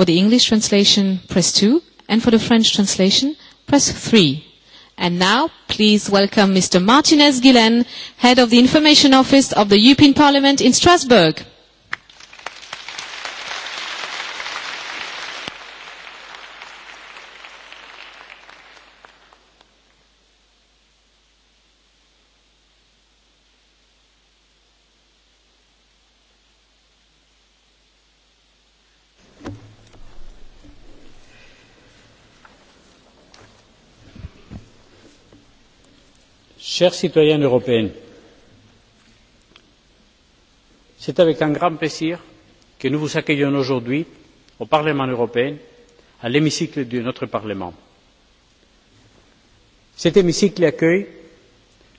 For the English translation, press 2, and for the French translation, press 3. And now, please welcome Mr. Martinez Guillen, Head of the Information Office of the European Parliament in Strasbourg. chers citoyens européens c'est avec un grand plaisir que nous vous accueillons aujourd'hui au parlement européen à l'hémicycle de notre parlement. cet hémicycle accueille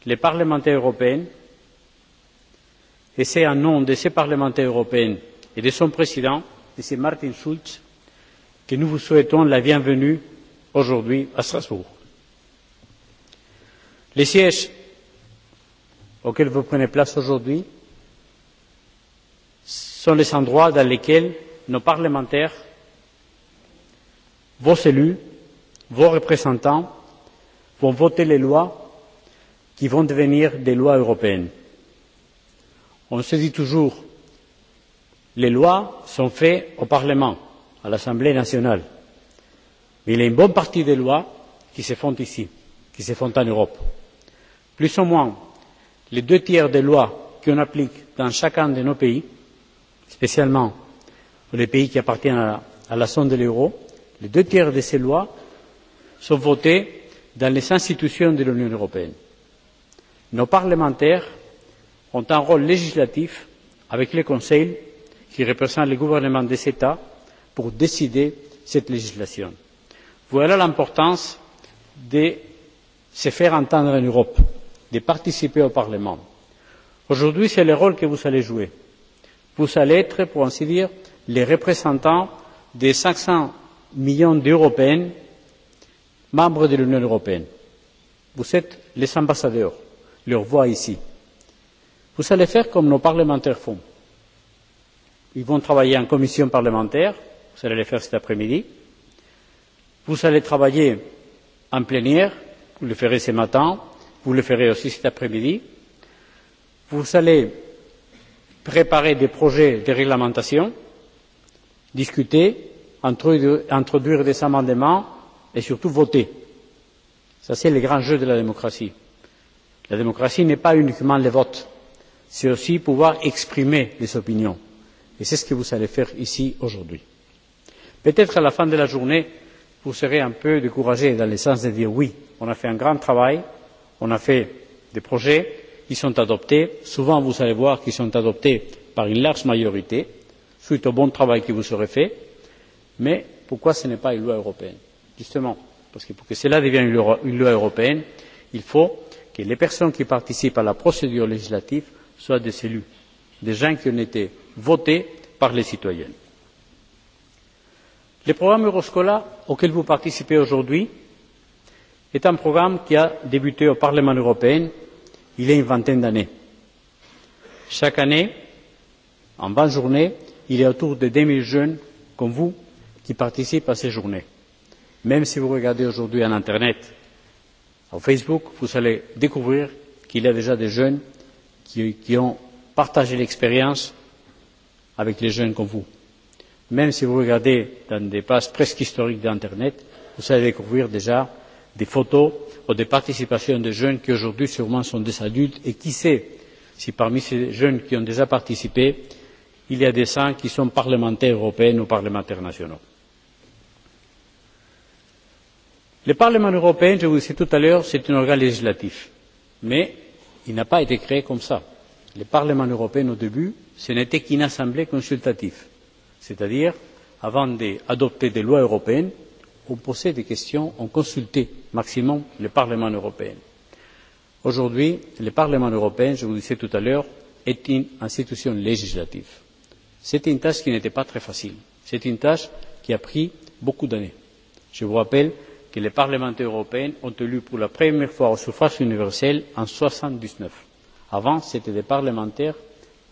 les parlementaires européens et c'est en nom de ces parlementaires européens et de son président m. martin schulz que nous vous souhaitons la bienvenue aujourd'hui à strasbourg les sièges auxquels vous prenez place aujourd'hui sont les endroits dans lesquels nos parlementaires, vos élus, vos représentants vont voter les lois qui vont devenir des lois européennes. On se dit toujours les lois sont faites au Parlement, à l'Assemblée nationale. Mais il y a une bonne partie des lois qui se font ici, qui se font en Europe plus ou moins les deux tiers des lois qu'on applique dans chacun de nos pays spécialement dans les pays qui appartiennent à la zone de l'euro les deux tiers de ces lois sont votées dans les institutions de l'union européenne. nos parlementaires ont un rôle législatif avec le conseil qui représente les gouvernements des états pour décider cette législation. voilà l'importance de se faire entendre en europe de participer au parlement. aujourd'hui c'est le rôle que vous allez jouer. vous allez être pour ainsi dire les représentants des cinq cents millions d'européens membres de l'union européenne. vous êtes les ambassadeurs leur voix ici. vous allez faire comme nos parlementaires font. ils vont travailler en commission parlementaire vous allez le faire cet après midi. vous allez travailler en plénière vous le ferez ce matin vous le ferez aussi cet après midi vous allez préparer des projets de réglementation discuter introduire des amendements et surtout voter. c'est le grand jeu de la démocratie. la démocratie n'est pas uniquement le vote c'est aussi pouvoir exprimer les opinions et c'est ce que vous allez faire ici aujourd'hui. peut être à la fin de la journée vous serez un peu découragé dans le sens de dire oui on a fait un grand travail on a fait des projets qui sont adoptés souvent vous allez voir qu'ils sont adoptés par une large majorité suite au bon travail qui vous sera fait mais pourquoi ce n'est pas une loi européenne? justement parce que pour que cela devienne une loi européenne il faut que les personnes qui participent à la procédure législative soient des élus des gens qui ont été votés par les citoyens. le programme euroscola auquel vous participez aujourd'hui est un programme qui a débuté au Parlement européen il y a une vingtaine d'années. Chaque année, en bonne journées, il y a autour de deux jeunes comme vous qui participent à ces journées. Même si vous regardez aujourd'hui en Internet, au Facebook, vous allez découvrir qu'il y a déjà des jeunes qui ont partagé l'expérience avec les jeunes comme vous. Même si vous regardez dans des pages presque historiques d'Internet, vous allez découvrir déjà des photos ou des participations de jeunes qui aujourd'hui sûrement sont des adultes et qui sait si parmi ces jeunes qui ont déjà participé il y a des gens qui sont parlementaires européens ou parlementaires nationaux. le parlement européen je vous le disais tout à l'heure c'est un organe législatif mais il n'a pas été créé comme cela. le parlement européen au début ce n'était qu'une assemblée consultative c'est à dire qu'avant d'adopter des lois européennes on posait des questions on consultait maximum le Parlement européen. Aujourd'hui, le Parlement européen, je vous le disais tout à l'heure, est une institution législative. C'est une tâche qui n'était pas très facile. C'est une tâche qui a pris beaucoup d'années. Je vous rappelle que les parlementaires européens ont élu pour la première fois au suffrage universel en soixante dix neuf. Avant, c'étaient des parlementaires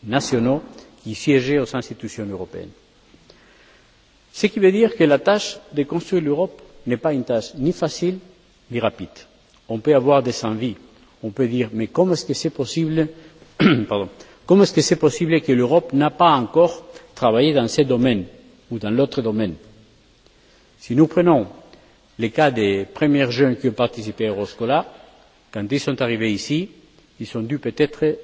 nationaux qui siégeaient aux institutions européennes. Ce qui veut dire que la tâche de construire l'Europe n'est pas une tâche ni facile vie rapide. On peut avoir des envies, on peut dire mais comment est-ce que c'est possible comment est-ce que c'est possible que l'Europe n'a pas encore travaillé dans ce domaine ou dans l'autre domaine Si nous prenons le cas des premiers jeunes qui ont participé à Euroscola, quand ils sont arrivés ici, ils ont dû peut-être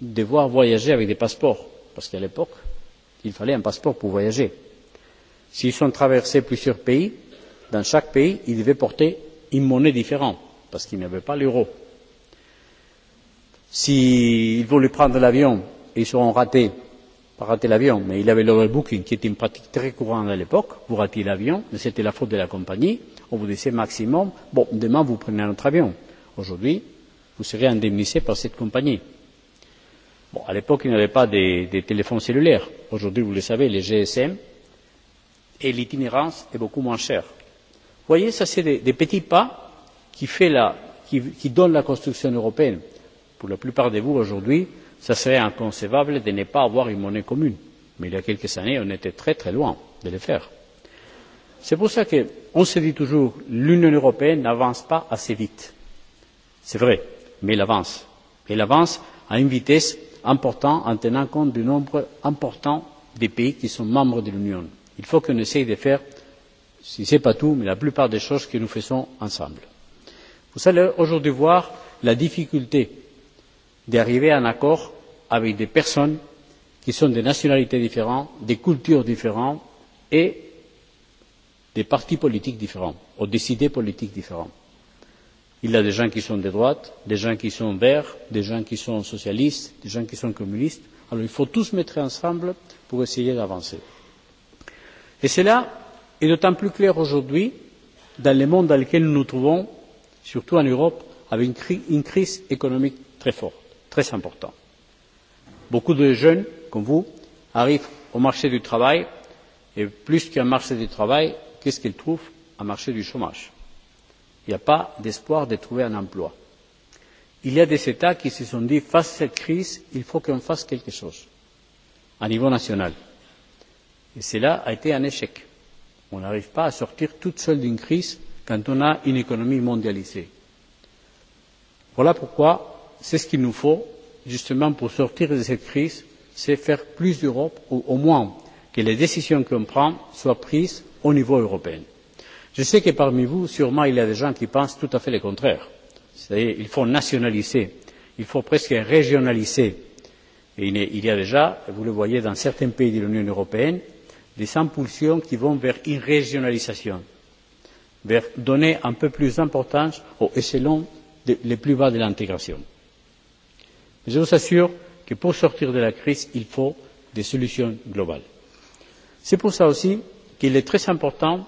devoir voyager avec des passeports, parce qu'à l'époque, il fallait un passeport pour voyager. S'ils ont traversé plusieurs pays, dans chaque pays, ils devaient porter une monnaie différente, parce qu'ils n'avaient pas l'euro. S'ils voulaient prendre l'avion, ils seront ratés, pas ratés l'avion, mais il avait l'overbooking, qui était une pratique très courante à l'époque, vous ratiez l'avion, mais c'était la faute de la compagnie, on vous disait maximum, bon, demain vous prenez un autre avion. Aujourd'hui, vous serez indemnisé par cette compagnie. Bon, à l'époque, il n'y avait pas de, de téléphones cellulaires. Aujourd'hui, vous le savez, les GSM, et l'itinérance est beaucoup moins chère voyez, ça c'est des, des petits pas qui, fait la, qui, qui donnent la construction européenne. Pour la plupart de vous aujourd'hui, ça serait inconcevable de ne pas avoir une monnaie commune. Mais il y a quelques années, on était très très loin de le faire. C'est pour ça qu'on se dit toujours l'Union européenne n'avance pas assez vite. C'est vrai, mais elle avance. Elle avance à une vitesse importante en tenant compte du nombre important des pays qui sont membres de l'Union. Il faut qu'on essaye de faire si ce n'est pas tout, mais la plupart des choses que nous faisons ensemble. Vous allez aujourd'hui voir la difficulté d'arriver à un accord avec des personnes qui sont des nationalités différentes, des cultures différentes et des partis politiques différents ou des idées politiques différentes. Il y a des gens qui sont de droite, des gens qui sont verts, des gens qui sont socialistes, des gens qui sont communistes. Alors il faut tous mettre ensemble pour essayer d'avancer. Et c'est là est d'autant plus claire aujourd'hui dans le monde dans lequel nous nous trouvons, surtout en Europe, avec une crise économique très forte, très importante. Beaucoup de jeunes, comme vous, arrivent au marché du travail et plus qu'un marché du travail, qu'est-ce qu'ils trouvent Un marché du chômage. Il n'y a pas d'espoir de trouver un emploi. Il y a des États qui se sont dit face à cette crise, il faut qu'on fasse quelque chose, à niveau national. Et cela a été un échec On n'arrive pas à sortir toute seule d'une crise quand on a une économie mondialisée. Voilà pourquoi c'est ce qu'il nous faut justement pour sortir de cette crise, c'est faire plus d'Europe ou au moins que les décisions que l'on prend soient prises au niveau européen. Je sais que parmi vous, sûrement, il y a des gens qui pensent tout à fait le contraire. C'est-à-dire qu'il faut nationaliser, il faut presque régionaliser. Et il y a déjà, vous le voyez dans certains pays de l'Union européenne, des impulsions qui vont vers une régionalisation, vers donner un peu plus d'importance aux échelons les plus bas de l'intégration. Je vous assure que pour sortir de la crise, il faut des solutions globales. C'est pour cela aussi qu'il est très important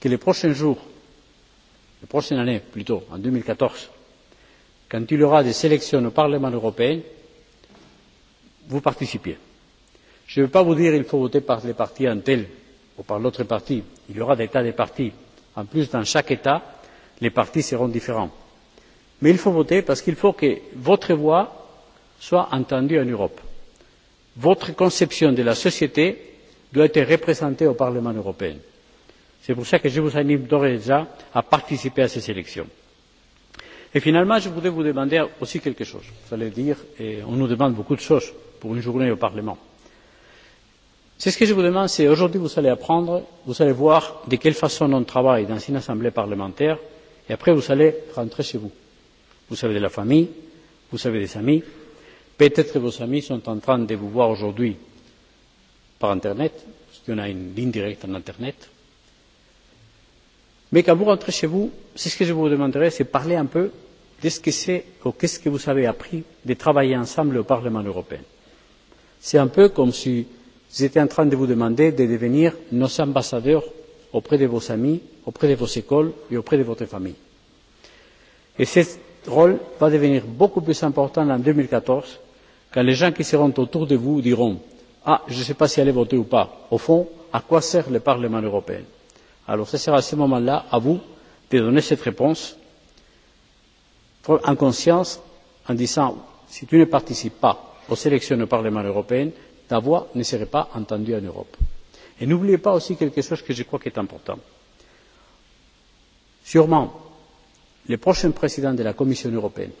que les prochains jours, les prochaines années plutôt, en deux mille quatorze, quand il y aura des élections au Parlement européen, vous participiez je ne veux pas vous dire qu'il faut voter par le parti un tel ou par l'autre parti il y aura des tas de partis. en plus dans chaque état les partis seront différents. mais il faut voter parce qu'il faut que votre voix soit entendue en europe. votre conception de la société doit être représentée au parlement européen. c'est pour cela que je vous invite d'ores et déjà à participer à ces élections. et finalement je voudrais vous demander aussi quelque chose. vous allez dire on nous demande beaucoup de choses pour une journée au parlement. C'est ce que je vous demande, c'est aujourd'hui vous allez apprendre, vous allez voir de quelle façon on travaille dans une assemblée parlementaire, et après vous allez rentrer chez vous. Vous avez de la famille, vous avez des amis, peut-être que vos amis sont en train de vous voir aujourd'hui par Internet, parce qu'on a une ligne directe en Internet. Mais quand vous rentrez chez vous, c'est ce que je vous demanderai, c'est parler un peu de ce que c'est ou qu'est-ce que vous avez appris de travailler ensemble au Parlement européen. C'est un peu comme si vous étiez en train de vous demander de devenir nos ambassadeurs auprès de vos amis auprès de vos écoles et auprès de votre famille. et ce rôle va devenir beaucoup plus important en deux mille quatorze quand les gens qui seront autour de vous diront ah je ne sais pas si aller voter ou pas au fond à quoi sert le parlement européen? alors ce sera à ce moment là à vous de donner cette réponse en conscience en disant si tu ne participes pas aux élections au parlement européen ta voix ne serait pas entendue en Europe. Et n'oubliez pas aussi quelque chose que je crois qui est important. Sûrement, le prochain président de la Commission européenne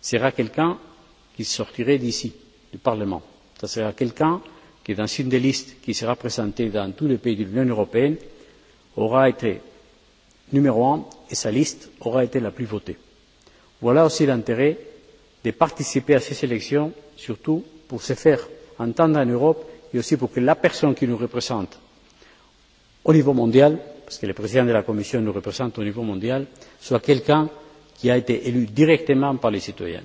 sera quelqu'un qui sortirait d'ici, du Parlement. Ce sera quelqu'un qui, dans une des listes qui sera présentée dans tous les pays de l'Union européenne, aura été numéro un et sa liste aura été la plus votée. Voilà aussi l'intérêt de participer à ces élections, surtout pour se faire entendre en Europe et aussi pour que la personne qui nous représente au niveau mondial, parce que le président de la Commission nous représente au niveau mondial, soit quelqu'un qui a été élu directement par les citoyens.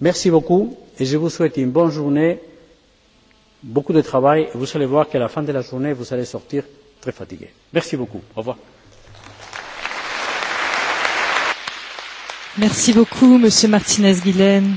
Merci beaucoup et je vous souhaite une bonne journée, beaucoup de travail. et Vous allez voir qu'à la fin de la journée, vous allez sortir très fatigué. Merci beaucoup. Au revoir. Merci beaucoup, Monsieur Martinez-Guilaine.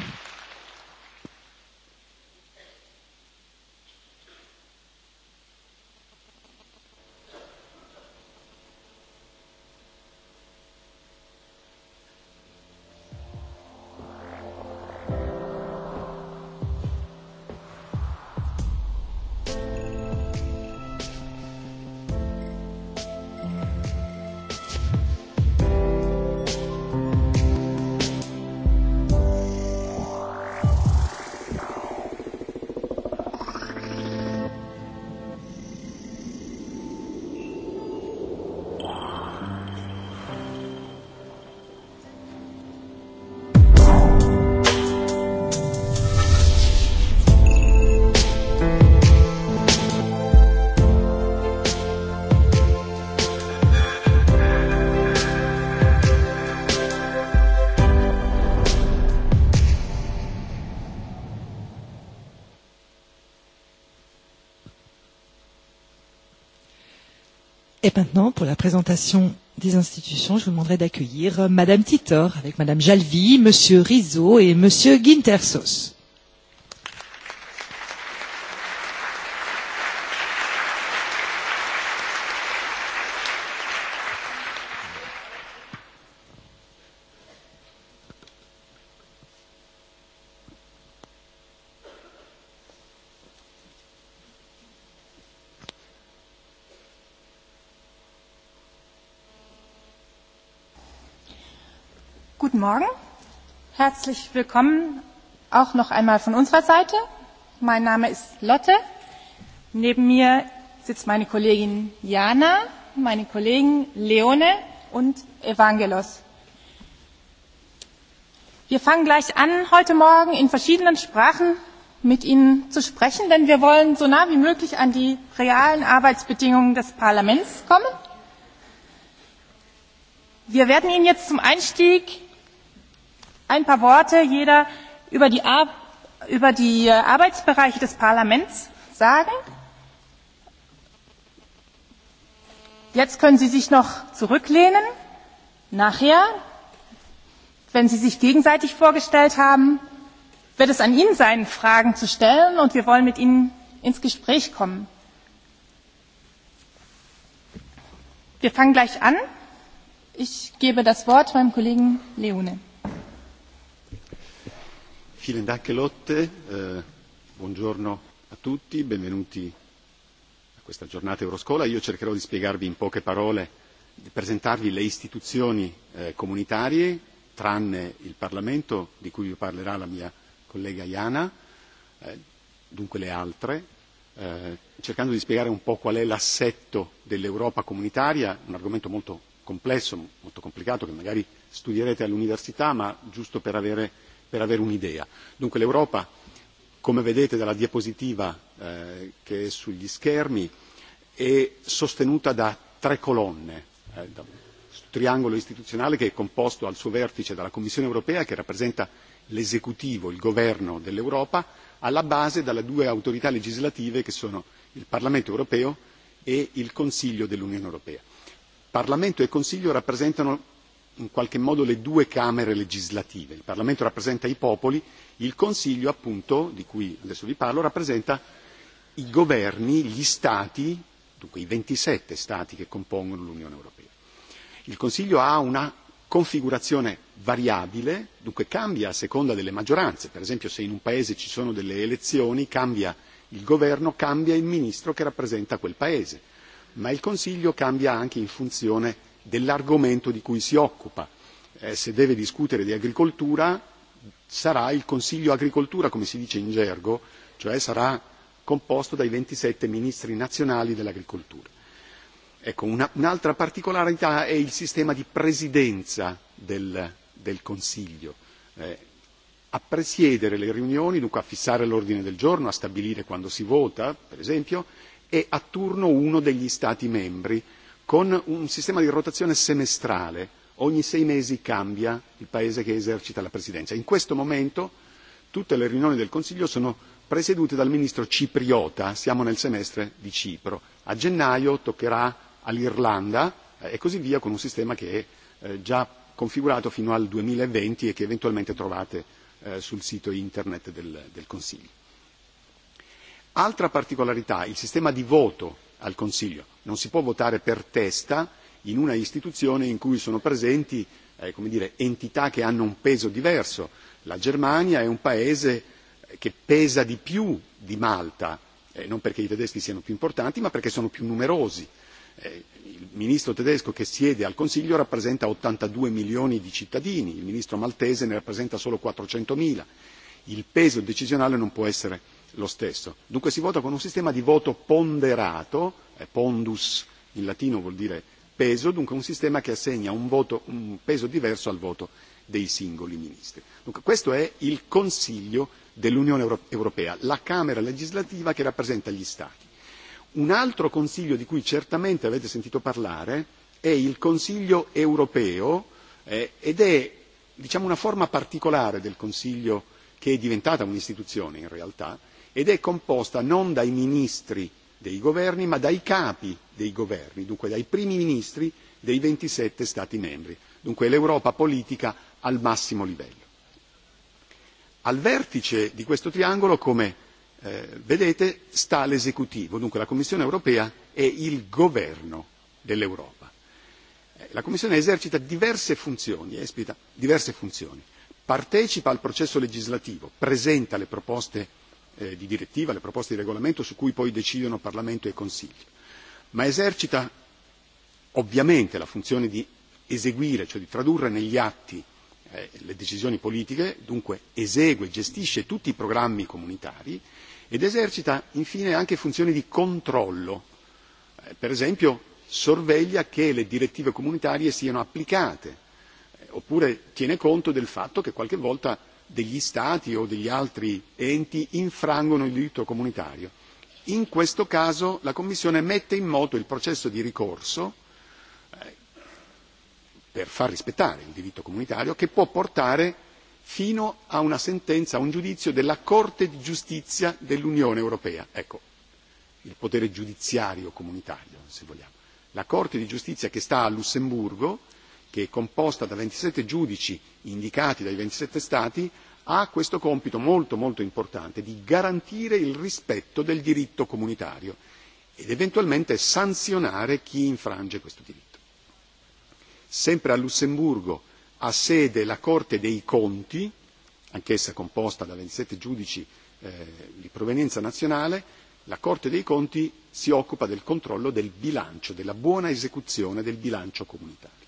présentation des institutions, je vous demanderai d'accueillir Madame Titor avec Madame Jalvi, Monsieur Rizzo et Monsieur Guintersos. Morgen. Herzlich willkommen auch noch einmal von unserer Seite. Mein Name ist Lotte. Neben mir sitzt meine Kollegin Jana, meine Kollegen Leone und Evangelos. Wir fangen gleich an, heute Morgen in verschiedenen Sprachen mit Ihnen zu sprechen, denn wir wollen so nah wie möglich an die realen Arbeitsbedingungen des Parlaments kommen. Wir werden Ihnen jetzt zum Einstieg ein paar worte jeder über die arbeitsbereiche des parlaments sagen? jetzt können sie sich noch zurücklehnen. nachher wenn sie sich gegenseitig vorgestellt haben wird es an ihnen sein fragen zu stellen und wir wollen mit ihnen ins gespräch kommen. wir fangen gleich an. ich gebe das wort meinem kollegen leone. Vielen Dank, Lotte. buongiorno a tutti, benvenuti a questa giornata Euroscola. Io cercherò di spiegarvi in poche parole, di presentarvi le istituzioni comunitarie, tranne il Parlamento, di cui vi parlerà la mia collega Iana, dunque le altre, cercando di spiegare un po' qual è l'assetto dell'Europa comunitaria, un argomento molto complesso, molto complicato, che magari studierete all'università, ma giusto per avere per avere un'idea. Dunque l'Europa, come vedete dalla diapositiva che è sugli schermi, è sostenuta da tre colonne, da un triangolo istituzionale che è composto al suo vertice dalla Commissione europea che rappresenta l'esecutivo, il governo dell'Europa, alla base dalle due autorità legislative che sono il Parlamento europeo e il Consiglio dell'Unione europea. Parlamento e Consiglio rappresentano in qualche modo le due Camere legislative. Il Parlamento rappresenta i popoli, il Consiglio, appunto, di cui adesso vi parlo, rappresenta i governi, gli Stati, dunque i ventisette Stati che compongono l'Unione Europea. Il Consiglio ha una configurazione variabile, dunque cambia a seconda delle maggioranze. Per esempio se in un Paese ci sono delle elezioni cambia il governo, cambia il ministro che rappresenta quel Paese. Ma il Consiglio cambia anche in funzione dell'argomento di cui si occupa. se deve discutere di agricoltura sarà il Consiglio agricoltura, come si dice in gergo, cioè sarà composto dai ventisette ministri nazionali dell'agricoltura. Ecco, un'altra particolarità è il sistema di presidenza del, Consiglio. a presiedere le riunioni, dunque a fissare l'ordine del giorno, a stabilire quando si vota, per esempio, è a turno uno degli Stati membri con un sistema di rotazione semestrale. Ogni sei mesi cambia il paese che esercita la presidenza. In questo momento tutte le riunioni del Consiglio sono presiedute dal ministro cipriota, siamo nel semestre di Cipro. A gennaio toccherà all'Irlanda e così via con un sistema che è già configurato fino al duemilaventi e che eventualmente trovate sul sito internet del Consiglio. Altra particolarità, il sistema di voto al Consiglio non si può votare per testa in una istituzione in cui sono presenti come dire, entità che hanno un peso diverso. La Germania è un paese che pesa di più di Malta, non perché i tedeschi siano più importanti, ma perché sono più numerosi. Il ministro tedesco che siede al Consiglio rappresenta ottantadue milioni di cittadini, il ministro maltese ne rappresenta solo quattrocento mila. Il peso decisionale non può essere lo stesso. Dunque si vota con un sistema di voto ponderato, pondus in latino vuol dire peso, dunque un sistema che assegna un, voto, un peso diverso al voto dei singoli ministri. Dunque questo è il Consiglio dell'Unione Europea, la Camera legislativa che rappresenta gli Stati. Un altro Consiglio di cui certamente avete sentito parlare è il Consiglio europeo ed è diciamo, una forma particolare del Consiglio che è diventata un'istituzione in realtà, ed è composta non dai ministri dei governi ma dai capi dei governi, dunque dai primi ministri dei ventisette Stati membri, dunque l'Europa politica al massimo livello. Al vertice di questo triangolo, come vedete, sta l'esecutivo, dunque la Commissione europea è il governo dell'Europa. La Commissione esercita diverse funzioni, esplica diverse funzioni, partecipa al processo legislativo, presenta le proposte di direttiva, le proposte di regolamento su cui poi decidono Parlamento e Consiglio, ma esercita ovviamente la funzione di eseguire, cioè di tradurre negli atti le decisioni politiche, dunque esegue, gestisce tutti i programmi comunitari ed esercita infine anche funzioni di controllo, per esempio sorveglia che le direttive comunitarie siano applicate oppure tiene conto del fatto che qualche volta degli Stati o degli altri enti infrangono il diritto comunitario. In questo caso la Commissione mette in moto il processo di ricorso per far rispettare il diritto comunitario che può portare fino a una sentenza, a un giudizio della Corte di giustizia dell'Unione europea. Ecco, il potere giudiziario comunitario, se vogliamo. La Corte di giustizia che sta a Lussemburgo che è composta da ventisette giudici indicati dai ventisette Stati, ha questo compito molto molto importante di garantire il rispetto del diritto comunitario ed eventualmente sanzionare chi infrange questo diritto. Sempre a Lussemburgo ha sede la Corte dei Conti, anch'essa composta da ventisette giudici di provenienza nazionale, la Corte dei Conti si occupa del controllo del bilancio, della buona esecuzione del bilancio comunitario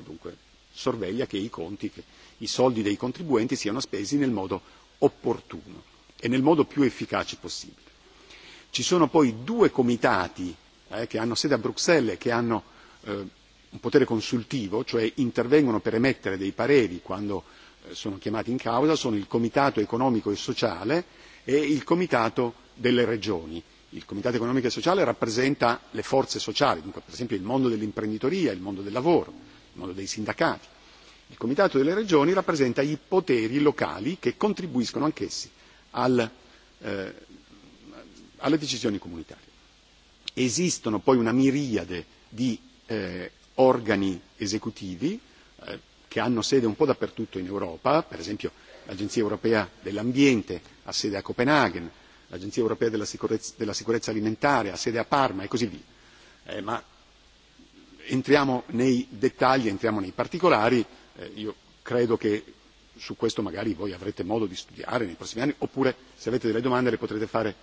dunque sorveglia che i conti, che i soldi dei contribuenti siano spesi nel modo opportuno e nel modo più efficace possibile. Ci sono poi due comitati che hanno sede a Bruxelles e che hanno un potere consultivo, cioè intervengono per emettere dei pareri quando sono chiamati in causa, sono il Comitato economico e sociale e il Comitato delle regioni. Il Comitato economico e sociale rappresenta le forze sociali, dunque per esempio il mondo dell'imprenditoria, il mondo del lavoro, il mondo dei sindacati. Il Comitato delle Regioni rappresenta i poteri locali che contribuiscono anch'essi al, alle decisioni comunitarie. Esistono poi una miriade di organi esecutivi che hanno sede un po' dappertutto in Europa, per esempio l'Agenzia europea dell'ambiente ha sede a Copenaghen, l'Agenzia europea della sicurezza alimentare ha sede a Parma e così via. ma entriamo nei dettagli, entriamo nei particolari, io credo che su questo magari voi avrete modo di studiare nei prossimi anni, oppure se avete delle domande le potrete fare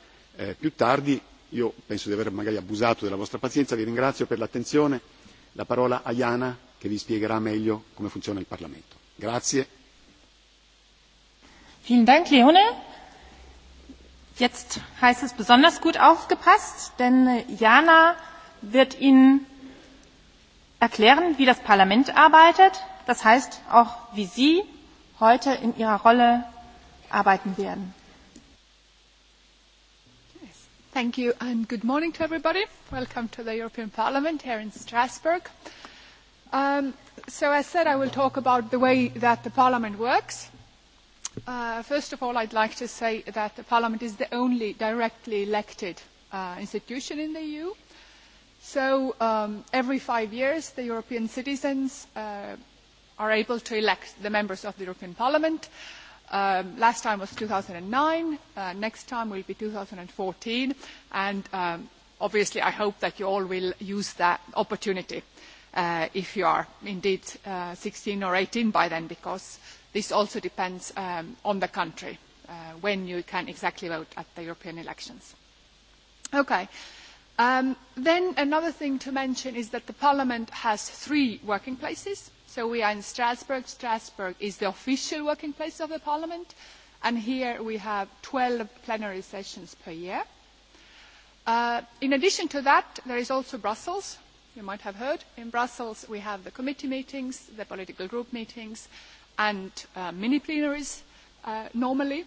più tardi. Io penso di aver magari abusato della vostra pazienza, vi ringrazio per l'attenzione. La parola a Jana che vi spiegherà meglio come funziona il Parlamento. Grazie. Vielen Dank, Leone. Jetzt heißt es besonders gut aufgepasst, denn Jana wird Ihnen erklären, wie das Parlament arbeitet. Das heißt auch, wie Sie heute in Ihrer Rolle arbeiten werden. Thank you and good morning to everybody. Welcome to the European Parliament here in Strasbourg. Um, so as said, I will talk about the way that the Parliament works. Uh, first of all, I'd like to say that the Parliament is the only directly elected uh, institution in the EU So um, every five years, the European citizens uh, are able to elect the members of the European Parliament. Um, last time was 2009. Uh, next time will be 2014. And um, obviously, I hope that you all will use that opportunity uh, if you are indeed uh, 16 or 18 by then, because this also depends um, on the country uh, when you can exactly vote at the European elections. Okay. Uh, then another thing to mention is that Parliament has three working places. So we are in Strasbourg. Strasbourg is the official working place of Parliament. And here we have twelve plenary sessions per year. in addition to that, there is also Brussels. You might have heard. In Brussels, we have the committee meetings, the political group meetings, and mini plenaries normally.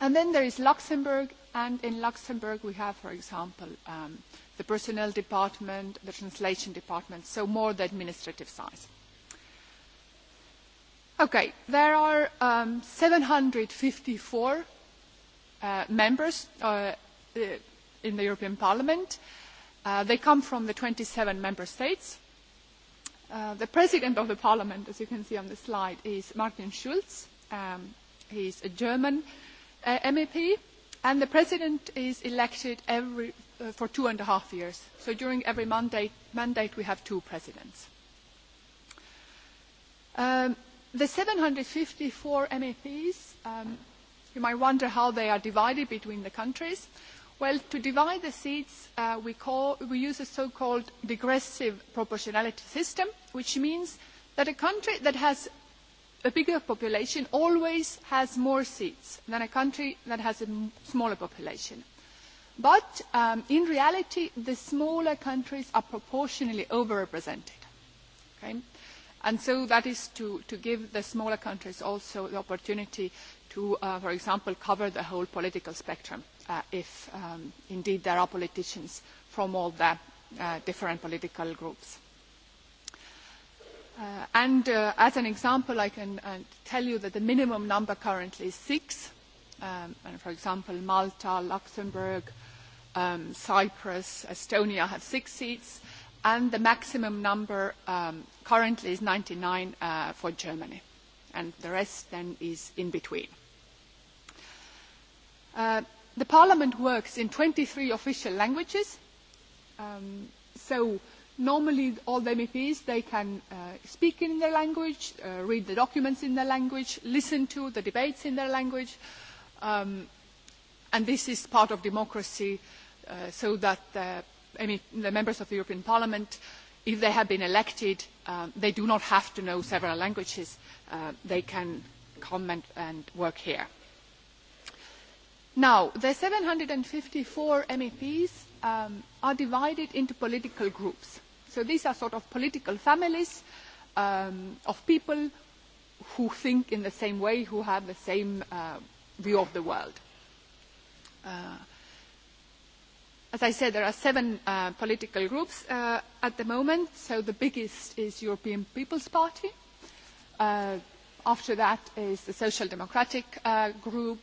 And then there is Luxembourg And in Luxembourg, we have, for example, um, the personnel department, the translation department, so more the administrative size. Okay, there are um, 754 uh, members uh, in the European Parliament. Uh, they come from the 27 member states. Uh, the president of the parliament, as you can see on the slide, is Martin Schulz. Um, he's a German uh, MEP And the president is elected every, uh, for two and a half years. So during every mandate, mandate we have two presidents. Um, the 754 MEPs, um, you might wonder how they are divided between the countries. Well, to divide the seats, uh, we, call, we use a so-called digressive proportionality system, which means that a country that has a bigger population always has more seats than a country that has a smaller population. But um, in reality, the smaller countries are proportionally overrepresented. Okay? And so that is to, to give the smaller countries also the opportunity to, uh, for example, cover the whole political spectrum uh, if um, indeed there are politicians from all the uh, different political groups and as an example, I can tell you that the minimum number currently is six. and for example, Malta, Luxembourg, Cyprus, Estonia have six seats, and the maximum number currently is ninety nine for Germany, and the rest then is in between. the Parliament works in twenty three official languages, so normally all the MEPs, they can uh, speak in their language, uh, read the documents in their language, listen to the debates in their language. Um, and this is part of democracy uh, so that the members of the European Parliament, if they have been elected, um, they do not have to know several languages. Uh, they can comment and work here. Now, the 754 MEPs um, are divided into political groups. So these are sort of political families um, of people who think in the same way, who have the same uh, view of the world. Uh, as I said, there are seven uh, political groups uh, at the moment. So the biggest is European People's Party. Uh, after that is the Social Democratic uh, group.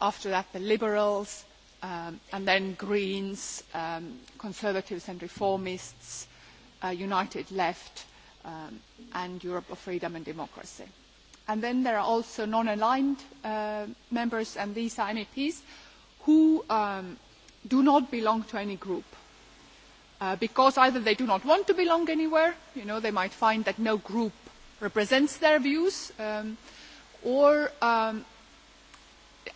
After that, the Liberals, um, and then Greens, um, Conservatives and Reformists, united left and Europe of freedom and democracy. And then there are also non-aligned members, and these are MEPs who do not belong to any group. because either they do not want to belong anywhere, you know, they might find that no group represents their views, or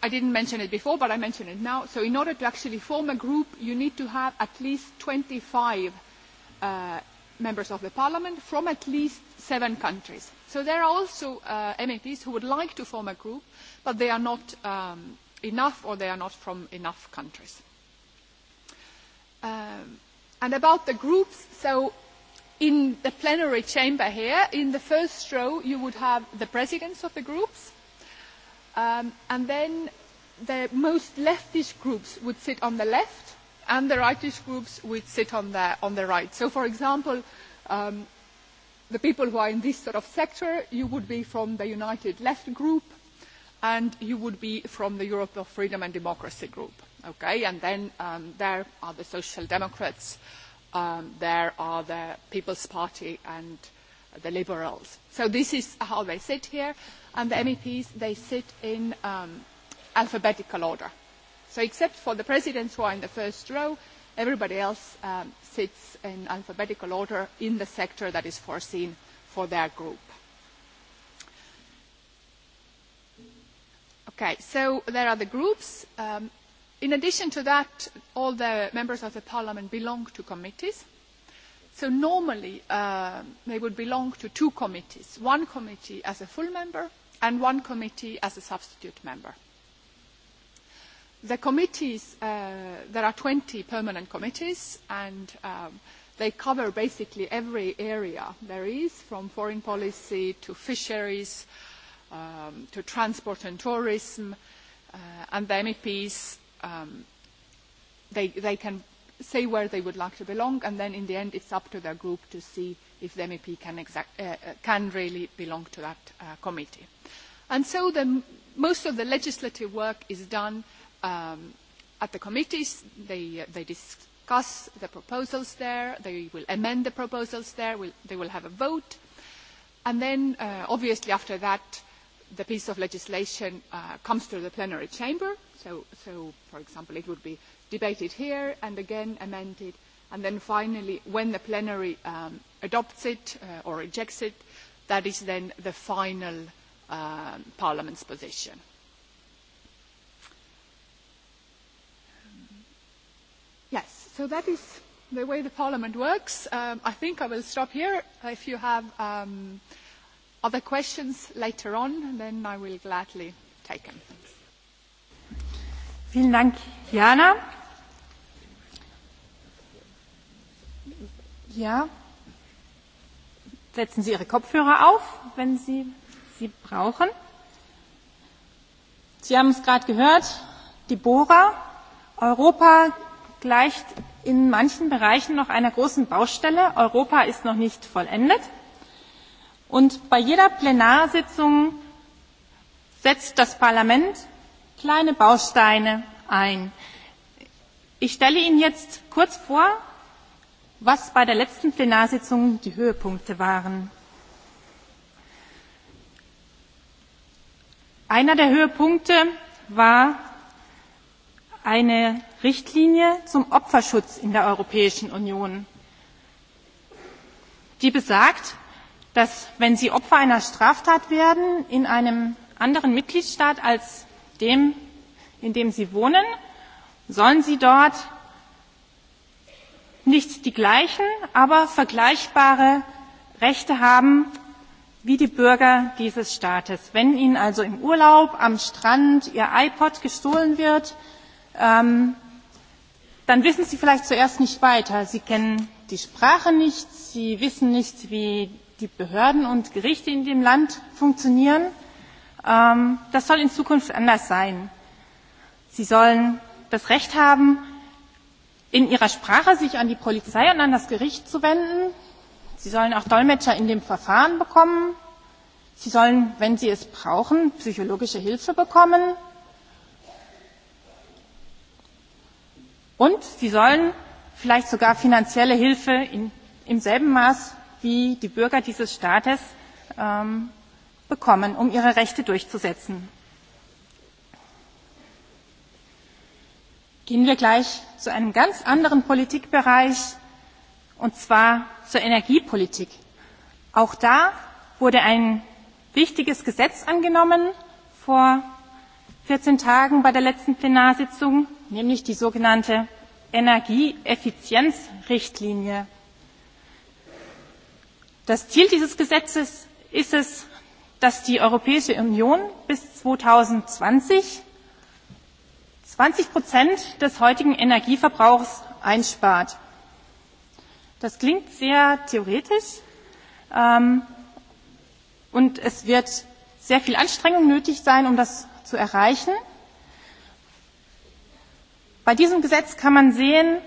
I didn't mention it before, but I mention it now. So in order to actually form a group, you need to have at least twenty five members of the parliament from at least seven countries. So there are also uh, MEPs who would like to form a group, but they are not um, enough or they are not from enough countries. Um, and about the groups, so in the plenary chamber here, in the first row, you would have the presidents of the groups, um, and then the most leftist groups would sit on the left, and the rightist groups which sit on the, on the right. So, for example, um, the people who are in this sort of sector, you would be from the United Left group, and you would be from the Europe of Freedom and Democracy group. Okay, and then um, there are the Social Democrats, um, there are the People's Party and the Liberals. So this is how they sit here, and the MEPs, they sit in um, alphabetical order So except for the presidents who are in the first row, everybody else um, sits in alphabetical order in the sector that is foreseen for their group. Okay, so there are the groups. Um, in addition to that, all the members of the parliament belong to committees. So normally uh, they would belong to two committees, one committee as a full member and one committee as a substitute member the committees, uh, there are 20 permanent committees, and um, they cover basically every area there is, from foreign policy to fisheries um, to transport and tourism, uh, and the MEPs, um, they, they can say where they would like to belong, and then in the end it's up to their group to see if the MEP can, exact, uh, can really belong to that uh, committee. And so the, most of the legislative work is done uh, um, at the committees. They, uh, they discuss the proposals there. They will amend the proposals there. they will have a vote. And then, uh, obviously, after that, the piece of legislation uh, comes to the plenary chamber. So, so, for example, it would be debated here and again amended. And then finally, when the plenary um, adopts it uh, or rejects it, that is then the final um, parliament's position. So that is the way the Parliament works. Um, I think I will stop here. If you have um, other questions later on, then I will gladly take them. Vielen Dank, Jana. Ja, setzen Sie Ihre Kopfhörer auf, wenn Sie sie brauchen. Sie haben es gerade gehört, die Bora, Europa gleicht in manchen Bereichen noch einer großen Baustelle. Europa ist noch nicht vollendet. Und bei jeder Plenarsitzung setzt das Parlament kleine Bausteine ein. Ich stelle Ihnen jetzt kurz vor, was bei der letzten Plenarsitzung die Höhepunkte waren. Einer der Höhepunkte war eine richtlinie zum opferschutz in der europäischen union die besagt dass wenn sie opfer einer straftat werden in einem anderen mitgliedstaat als dem in dem sie wohnen sollen sie dort nicht die gleichen aber vergleichbare rechte haben wie die bürger dieses staates. wenn ihnen also im urlaub am strand ihr ipod gestohlen wird dann wissen sie vielleicht zuerst nicht weiter. sie kennen die sprache nicht sie wissen nicht wie die behörden und gerichte in dem land funktionieren. das soll in zukunft anders sein. sie sollen das recht haben sich in ihrer sprache an die polizei und an das gericht zu wenden. sie sollen auch dolmetscher in dem verfahren bekommen. sie sollen wenn sie es brauchen psychologische hilfe bekommen. und sie sollen vielleicht sogar finanzielle hilfe im selben maß wie die bürger dieses staates bekommen um ihre rechte durchzusetzen. gehen wir gleich zu einem ganz anderen politikbereich und zwar zur energiepolitik. auch da wurde ein wichtiges gesetz angenommen vor vierzehn tagen bei der letzten plenarsitzung nämlich die sogenannte Energieeffizienzrichtlinie. Das Ziel dieses Gesetzes ist es, dass die Europäische Union bis 2020 20 Prozent des heutigen Energieverbrauchs einspart. Das klingt sehr theoretisch und es wird sehr viel Anstrengung nötig sein, um das zu erreichen. Bei diesem Gesetz kann man sehen,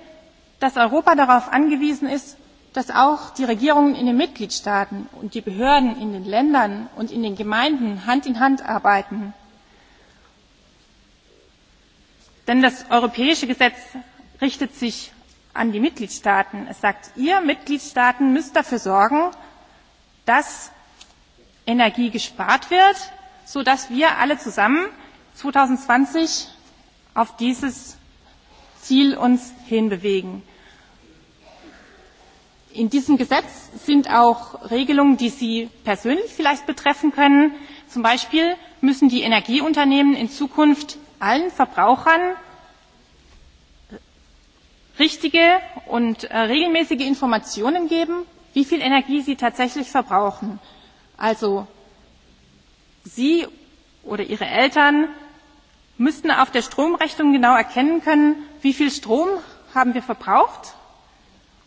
dass Europa darauf angewiesen ist, dass auch die Regierungen in den Mitgliedstaaten und die Behörden in den Ländern und in den Gemeinden Hand in Hand arbeiten. Denn das europäische Gesetz richtet sich an die Mitgliedstaaten. Es sagt, ihr Mitgliedstaaten müsst dafür sorgen, dass Energie gespart wird, sodass wir alle zusammen 2020 auf dieses Ziel uns hinbewegen. In diesem Gesetz sind auch Regelungen, die Sie persönlich vielleicht betreffen können. Zum Beispiel müssen die Energieunternehmen in Zukunft allen Verbrauchern richtige und regelmäßige Informationen geben, wie viel Energie sie tatsächlich verbrauchen. Also Sie oder Ihre Eltern müssten auf der Stromrechnung genau erkennen können, wie viel Strom haben wir verbraucht?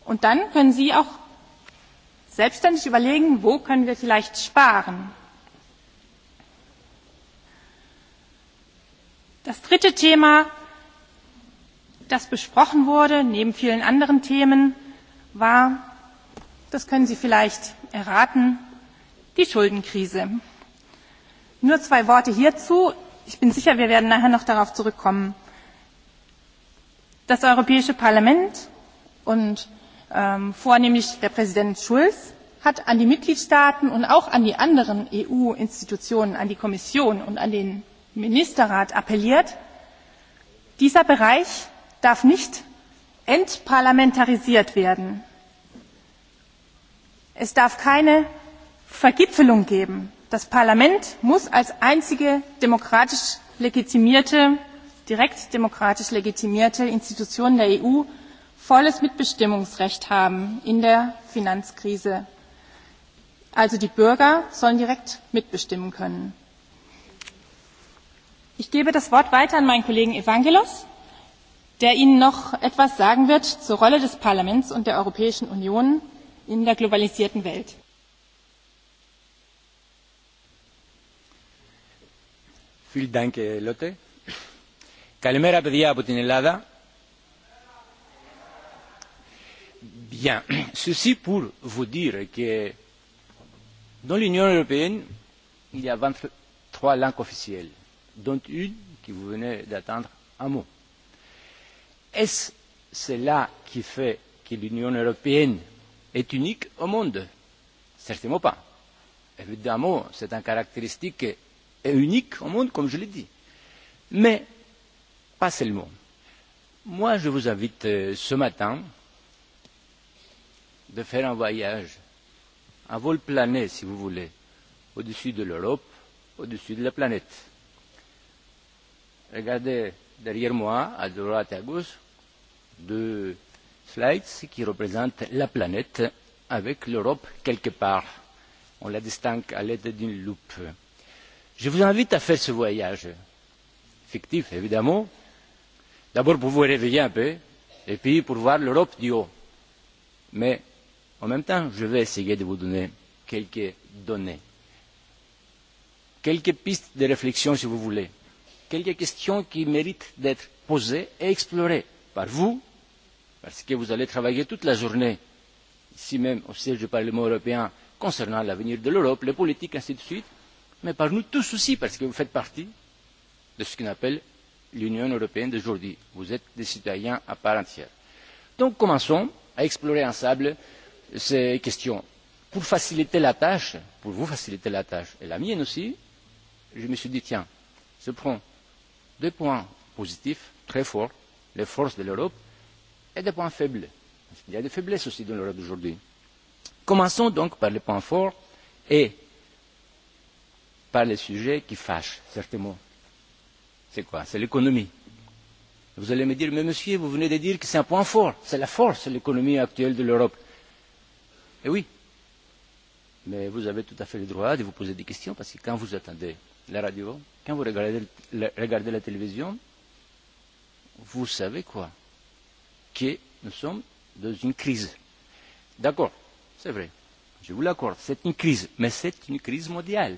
Und dann können Sie auch selbstständig überlegen, wo können wir vielleicht sparen. Das dritte Thema, das besprochen wurde, neben vielen anderen Themen, war, das können Sie vielleicht erraten, die Schuldenkrise. Nur zwei Worte hierzu. Ich bin sicher, wir werden nachher noch darauf zurückkommen das europäische parlament und vornehmlich der präsident schulz hat an die mitgliedstaaten und auch an die anderen eu institutionen an die kommission und an den ministerrat appelliert dieser bereich darf nicht entparlamentarisiert werden. es darf keine vergipfelung geben. das parlament muss als einzige demokratisch legitimierte direkt demokratisch legitimierte Institutionen der EU volles Mitbestimmungsrecht haben in der Finanzkrise. Also die Bürger sollen direkt mitbestimmen können. Ich gebe das Wort weiter an meinen Kollegen Evangelos, der Ihnen noch etwas sagen wird zur Rolle des Parlaments und der Europäischen Union in der globalisierten Welt. Vielen Dank, Lotte. Καλημέρα παιδιά από την Ελλάδα. Bien, ceci pour vous dire que dans l'Union européenne, il y a 23 langues officielles, dont une qui vous venez d'attendre un mot. Est-ce cela qui fait que l'Union européenne est unique au monde Certainement pas. Évidemment, c'est une caractéristique unique au monde, comme je l'ai dit. Mais pas seulement. Moi, je vous invite ce matin de faire un voyage, un vol plané, si vous voulez, au-dessus de l'Europe, au-dessus de la planète. Regardez derrière moi, à droite et à gauche, deux slides qui représentent la planète avec l'Europe quelque part. On la distingue à l'aide d'une loupe. Je vous invite à faire ce voyage, fictif évidemment, D'abord pour vous réveiller un peu, et puis pour voir l'Europe du haut. Mais en même temps, je vais essayer de vous donner quelques données, quelques pistes de réflexion si vous voulez, quelques questions qui méritent d'être posées et explorées par vous, parce que vous allez travailler toute la journée, ici même au siège du Parlement européen, concernant l'avenir de l'Europe, les politiques, ainsi de suite, mais par nous tous aussi, parce que vous faites partie de ce qu'on appelle l'Union européenne d'aujourd'hui. Vous êtes des citoyens à part entière. Donc commençons à explorer ensemble ces questions. Pour faciliter la tâche, pour vous faciliter la tâche, et la mienne aussi, je me suis dit, tiens, je prends deux points positifs très forts, les forces de l'Europe, et des points faibles. Il y a des faiblesses aussi dans l'Europe d'aujourd'hui. Commençons donc par les points forts et par les sujets qui fâchent, certainement C'est quoi C'est l'économie. Vous allez me dire, mais monsieur, vous venez de dire que c'est un point fort, c'est la force, l'économie actuelle de l'Europe. Eh oui. Mais vous avez tout à fait le droit de vous poser des questions parce que quand vous attendez la radio, quand vous regardez, regardez la télévision, vous savez quoi Que nous sommes dans une crise. D'accord, c'est vrai, je vous l'accorde, c'est une crise, mais c'est une crise mondiale.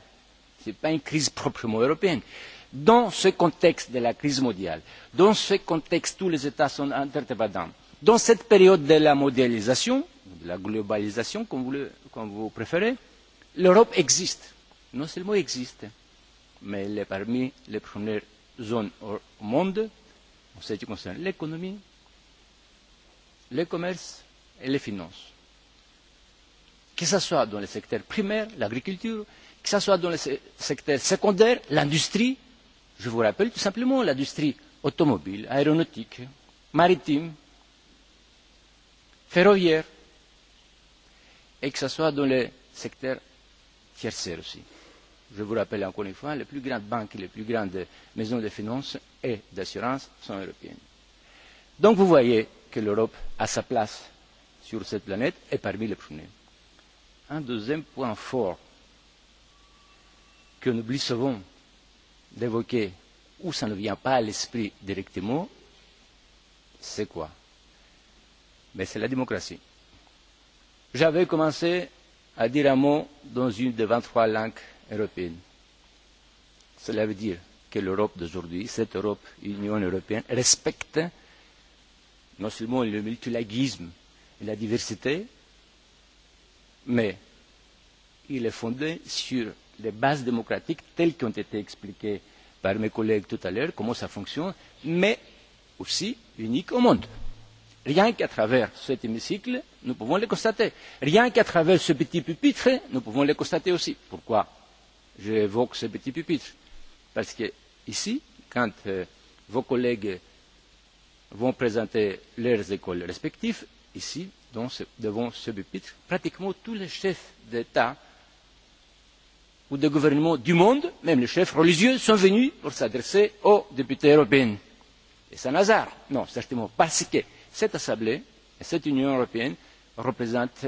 Ce n'est pas une crise proprement européenne. Dans ce contexte de la crise mondiale, dans ce contexte où les États sont interdépendants, dans cette période de la mondialisation, de la globalisation, comme vous, le, comme vous préférez, l'Europe existe. Non seulement existe, mais elle est parmi les premières zones au monde en ce qui concerne l'économie, le commerce et les finances. Que ce soit dans le secteur primaire, l'agriculture, que ce soit dans le secteur secondaire, l'industrie, Je vous rappelle tout simplement l'industrie automobile, aéronautique, maritime, ferroviaire, et que ce soit dans le secteur tertiaire aussi. Je vous rappelle encore une fois, les plus grandes banques et les plus grandes maisons de finances et d'assurance sont européennes. Donc vous voyez que l'Europe a sa place sur cette planète et parmi les premiers. Un deuxième point fort que nous oublions souvent d'évoquer, où ça ne vient pas à l'esprit directement, c'est quoi Mais c'est la démocratie. J'avais commencé à dire un mot dans une des 23 langues européennes. Cela veut dire que l'Europe d'aujourd'hui, cette Europe, Union européenne, respecte non seulement le multilinguisme et la diversité, mais il est fondé sur les bases démocratiques telles qu'elles ont été expliquées par mes collègues tout à l'heure, comment cela fonctionne, mais aussi unique au monde. Rien qu'à travers cet hémicycle, nous pouvons le constater. Rien qu'à travers ce petit pupitre, nous pouvons le constater aussi. Pourquoi j'évoque ce petit pupitre Parce que ici, quand vos collègues vont présenter leurs écoles respectives, ici, devant ce pupitre, pratiquement tous les chefs d'État ou des gouvernements du monde, même les chefs religieux, sont venus pour s'adresser aux députés européens. Et c'est un hasard Non, certainement, parce que cette Assemblée, et cette Union européenne, représentent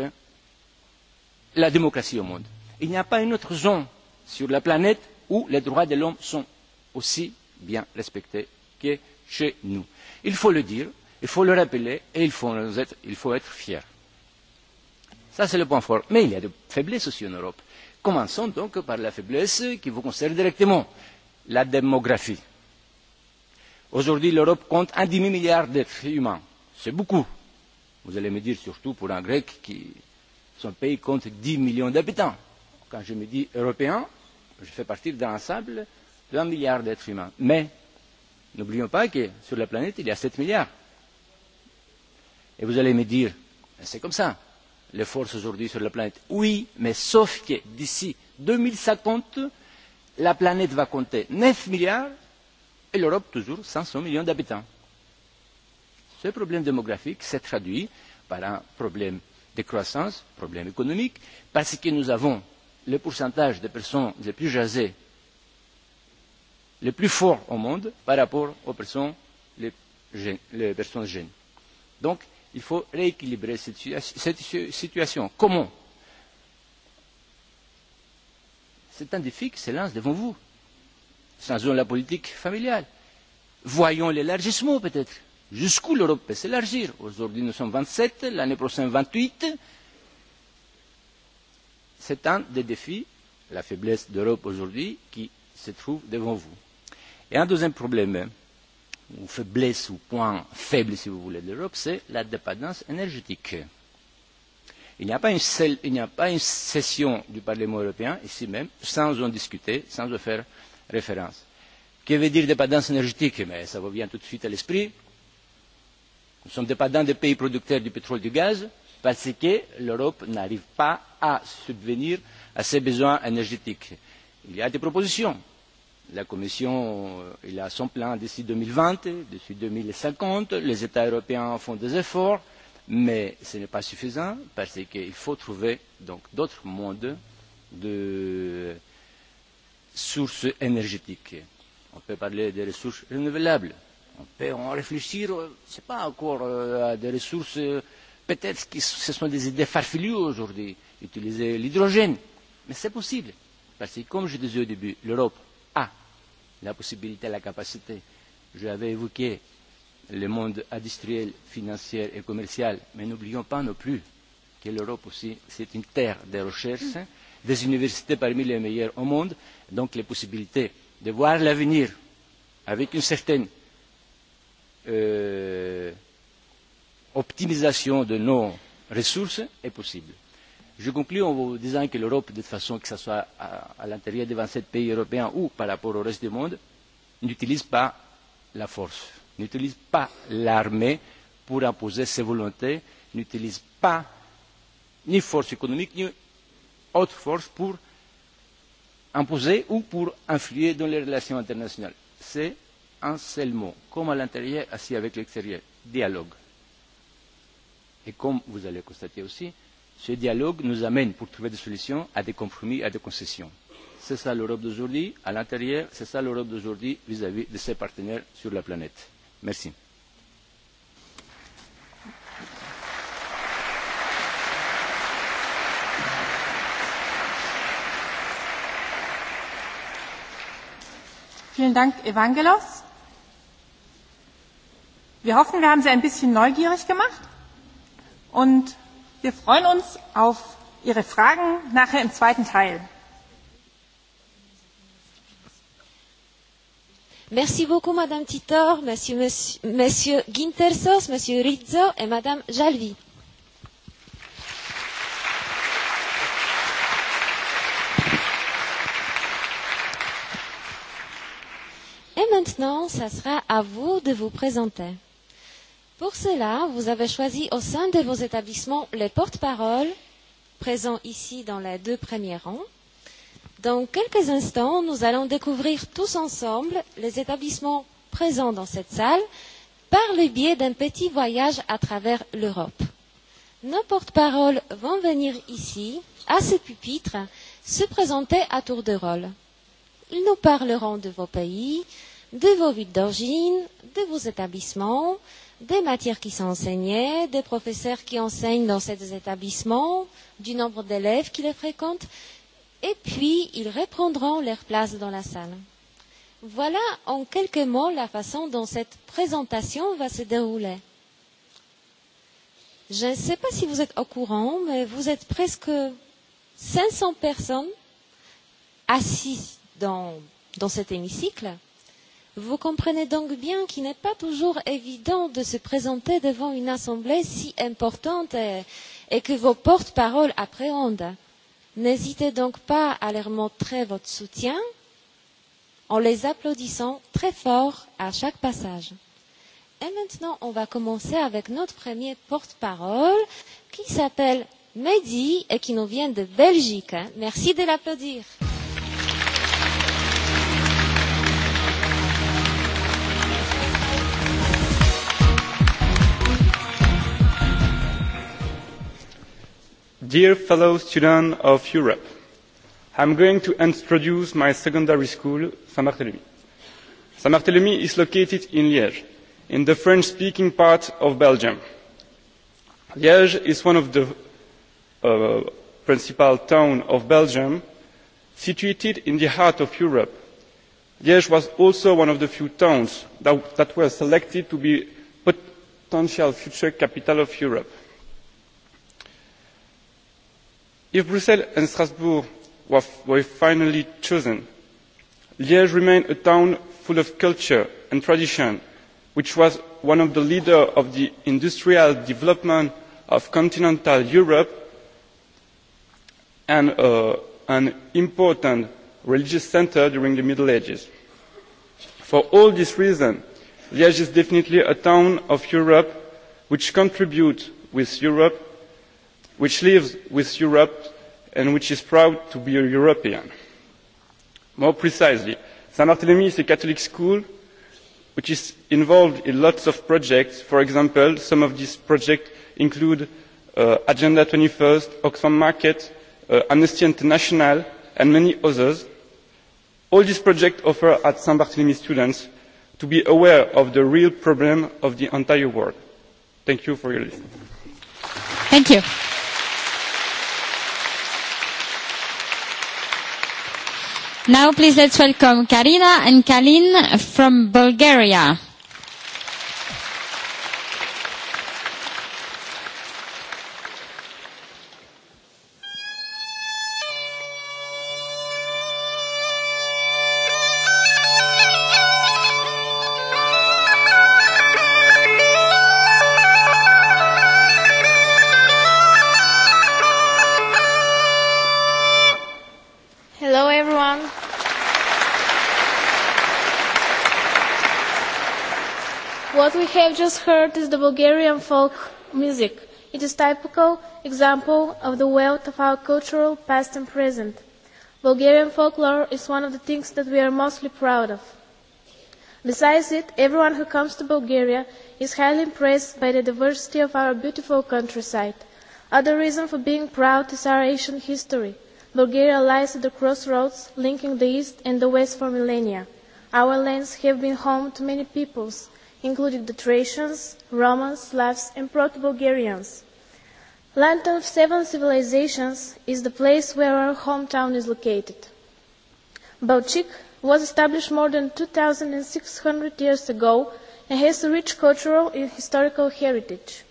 la démocratie au monde. Il n'y a pas une autre zone sur la planète où les droits de l'homme sont aussi bien respectés que chez nous. Il faut le dire, il faut le rappeler et il faut, être, il faut être fier. Ça, c'est le point fort. Mais il y a des faiblesses aussi en Europe Commençons donc par la faiblesse qui vous concerne directement, la démographie. Aujourd'hui, l'Europe compte un demi-milliard d'êtres humains. C'est beaucoup. Vous allez me dire, surtout pour un Grec qui, son pays compte 10 millions d'habitants. Quand je me dis européen, je fais partie d'un ensemble d'un milliard d'êtres humains. Mais n'oublions pas que sur la planète, il y a 7 milliards. Et vous allez me dire, c'est comme ça les forces aujourd'hui sur la planète. Oui, mais sauf que d'ici deux mille cinquante, la planète va compter neuf milliards et l'Europe toujours cinq cents millions d'habitants. Ce problème démographique s'est traduit par un problème de croissance, un problème économique, parce que nous avons le pourcentage de personnes les plus jasées, les plus forts au monde par rapport aux personnes, les, personnes jeunes. Donc, Il faut rééquilibrer cette, situation. Comment C'est un défi qui se lance devant vous. sans la politique familiale. Voyons l'élargissement peut-être. Jusqu'où l'Europe peut s'élargir Aujourd'hui nous sommes 27, l'année prochaine 28. C'est un des défis, la faiblesse d'Europe aujourd'hui, qui se trouve devant vous. Et un deuxième problème, ou faiblesse ou point faible, si vous voulez, de l'Europe, c'est la dépendance énergétique. Il n'y a pas une seule, a pas une session du Parlement européen ici même sans en discuter, sans en faire référence. Que veut dire dépendance énergétique Mais ça revient tout de suite à l'esprit. Nous sommes dépendants des pays producteurs du pétrole et du gaz parce que l'Europe n'arrive pas à subvenir à ses besoins énergétiques. Il y a des propositions La Commission il a son plan d'ici 2020, d'ici 2050. Les États européens font des efforts, mais ce n'est pas suffisant parce qu'il faut trouver donc d'autres modes de sources énergétiques. On peut parler des ressources renouvelables. On peut en réfléchir, je sais pas encore, à des ressources, peut-être que ce sont des idées farfelues aujourd'hui, utiliser l'hydrogène. Mais c'est possible. Parce que, comme je disais au début, l'Europe la possibilité, la capacité. J'avais évoqué le monde industriel, financier et commercial, mais n'oublions pas non plus que l'Europe aussi, c'est une terre de recherche, des universités parmi les meilleures au monde, donc les possibilités de voir l'avenir avec une certaine optimisation de nos ressources est possible. Je conclus en vous disant que l'Europe, de façon que ce soit à, à l'intérieur des vingt sept pays européens ou par rapport au reste du monde, n'utilise pas la force, n'utilise pas l'armée pour imposer ses volontés, n'utilise pas ni force économique ni autre force pour imposer ou pour influer dans les relations internationales. C'est un seul mot, comme à l'intérieur, ainsi avec l'extérieur, dialogue. Et comme vous allez constater aussi, Ce dialogue nous amène, pour trouver des solutions, à des compromis, à des concessions. C'est ça l'Europe d'aujourd'hui, à l'intérieur, c'est ça l'Europe d'aujourd'hui vis-à-vis de ses partenaires sur la planète. Merci. Vielen Dank, Evangelos. Wir hoffen, wir haben Sie ein bisschen neugierig gemacht und wir freuen uns auf ihre fragen nachher im zweiten teil. Merci beaucoup, Madame Titor, Monsieur, Monsieur, Gintersos, Monsieur Rizzo et Madame Jalvi. Et maintenant, ça sera à vous de vous présenter. Pour cela, vous avez choisi au sein de vos établissements les porte-paroles présents ici dans les deux premiers rangs. Dans quelques instants, nous allons découvrir tous ensemble les établissements présents dans cette salle par le biais d'un petit voyage à travers l'Europe. Nos porte-paroles vont venir ici, à ce pupitre, se présenter à tour de rôle. Ils nous parleront de vos pays, de vos villes d'origine, de vos établissements, des matières qui sont enseignées, des professeurs qui enseignent dans ces établissements, du nombre d'élèves qui les fréquentent, et puis ils reprendront leur place dans la salle. Voilà en quelques mots la façon dont cette présentation va se dérouler. Je ne sais pas si vous êtes au courant, mais vous êtes presque 500 personnes assises dans, dans cet hémicycle Vous comprenez donc bien qu'il n'est pas toujours évident de se présenter devant une assemblée si importante et, et que vos porte-paroles appréhendent. N'hésitez donc pas à leur montrer votre soutien en les applaudissant très fort à chaque passage. Et maintenant, on va commencer avec notre premier porte-parole qui s'appelle Mehdi et qui nous vient de Belgique. Merci de l'applaudir. Dear fellow students of Europe, I am going to introduce my secondary school, Saint-Barthélemy. Saint-Barthélemy is located in Liège, in the French-speaking part of Belgium. Liège is one of the uh, principal towns of Belgium, situated in the heart of Europe. Liège was also one of the few towns that, that were selected to be potential future capital of Europe if brussels and strasbourg were finally chosen liege remained a town full of culture and tradition which was one of the leaders of the industrial development of continental europe and an important religious centre during the middle ages. for all these reasons liege is definitely a town of europe which contributes with europe which lives with Europe and which is proud to be a European. More precisely, Saint Barthélemy is a Catholic school which is involved in lots of projects. For example, some of these projects include Agenda twenty first, Oxfam Market, Amnesty International, and many others. All these projects offer at Saint Barthélemy students to be aware of the real problems of the entire world. Thank you for your listening. Now please let's welcome Karina and Kalin from Bulgaria. What we have just heard is the Bulgarian folk music. It is a typical example of the wealth of our cultural past and present. Bulgarian folklore is one of the things that we are mostly proud of. Besides it, everyone who comes to Bulgaria is highly impressed by the diversity of our beautiful countryside. Other reason for being proud is our ancient history. Bulgaria lies at the crossroads linking the East and the West for millennia. Our lands have been home to many peoples, including the Thracians, Romans, Slavs, and Proto-Bulgarians. Land of Seven Civilizations is the place where our hometown is located. Balchik was established more than 2,600 years ago and has a rich cultural and historical heritage.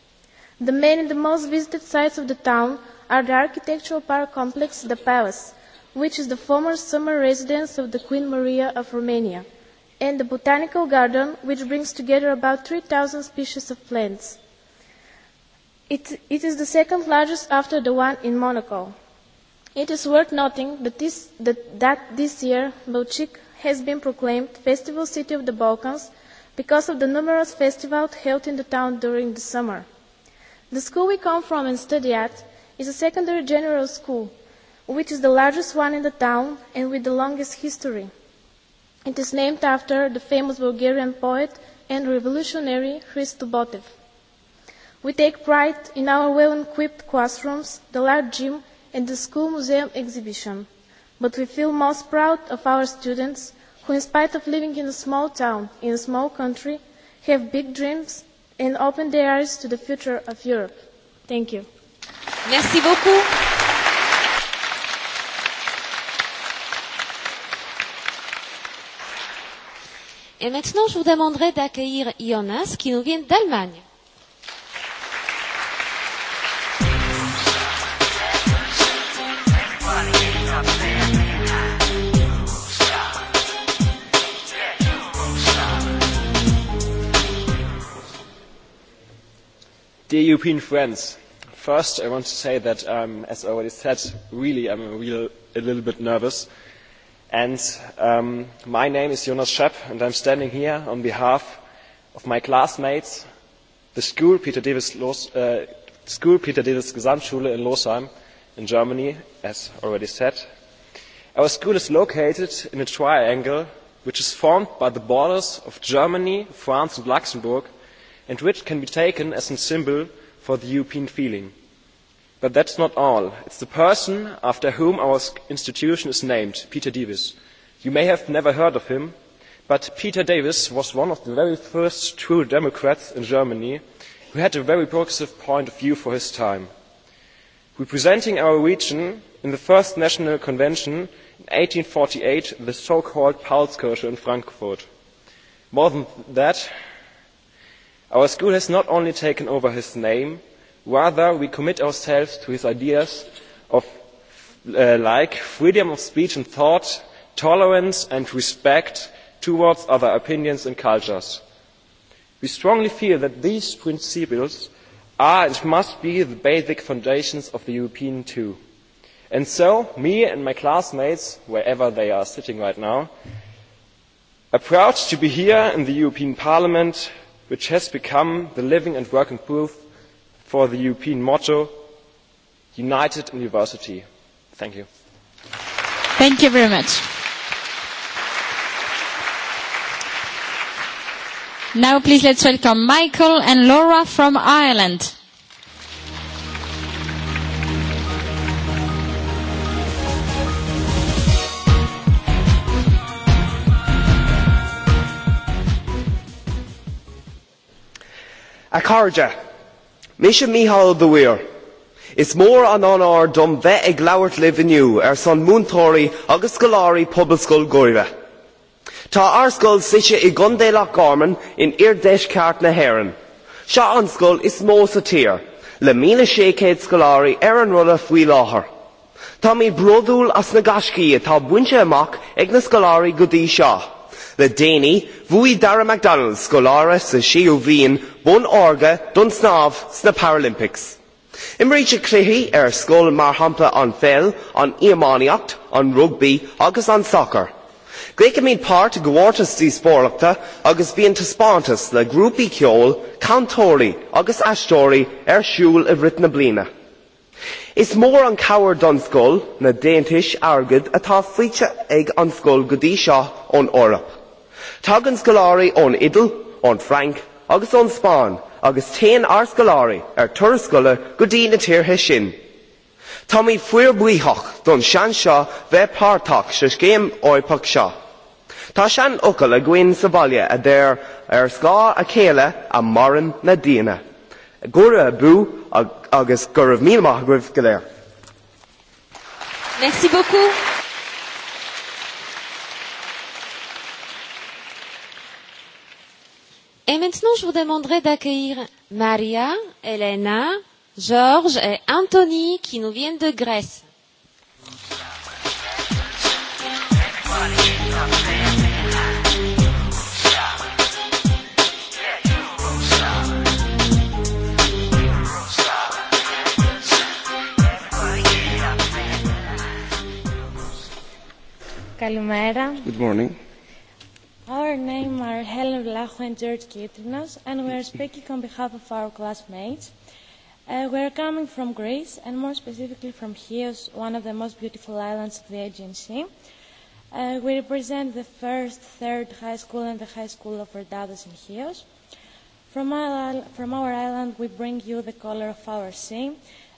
The main and the most visited sites of the town are the architectural park complex The Palace, which is the former summer residence of the Queen Maria of Romania – and the botanical garden which brings together about 3,000 species of plants. It, it is the second largest after the one in Monaco. It is worth noting that this, that, that this year Belchik has been proclaimed Festival City of the Balkans because of the numerous festivals held in the town during the summer. The school we come from and study at is a secondary general school, which is the largest one in the town and with the longest history. It is named after the famous Bulgarian poet and revolutionary Christo Botev. We take pride in our well-equipped classrooms, the large gym, and the school museum exhibition. But we feel most proud of our students who, in spite of living in a small town, in a small country, have big dreams and open their eyes to the future of Europe. Thank you. Merci beaucoup. Et maintenant, je vous demanderai d'accueillir Jonas qui nous vient d'Allemagne. Dear European friends, first I want to say that, um, as already said, really I'm a, real, a little bit nervous And my name is Jonas Schepp, and I'm standing here on behalf of my classmates, the school Peter Davis, uh, school Peter Davis Gesamtschule in Losheim in Germany, as already said. Our school is located in a triangle which is formed by the borders of Germany, France and Luxembourg, and which can be taken as a symbol for the European feeling. But that's not all. It's the person after whom our institution is named, Peter Davis. You may have never heard of him, but Peter Davis was one of the very first true Democrats in Germany who had a very progressive point of view for his time. Representing our region in the first national convention in forty eight, the so-called Paulskirche in Frankfurt. More than that, our school has not only taken over his name, Rather, we commit ourselves to his ideas of like freedom of speech and thought, tolerance and respect towards other opinions and cultures. We strongly feel that these principles are and must be the basic foundations of the European too. And so, me and my classmates, wherever they are sitting right now, are proud to be here in the European Parliament, which has become the living and working proof for the European motto, United in Diversity. Thank you. Thank you very much. Now please let's welcome Michael and Laura from Ireland. A Misha Mihal the Weir. Is mór an anár dom bheith ag labhart libh inniu ar san múntóirí agus scoláirí pobl scoil Ta' Tá arscoil suite i la garman in irdéis ceart na hhéan. Seo anscoil is mó sa tír le míle sécéad scoláirí ar an rud a faoi láthair. Tá mí broúil as na gascií atá buinte amach ag na scoláirí go dtí seo le déanaí bhuaigh dara mcdonald scoláire sa séú bhliain bun orga don snámh sna paralympics imreoidh sé chluichí ar scoil mar shampla an bheal an íománaíocht an rugbaí agus an soccer Gréicim míid páirt go bhórtas dí spóireachta agus bíonn taspáintas le grúpaí ceol cantóirí agus aistóirí ar siúl i bhrit na bliana. Is mór an cabhair don scoil na déantais agad atá faoite ag an scoil go dtí seo ón Eorp. Tugann scoláirí on Idal, on frank, agus on spawn, agus téann airscoláirí ar tuarascoile go dtí na tíortha sin. Tá mí fuorbuíthach don shan seo ve pártach sa scéim óipach seo. Tá sean ocail a gcuin sa bhaile a d'ir ar scá a chéile a maran na daine. Gura a bú agus gur bh míach go Merci beaucoup. Et maintenant, je vous demanderai d'accueillir Maria, Elena, Georges et Anthony qui nous viennent de Grèce. Good morning. Our name are Helen Vlacho and George Kitrinos, and we are speaking on behalf of our classmates. Uh, we are coming from Greece, and more specifically from Chios, one of the most beautiful islands of the Aegean Sea. Uh, we represent the first, third high school and the high school of Rhodados in Chios. From our, from our island, we bring you the color of our sea,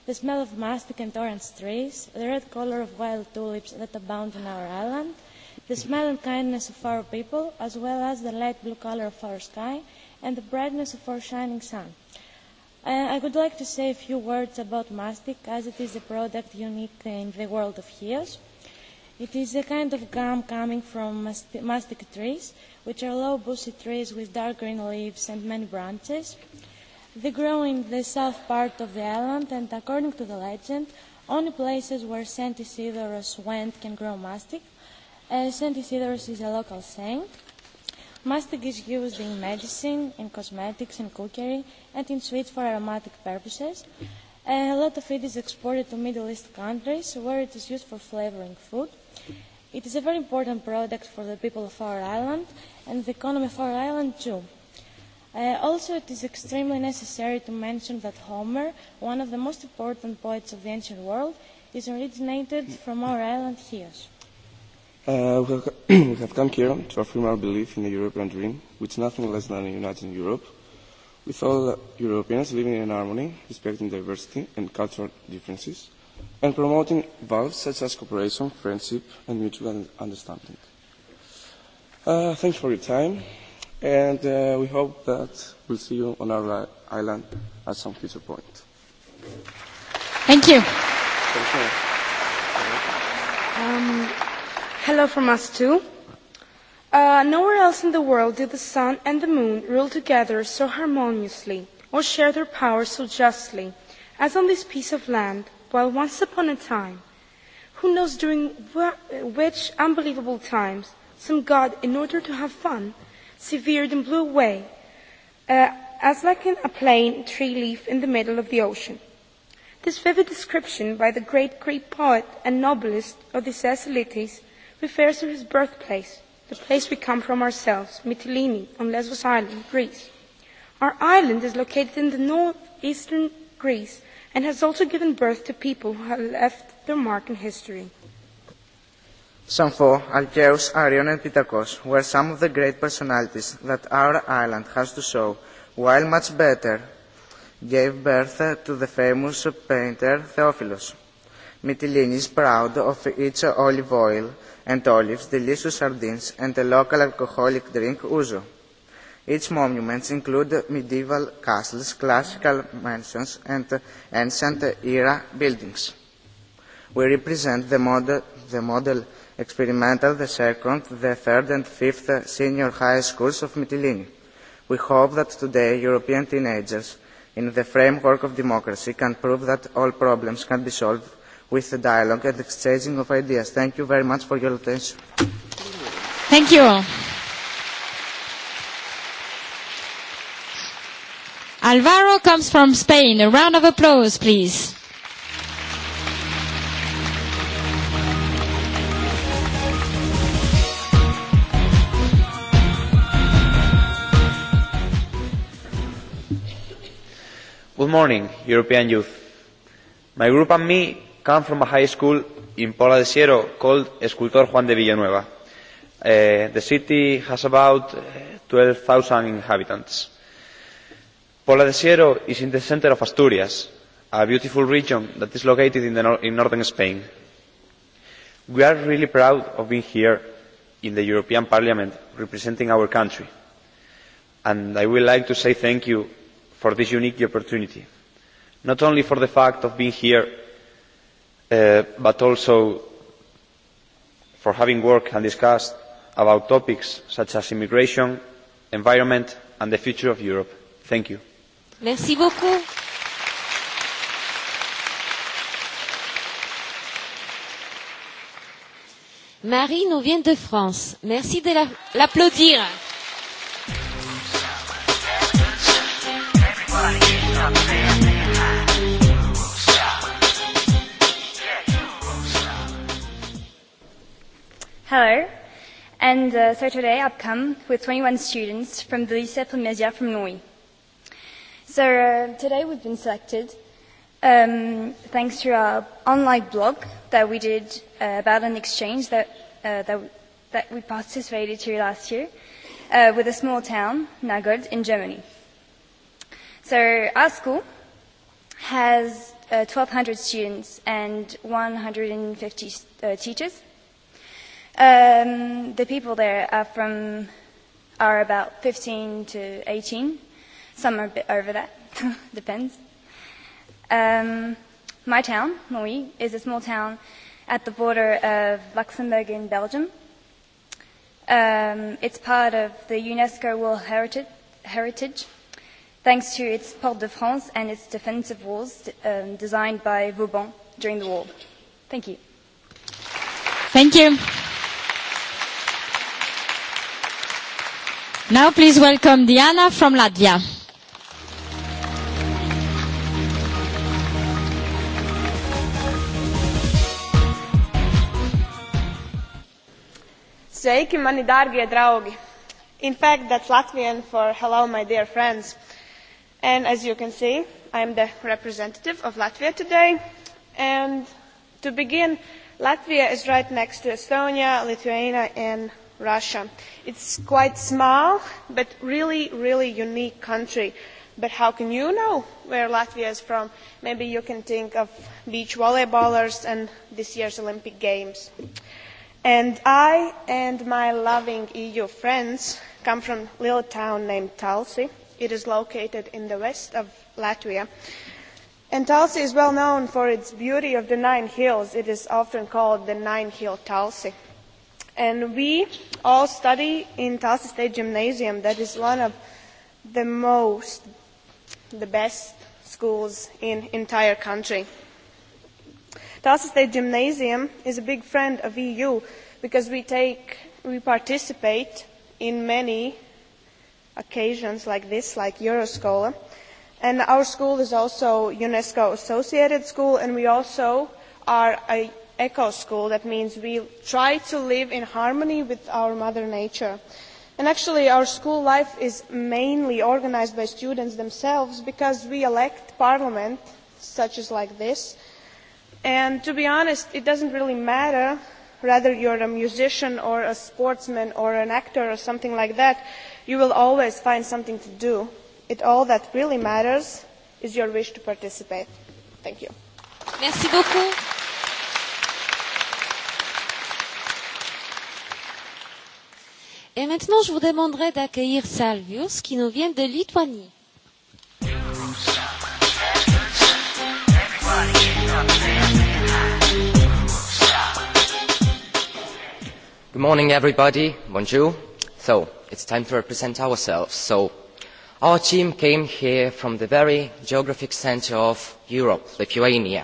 the smell of mastic and orange trees, the red color of wild tulips that abound in our island, The smell and kindness of our people, as well as the light blue color of our sky and the brightness of our shining sun. I would like to say a few words about mastic, as it is a product unique in the world of HEOS. It is a kind of gum coming from mastic trees, which are low bushy trees with dark green leaves and many branches. They grow in the south part of the island, and according to the legend, only places where Saint Isidorus went can grow mastic and St. Isidro's is a local saint. Mastic is used in medicine, in cosmetics, in cookery, and in sweets for aromatic purposes. A lot of it is exported to Middle East countries, where it is used for flavoring food. It is a very important product for the people of our island and the economy of our island too. Uh, also, it is extremely necessary to mention that Homer, one of the most important poets of the ancient world, is originated from our island, Chios. Uh, we, have, come here to affirm our belief in a European dream, which is nothing less than a united Europe, with all Europeans living in harmony, respecting diversity and cultural differences, and promoting values such as cooperation, friendship, and mutual understanding. Uh, thank you for your time, and uh, we hope that we'll see you on our island at some future point. Thank you. Thank you. Hello from us too. Uh, nowhere else in the world do the sun and the moon rule together so harmoniously, or share their power so justly, as on this piece of land, while once upon a time, who knows during wh- which unbelievable times, some god, in order to have fun, severed and blew away, uh, as like in a plain tree leaf in the middle of the ocean. This vivid description by the great Greek poet and novelist Odysseus Elites refers to his birthplace, the place we come from ourselves, Mytilene, on Lesbos Island, Greece. Our island is located in the northeastern Greece and has also given birth to people who have left their mark in history. Sampho, Alcaeus, Arion and Pitakos were some of the great personalities that our island has to show, while much better gave birth to the famous painter Theophilus. Mytilene's proud of its olive oil and olives, delicious sardines, and the local alcoholic drink, ouzo. Its monuments include medieval castles, classical mansions, and ancient-era buildings. We represent the model, the model experimental, the second, the third, and fifth senior high schools of Mytilene. We hope that today European teenagers, in the framework of democracy, can prove that all problems can be solved with the dialogue and exchanging of ideas. Thank you very much for your attention. Thank you Alvaro comes from Spain. A round of applause, please. Good morning, European youth. My group and me come from a high school in Pola de Siero called Escultor Juan de Villanueva. Uh, the city has about 12,000 inhabitants. Pola de Siero is in the center of Asturias, a beautiful region that is located in, the nor in northern Spain. We are really proud of being here in the European Parliament representing our country. And I would like to say thank you for this unique opportunity, not only for the fact of being here but also for having worked and discussed topics such as immigration, environment and the future of Europe. Thank you. Merci beaucoup. Marie nous vient de France. Merci de l'applaudir. La, Hello. And uh, so today I've come with 21 students from the Lycée Plumesia from Norway. So uh, today we've been selected um, thanks to our online blog that we did uh, about an exchange that, uh, that, that we participated to last year uh, with a small town, Nagod, in Germany. So our school has uh, 1,200 students and 150 uh, teachers Um, the people there are from are about 15 to 18. Some are a bit over that, depends. Um, my town, Moui, is a small town at the border of Luxembourg and Belgium. Um, it's part of the UNESCO World Heritage, Heritage thanks to its Port de France and its defensive walls um, designed by Vauban during the war. Thank you. Thank you. Now please welcome Diana from Latvia. Sveiki, mani dārgie draugi! In fact, that's Latvian for hello, my dear friends. And as you can see, I am the representative of Latvia today. And to begin, Latvia is right next to Estonia, Lithuania, and Russia. It's quite a small, but really, really unique country. But how can you know where Latvia is from? Maybe you can think of beach volleyballers and this year's Olympic Games. And I and my loving EU friends come from a little town named Talsi. It is located in the west of Latvia. And Talsi is well known for its beauty of the nine hills. It is often called the nine hill Talsi And we all study in Tulsa State Gymnasium, that is one of the most, the best schools in entire country. Tulsa State Gymnasium is a big friend of EU because we take, we participate in many occasions like this, like Euroscola. And our school is also UNESCO associated school, and we also are a eco school that means we try to live in harmony with our mother nature and actually our school life is mainly organised by students themselves because we elect parliament such as like this and to be honest it doesn't really matter whether you are a musician or a sportsman or an actor or something like that you will always find something to do it all that really matters is your wish to participate thank you merci beaucoup Et maintenant, je vous demanderai d'accueillir Salvius, qui nous vient de Lituanie. Good morning, everybody. Bonjour. So, it's time to represent ourselves. So, our team came here from the very geographic center of Europe, Lithuania.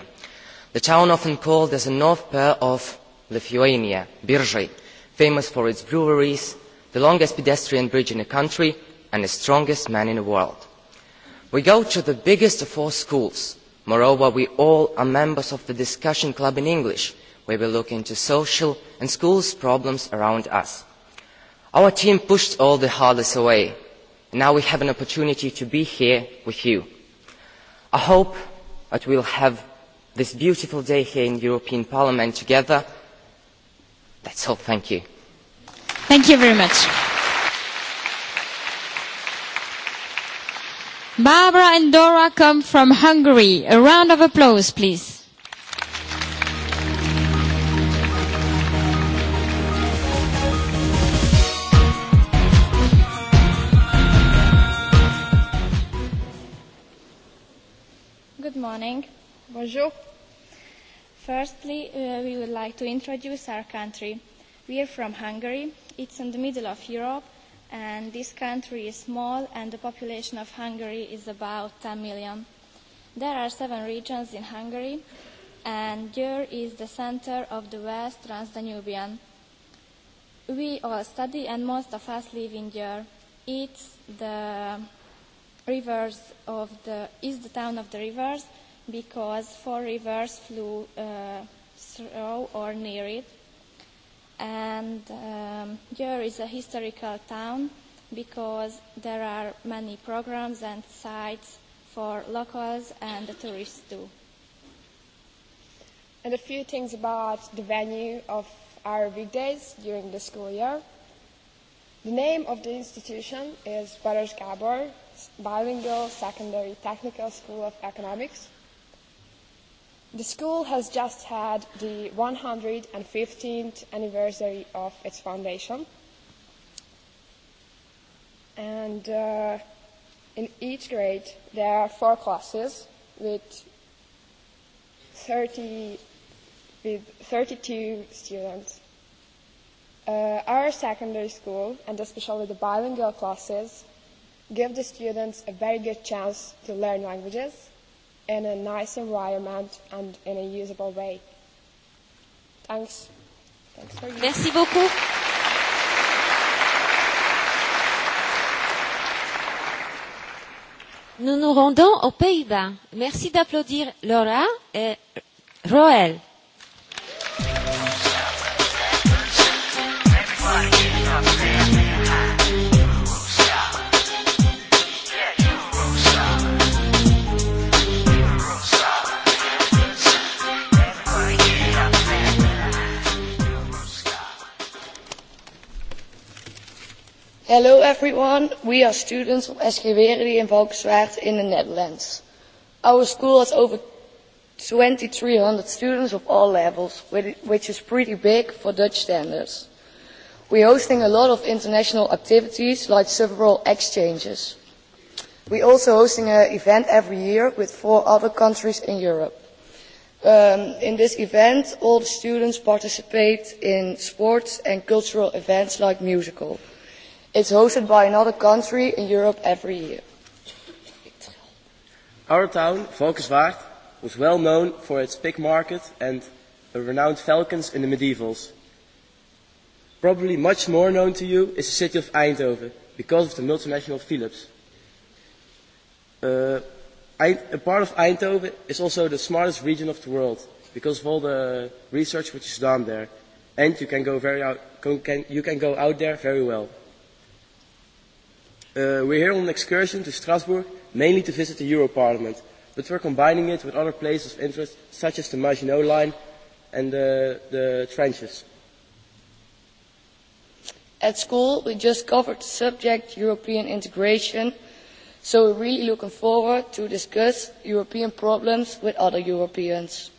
The town often called as the North Pearl of Lithuania, Birzhai, famous for its breweries, the longest pedestrian bridge in the country and the strongest man in the world. We go to the biggest of all schools. Moreover, we all are members of the discussion club in English, where we look into social and schools problems around us. Our team pushed all the hardest away. and Now we have an opportunity to be here with you. I hope that we will have this beautiful day here in the European Parliament together. That's all. Thank you. Thank you very much. Barbara and Dora come from Hungary. A round of applause, please. Good morning. Bonjour. Firstly, uh, we would like to introduce our country. We are from Hungary It's in the middle of Europe, and this country is small, and the population of Hungary is about 10 million. There are seven regions in Hungary, and Győr is the center of the West Transdanubian. We all study, and most of us live in Győr. It's the rivers of the is the town of the rivers because four rivers flew uh, through or near it and um, Győr is a historical town because there are many programs and sites for locals and the tourists too. And a few things about the venue of our weekdays during the school year. The name of the institution is Baros Gabor Bilingual Secondary Technical School of Economics The school has just had the 115th anniversary of its foundation. And uh, in each grade, there are four classes with 30, with 32 students. Uh, our secondary school, and especially the bilingual classes, give the students a very good chance to learn languages in a nice environment and in a usable way. Thanks. Thanks for you. Merci beaucoup. Nous nous rendons aux Pays-Bas. Merci d'applaudir Laura et Roel. Hello everyone, we are students from Esquiveri in Valkenswaard in the Netherlands. Our school has over 2,300 students of all levels, which is pretty big for Dutch standards. We are hosting a lot of international activities like several exchanges. We are also hosting an event every year with four other countries in Europe. in this event, all the students participate in sports and cultural events like musicals is hosted by another country in Europe every year. Our town, Valkenswaard, was well known for its pig market and the renowned falcons in the medievals. Probably much more known to you is the city of Eindhoven because of the multinational Philips. Uh, a part of Eindhoven is also the smartest region of the world because of all the research which is done there, and you can go very out, can, you can go out there very well. Uh, we're here on an excursion to Strasbourg, mainly to visit the Euro Parliament, but we're combining it with other places of interest, such as the Maginot Line and the, the trenches. At school, we just covered the subject European integration, so we're really looking forward to discuss European problems with other Europeans.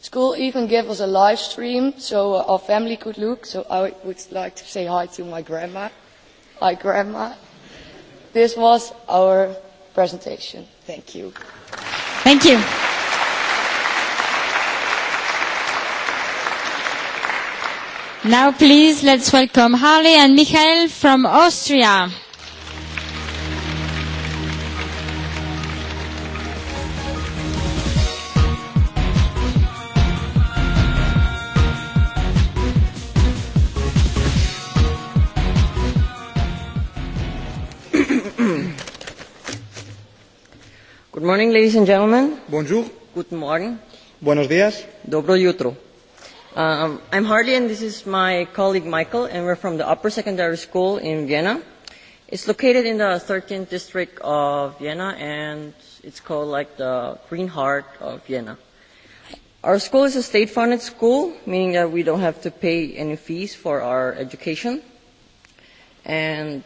School even gave us a live stream so our family could look, so I would like to say hi to my grandma. Hi, grandma This was our presentation. Thank you. Thank you. Now please let's welcome Harley and Michael from Austria. morning, ladies and gentlemen. Bonjour. Good morning. Buenos días. Dobro jutro. Um, I'm Harley, and this is my colleague Michael, and we're from the Upper Secondary School in Vienna. It's located in the 13th district of Vienna, and it's called like the Green Heart of Vienna. Our school is a state-funded school, meaning that we don't have to pay any fees for our education. And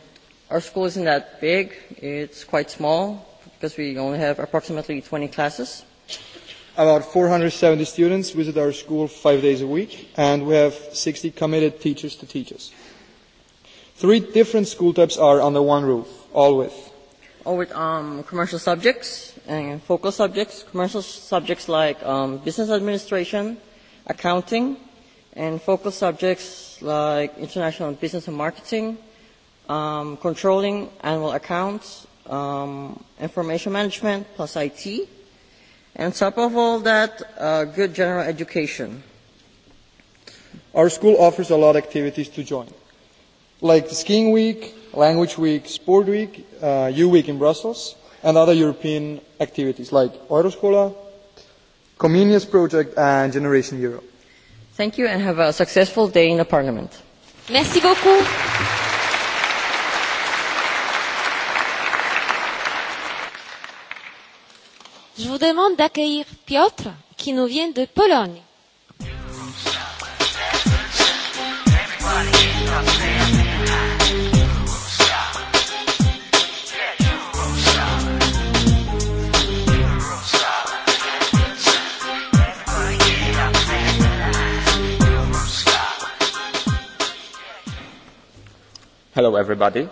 our school isn't that big; it's quite small, because we only have approximately 20 classes. About 470 students visit our school five days a week, and we have 60 committed teachers to teach us. Three different school types are under one roof, all with. All with um, commercial subjects and focal subjects. Commercial subjects like um, business administration, accounting, and focal subjects like international business and marketing, um, controlling annual accounts, um, information management plus IT, and top of all that, uh, good general education. Our school offers a lot of activities to join, like the skiing week, language week, sport week, uh, U week in Brussels, and other European activities like Euroscola, Comenius Project, and Generation Europe. Thank you and have a successful day in the Parliament. Merci beaucoup. Je vous demande d'accueillir Piotr qui nous vient de Pologne. Hello everybody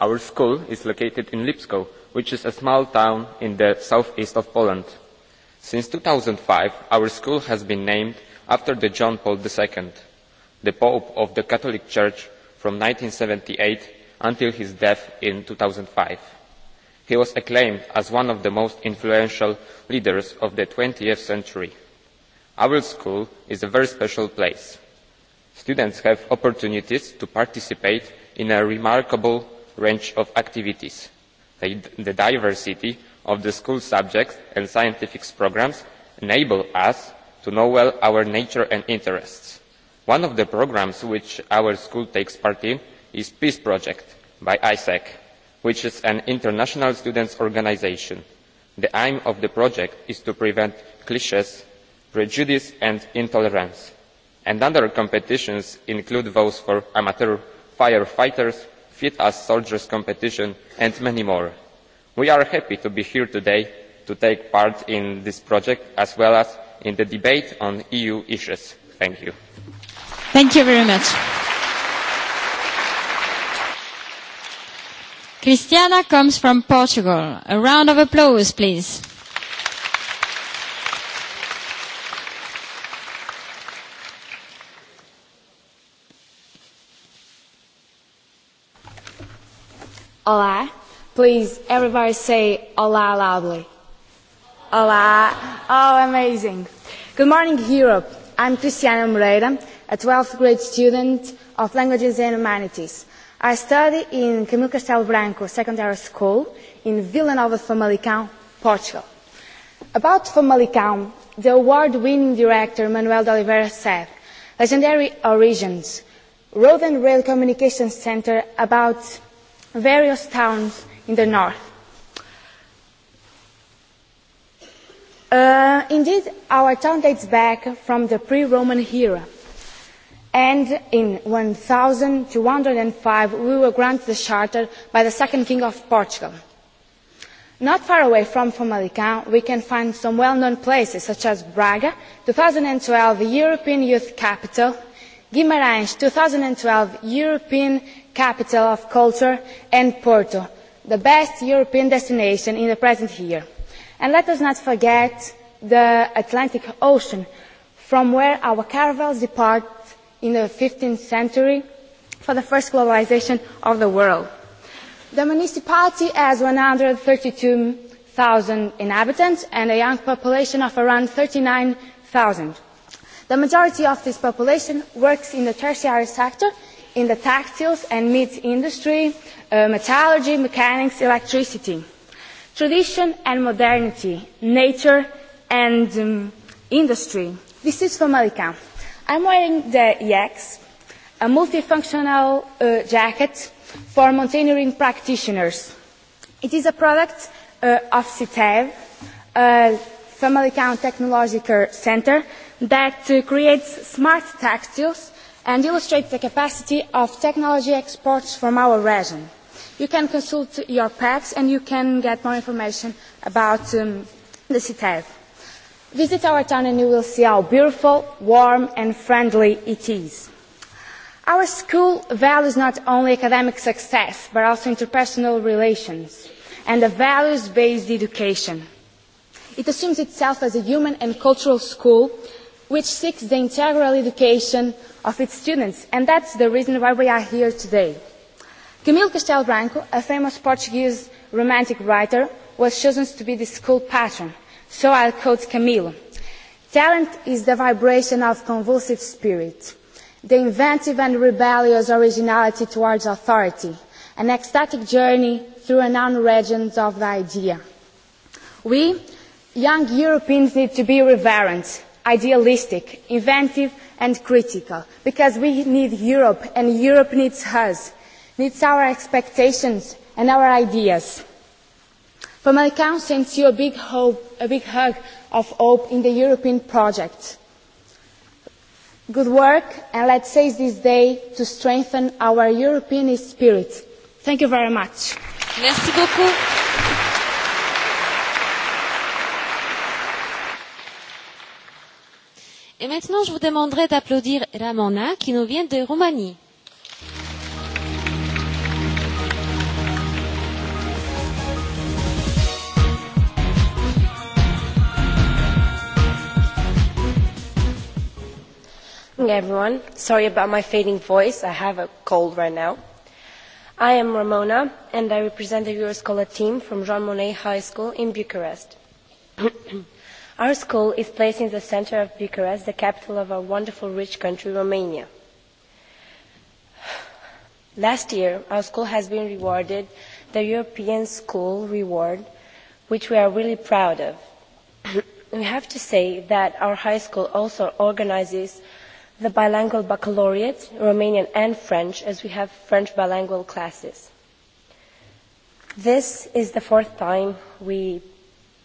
Our school is located in Lipsko, which is a small town in the southeast of Poland. Since two thousand five our school has been named after the John Paul II, the Pope of the Catholic Church from seventy eight until his death in two thousand five. He was acclaimed as one of the most influential leaders of the twentieth century. Our school is a very special place. Students have opportunities to participate in a remarkable range of activities. the diversity of the school subjects and scientific programmes enable us to know well our nature and interests. one of the programmes which our school takes part in is the peace project by ISEC, which is an international students' organisation. the aim of the project is to prevent cliches prejudice and intolerance and other competitions include those for amateur firefighters fit as soldiers competition and many more. we are happy to be here today to take part in this project as well as in the debate on eu issues. thank you. thank you very much. Cristiana comes from Portugal. A round of applause, please. Olá. Please, everybody say Olá loudly. Olá. Oh, amazing. Good morning, Europe. I'm Cristiana Moreira, a 12th grade student of Languages and Humanities. I study in Camilo Castelo Branco Secondary School in Vila Nova de Famalicão, Portugal. About Famalicão, the award-winning director Manuel de Oliveira said, legendary origins, road and rail communication center about various towns in the north. Uh, indeed, our town dates back from the pre-Roman era. And in 1205, we were granted the charter by the second king of Portugal. Not far away from Famalicão, we can find some well-known places such as Braga, 2012 European Youth Capital, Guimarães, 2012 European capital of culture, and Porto, the best European destination in the present year. And let us not forget the Atlantic Ocean, from where our caravels depart in the fifteenth century for the first globalisation of the world. The municipality has one hundred thirty 132,000 inhabitants and a young population of around thirty nine thousand. The majority of this population works in the tertiary sector in the textiles and meat industry, uh, metallurgy, mechanics, electricity. Tradition and modernity, nature and um, industry. This is from Malika. I'm wearing the EX, a multifunctional uh, jacket for mountaineering practitioners. It is a product uh, of CITEV, family account Technological Center, that uh, creates smart textiles and illustrates the capacity of technology exports from our region. You can consult your PACs and you can get more information about the CITEV. Visit our town and you will see how beautiful, warm and friendly it is. Our school values not only academic success, but also interpersonal relations and a values-based education. It assumes itself as a human and cultural school which seeks the integral education of its students, and that's the reason why we are here today. Camilo Castelo Branco, a famous Portuguese romantic writer, was chosen to be the school patron, so I'll quote Camilo. Talent is the vibration of convulsive spirit, the inventive and rebellious originality towards authority, an ecstatic journey through an unknown region of the idea. We, young Europeans, need to be reverent, idealistic, inventive, and critical because we need Europe and Europe needs us, needs our expectations and our ideas. For my account sends you a big, hope, a big hug of hope in the European project. Good work and let's seize this day to strengthen our European spirit. Thank you very much. Merci beaucoup. Et maintenant, je vous demanderai d'applaudir Ramona, qui nous vient de Roumanie. Hey everyone, sorry about my fading voice. I have a cold right now. I am Ramona, and I represent the Euroscola team from Jean Monnet High School in Bucharest Our school is placed in the center of Bucharest, the capital of our wonderful rich country, Romania. Last year, our school has been rewarded the European School Reward, which we are really proud of. we have to say that our high school also organizes the bilingual baccalaureate, Romanian and French, as we have French bilingual classes. This is the fourth time we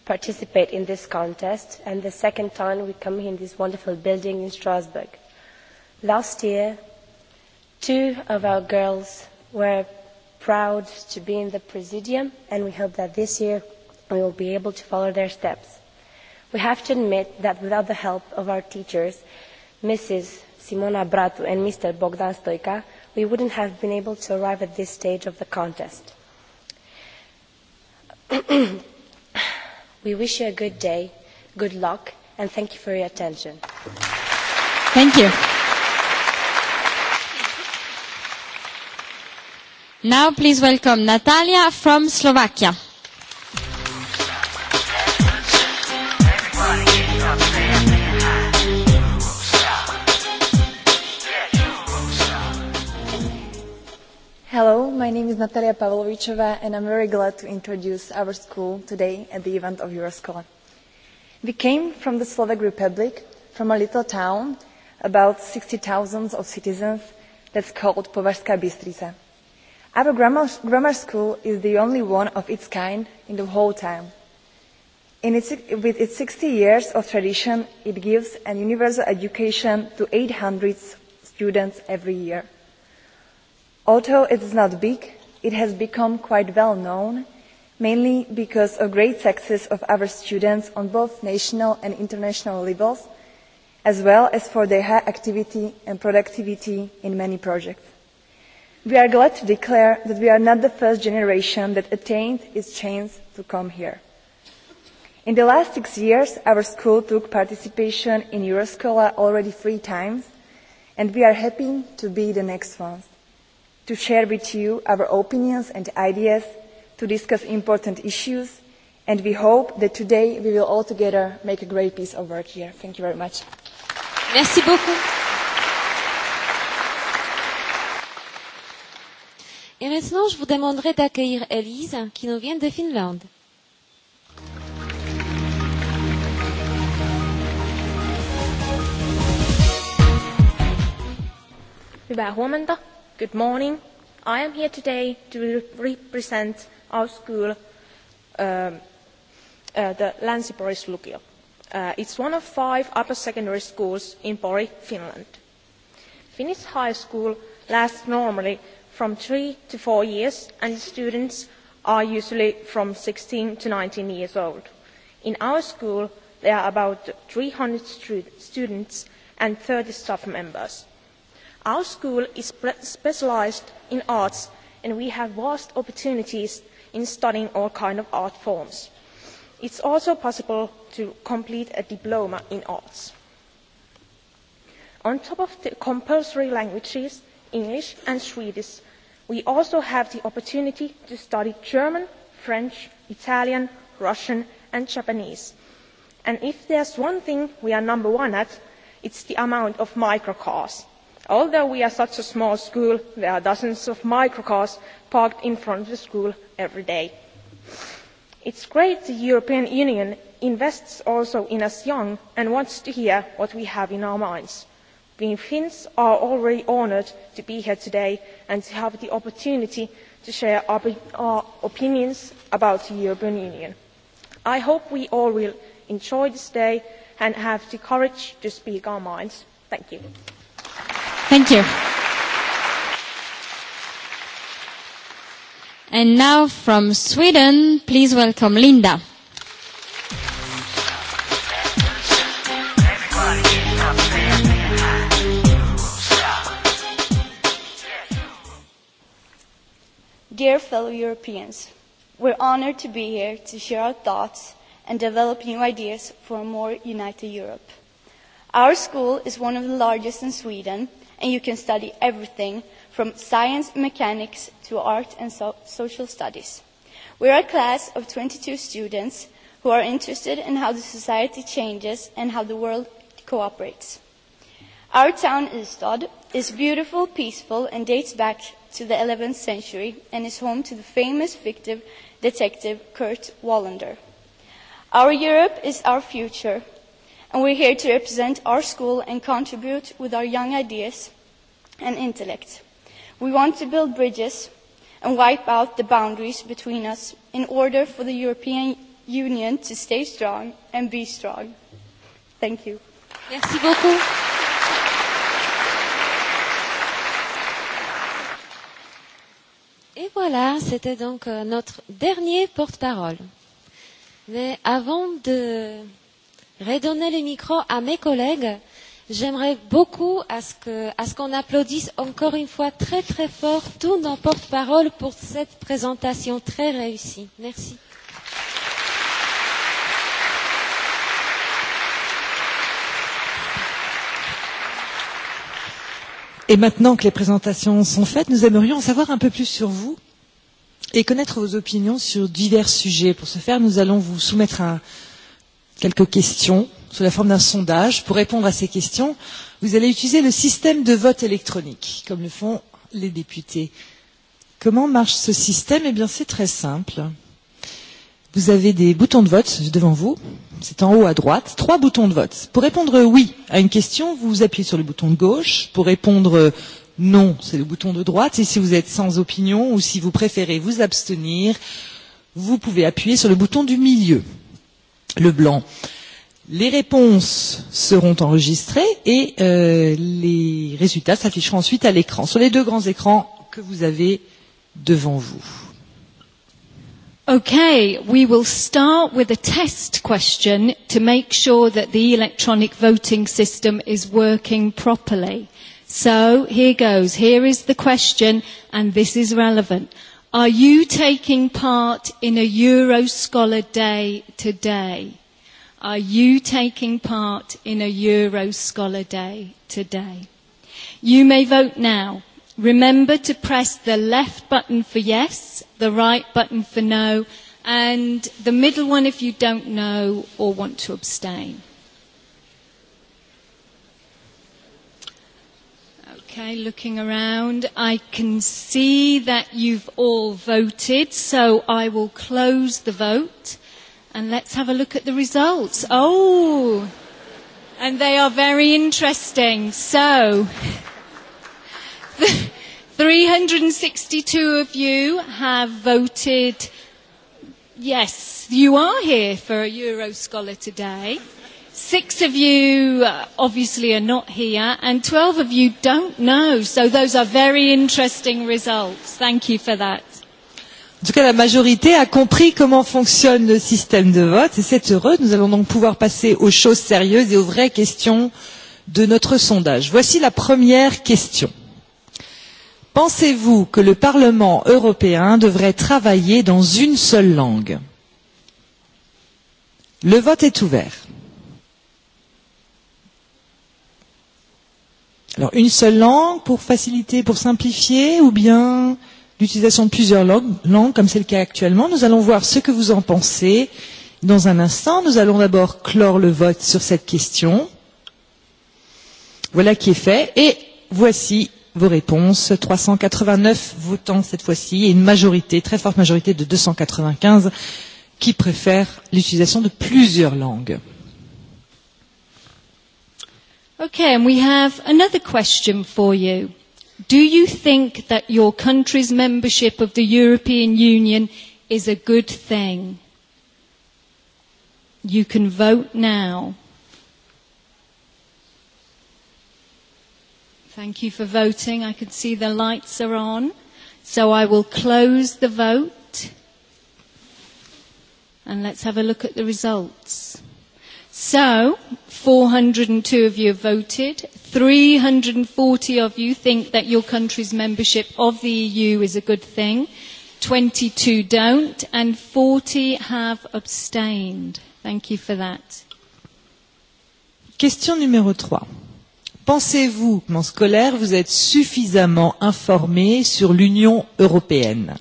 participate in this contest and the second time we come in this wonderful building in Strasbourg. Last year, two of our girls were proud to be in the presidium and we hope that this year we will be able to follow their steps. We have to admit that without the help of our teachers, Mrs. Simona Bratu and Mr. Bogdan Stoica, we wouldn't have been able to arrive at this stage of the contest We wish you a good day, good luck, and thank you for your attention. Thank you. Now please welcome Natalia from Slovakia. My name is Natalia Pavlovichova, and I'm very glad to introduce our school today at the event of Euroscola. We came from the Slovak Republic, from a little town, about 60,000 of citizens, that's called Povarska Bystrica. Our grammar, grammar school is the only one of its kind in the whole town. In its, with its 60 years of tradition, it gives an universal education to 800 students every year although it is not big it has become quite well known mainly because of great success of our students on both national and international levels as well as for their high activity and productivity in many projects. We are glad to declare that we are not the first generation that attained its chance to come here. In the last six years, our school took participation in Euroscola already three times, and we are happy to be the next ones to share with you our opinions and ideas, to discuss important issues, and we hope that today we will all together make a great piece of work here. Thank you very much. Merci beaucoup. Et maintenant, je vous demanderai d'accueillir Elise, qui nous vient de Finlande. Hyvää huomenta. Good morning. I am here today to represent our school, um, uh, the Länsi-Boris Lukio. Uh, it's one of five upper secondary schools in Pori, Finland. Finnish high school lasts normally from three to four years and students are usually from 16 to 19 years old. In our school, there are about 300 students and 30 staff members our school is specialised in arts and we have vast opportunities in studying all kinds of art forms. it is also possible to complete a diploma in arts. on top of the compulsory languages english and swedish we also have the opportunity to study german french italian russian and japanese and if there is one thing we are number one at it is the amount of microcars although we are such a small school there are dozens of microcars parked in front of the school every day. it is great that the european union invests also in us young and wants to hear what we have in our minds. we finns are already honoured to be here today and to have the opportunity to share our opinions about the european union. i hope we all will enjoy this day and have the courage to speak our minds. thank you. Thank you. And now from Sweden, please welcome Linda. Dear fellow Europeans, we're honored to be here to share our thoughts and develop new ideas for a more united Europe. Our school is one of the largest in Sweden and you can study everything from science, mechanics to art and so- social studies. We are a class of 22 students who are interested in how the society changes and how the world cooperates. Our town, Istad, is beautiful, peaceful, and dates back to the 11th century and is home to the famous fictive detective Kurt Wallander. Our Europe is our future, and we're here to represent our school and contribute with our young ideas and intellect. We want to build bridges and wipe out the boundaries between us in order for the European Union to stay strong and be strong. Thank you. Merci beaucoup. Et voilà, c'était donc notre dernier porte-parole. Mais avant de redonner le micro à mes collègues, J'aimerais beaucoup à ce qu'on applaudisse encore une fois très très fort tous nos porte-paroles pour cette présentation très réussie. Merci. Et maintenant que les présentations sont faites, nous aimerions en savoir un peu plus sur vous et connaître vos opinions sur divers sujets. Pour ce faire, nous allons vous soumettre à quelques questions sous la forme d'un sondage. Pour répondre à ces questions, vous allez utiliser le système de vote électronique, comme le font les députés. Comment marche ce système Eh bien, c'est très simple. Vous avez des boutons de vote devant vous. C'est en haut à droite. Trois boutons de vote. Pour répondre oui à une question, vous appuyez sur le bouton de gauche. Pour répondre non, c'est le bouton de droite. Et si vous êtes sans opinion ou si vous préférez vous abstenir, vous pouvez appuyer sur le bouton du milieu, le blanc. Les réponses seront enregistrées et euh, les résultats s'afficheront ensuite à l'écran, sur les deux grands écrans que vous avez devant vous. Okay, we will start with a test question to make sure that the electronic voting system is working properly. So here goes. Here is the question, and this is relevant. Are you taking part in a Euroscholar Day today? Are you taking part in a Euro Scholar Day today? You may vote now. Remember to press the left button for yes, the right button for no, and the middle one if you don't know or want to abstain. Okay, looking around, I can see that you've all voted, so I will close the vote. And let's have a look at the results. Oh, and they are very interesting. So, 362 of you have voted yes, you are here for a Euro Scholar today. Six of you obviously are not here, and 12 of you don't know. So, those are very interesting results. Thank you for that. En tout cas, la majorité a compris comment fonctionne le système de vote et c'est heureux. Nous allons donc pouvoir passer aux choses sérieuses et aux vraies questions de notre sondage. Voici la première question. Pensez-vous que le Parlement européen devrait travailler dans une seule langue Le vote est ouvert. Alors, une seule langue pour faciliter, pour simplifier ou bien euh, l'utilisation de plusieurs langues, comme c'est le cas actuellement. Nous allons voir ce que vous en pensez dans un instant. Nous allons d'abord clore le vote sur cette question. Voilà qui est fait. Et voici vos réponses. 389 votants cette fois-ci et une majorité, très forte majorité de 295 qui préfèrent l'utilisation de plusieurs langues. Okay, and we have another question for you do you think that your country's membership of the European Union is a good thing? You can vote now. Thank you for voting. I can see the lights are on. So I will close the vote. And let's have a look at the results. So, 402 of you have voted. 340 of you think that your country's membership of the EU is a good thing. 22 don't, and 40 have abstained. Thank you for that. Question numéro 3. Pensez-vous, mon scolaire, vous êtes suffisamment informé sur l'Union européenne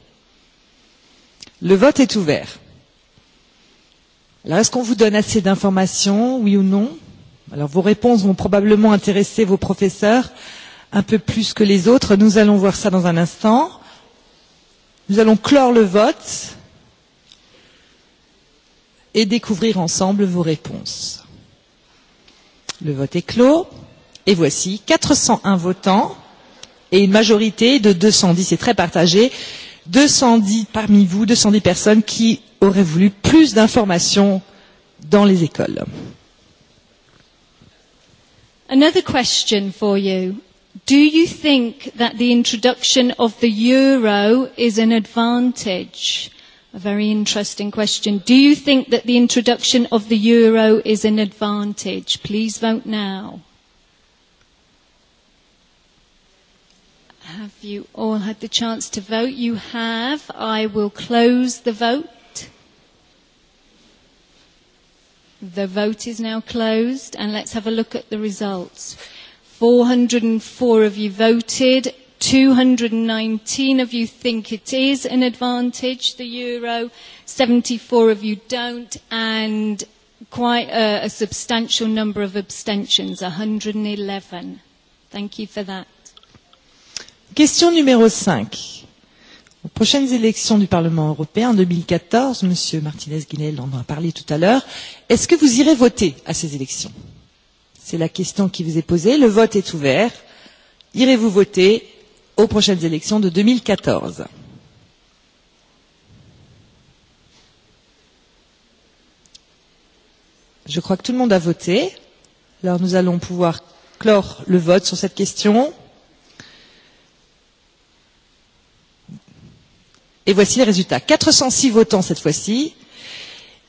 Le vote est ouvert. Alors, est-ce qu'on vous donne assez d'informations, oui ou non Alors, vos réponses vont probablement intéresser vos professeurs un peu plus que les autres. Nous allons voir ça dans un instant. Nous allons clore le vote et découvrir ensemble vos réponses. Le vote est clos et voici 401 votants et une majorité de 210, c'est très partagé, 210 parmi vous, 210 personnes qui aurait voulu plus d'informations dans les écoles. Another question for you. Do you think that the introduction of the euro is an advantage? A very interesting question. Do you think that the introduction of the euro is an advantage? Please vote now. Have you all had the chance to vote? You have. I will close the vote. The vote is now closed, and let's have a look at the results. 404 of you voted, 219 of you think it is an advantage, the euro, 74 of you don't, and quite a, a substantial number of abstentions, 111. Thank you for that. Question numéro 5. Aux prochaines élections du Parlement européen en 2014, Monsieur Martinez-Guinel en a parlé tout à l'heure, est-ce que vous irez voter à ces élections C'est la question qui vous est posée. Le vote est ouvert. Irez-vous voter aux prochaines élections de 2014 Je crois que tout le monde a voté. Alors nous allons pouvoir clore le vote sur cette question. Et voici les résultats. 406 votants cette fois-ci,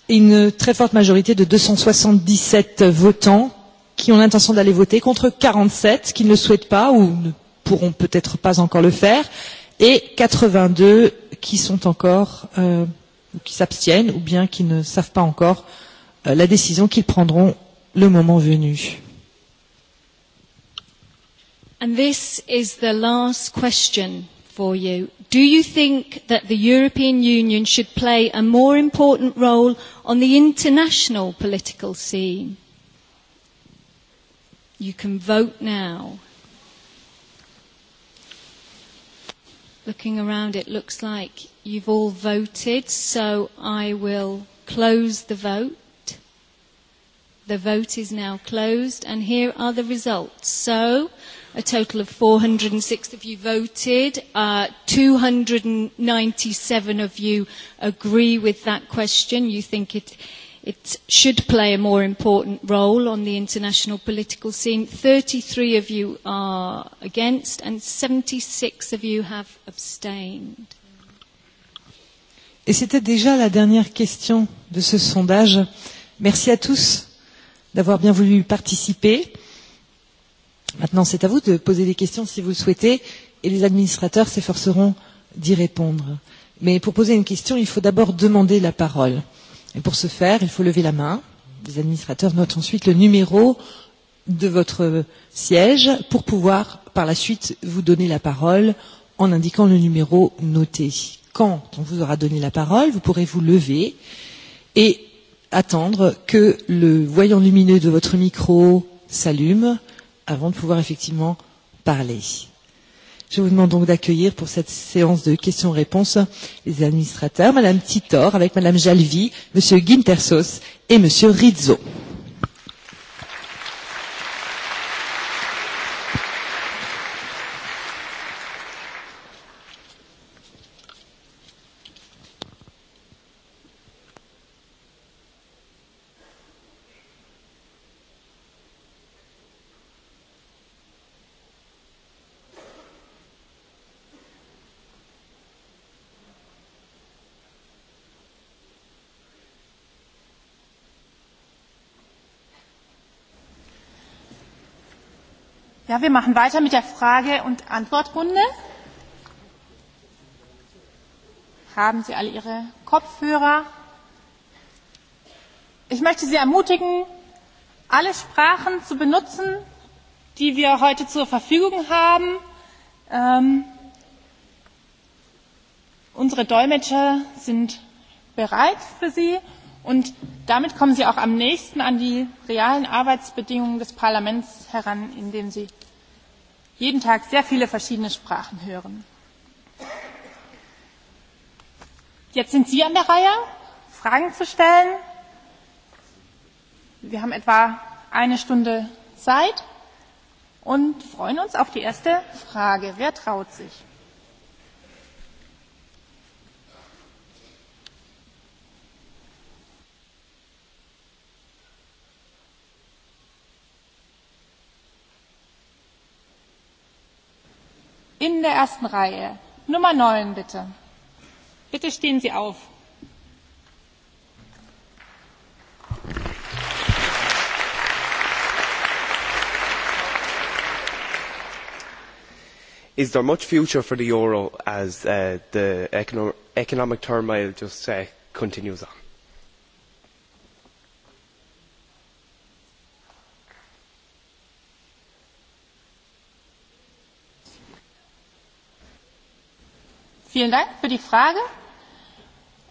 une très forte majorité de 277 votants qui ont l'intention d'aller voter contre 47 qui ne le souhaitent pas ou ne pourront peut-être pas encore le faire et 82 qui sont encore euh, qui s'abstiennent ou bien qui ne savent pas encore euh, la décision qu'ils prendront le moment venu. And this is the last question for you Do you think that the European Union should play a more important role on the international political scene? You can vote now. Looking around, it looks like you've all voted, so I will close the vote. The vote is now closed, and here are the results. So, A total of 406 of you voted. Uh, 297 of you agree with that question. You think it, it should play a more important role on the international political scene. 33 of you are against, and 76 of you have abstained. Et c'était déjà la dernière question de ce sondage. Merci à tous d'avoir bien voulu participer. Maintenant, c'est à vous de poser des questions si vous le souhaitez, et les administrateurs s'efforceront d'y répondre. Mais pour poser une question, il faut d'abord demander la parole. Et pour ce faire, il faut lever la main. Les administrateurs notent ensuite le numéro de votre siège pour pouvoir par la suite vous donner la parole en indiquant le numéro noté. Quand on vous aura donné la parole, vous pourrez vous lever et attendre que le voyant lumineux de votre micro s'allume avant de pouvoir effectivement parler. Je vous demande donc d'accueillir pour cette séance de questions-réponses les administrateurs, Madame Titor avec Madame Jalvi, Monsieur Guintersos et Monsieur Rizzo. Ja, wir machen weiter mit der Frage- und Antwortrunde. Haben Sie alle Ihre Kopfhörer? Ich möchte Sie ermutigen, alle Sprachen zu benutzen, die wir heute zur Verfügung haben. Ähm, unsere Dolmetscher sind bereit für Sie. Und damit kommen Sie auch am nächsten an die realen Arbeitsbedingungen des Parlaments heran, indem Sie jeden Tag sehr viele verschiedene Sprachen hören. Jetzt sind Sie an der Reihe, Fragen zu stellen. Wir haben etwa eine Stunde Zeit und freuen uns auf die erste Frage. Wer traut sich? der ersten Reihe. Nummer 9, bitte. Bitte stehen Sie auf. Is there much future for the euro as uh, the economic turmoil just uh, continues on? Vielen Dank für die Frage.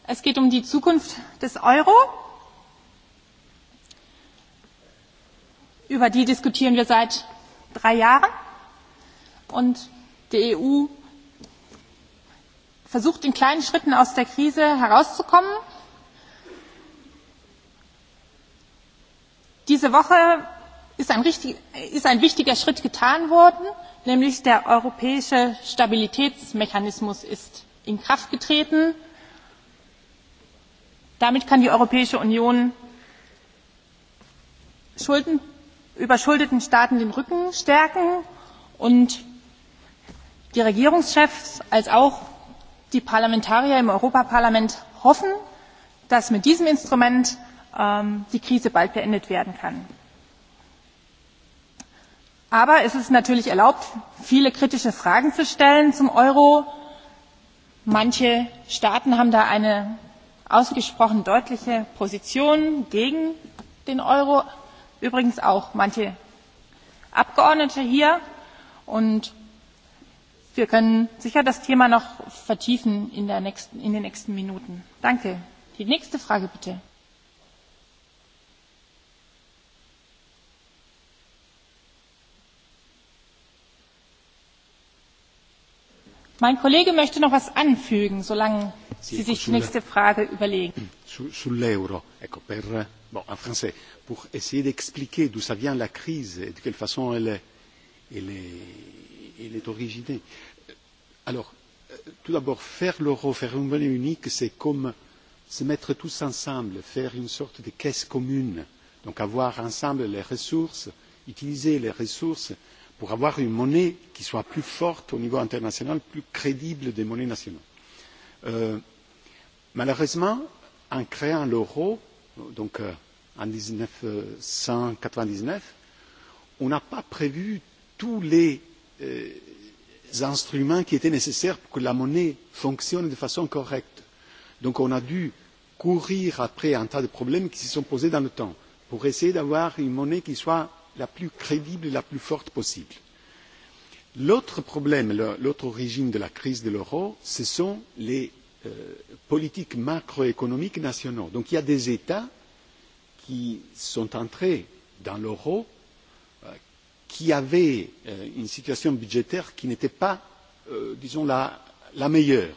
Es geht um die Zukunft des Euro. Über die diskutieren wir seit drei Jahren. Und die EU versucht in kleinen Schritten aus der Krise herauszukommen. Diese Woche ist ein, wichtiger Schritt getan worden nämlich der europäische stabilitätsmechanismus ist in kraft getreten. damit kann die europäische union überschuldeten staaten den rücken stärken und die regierungschefs als auch die parlamentarier im europäischen parlament hoffen dass mit diesem instrument die krise bald beendet werden kann aber es ist natürlich erlaubt viele kritische fragen zu stellen zum euro. manche staaten haben da eine ausgesprochen deutliche position gegen den euro übrigens auch manche abgeordnete hier und wir können sicher das thema noch vertiefen in den nächsten minuten. danke! die nächste frage bitte. Mein Kollege möchte noch etwas anfügen, solange Sie sich die nächste Frage überlegen. Sull'euro, ecco, per, bon, en français, pour essayer d'expliquer d'où ça vient la crise et de quelle façon elle est, elle est, elle est originée. Alors, tout d'abord, faire l'euro, faire une monnaie unique, c'est comme se mettre tous ensemble, faire une sorte de caisse commune. Donc avoir ensemble les ressources, utiliser les ressources pour avoir une monnaie qui soit plus forte au niveau international, plus crédible des monnaies nationales. malheureusement, en créant l'euro, donc en mille neuf cent quatre-vingt-dix-neuf, on n'a pas prévu tous les instruments qui étaient nécessaires pour que la monnaie fonctionne de façon correcte. Donc on a dû courir après un tas de problèmes qui se sont posés dans le temps pour essayer d'avoir une monnaie qui soit la plus crédible et la plus forte possible. L'autre problème, l'autre origine de la crise de l'euro, ce sont les politiques macroéconomiques nationaux. Donc il y a des États qui sont entrés dans l'euro, qui avaient une situation budgétaire qui n'était pas, disons, la, meilleure.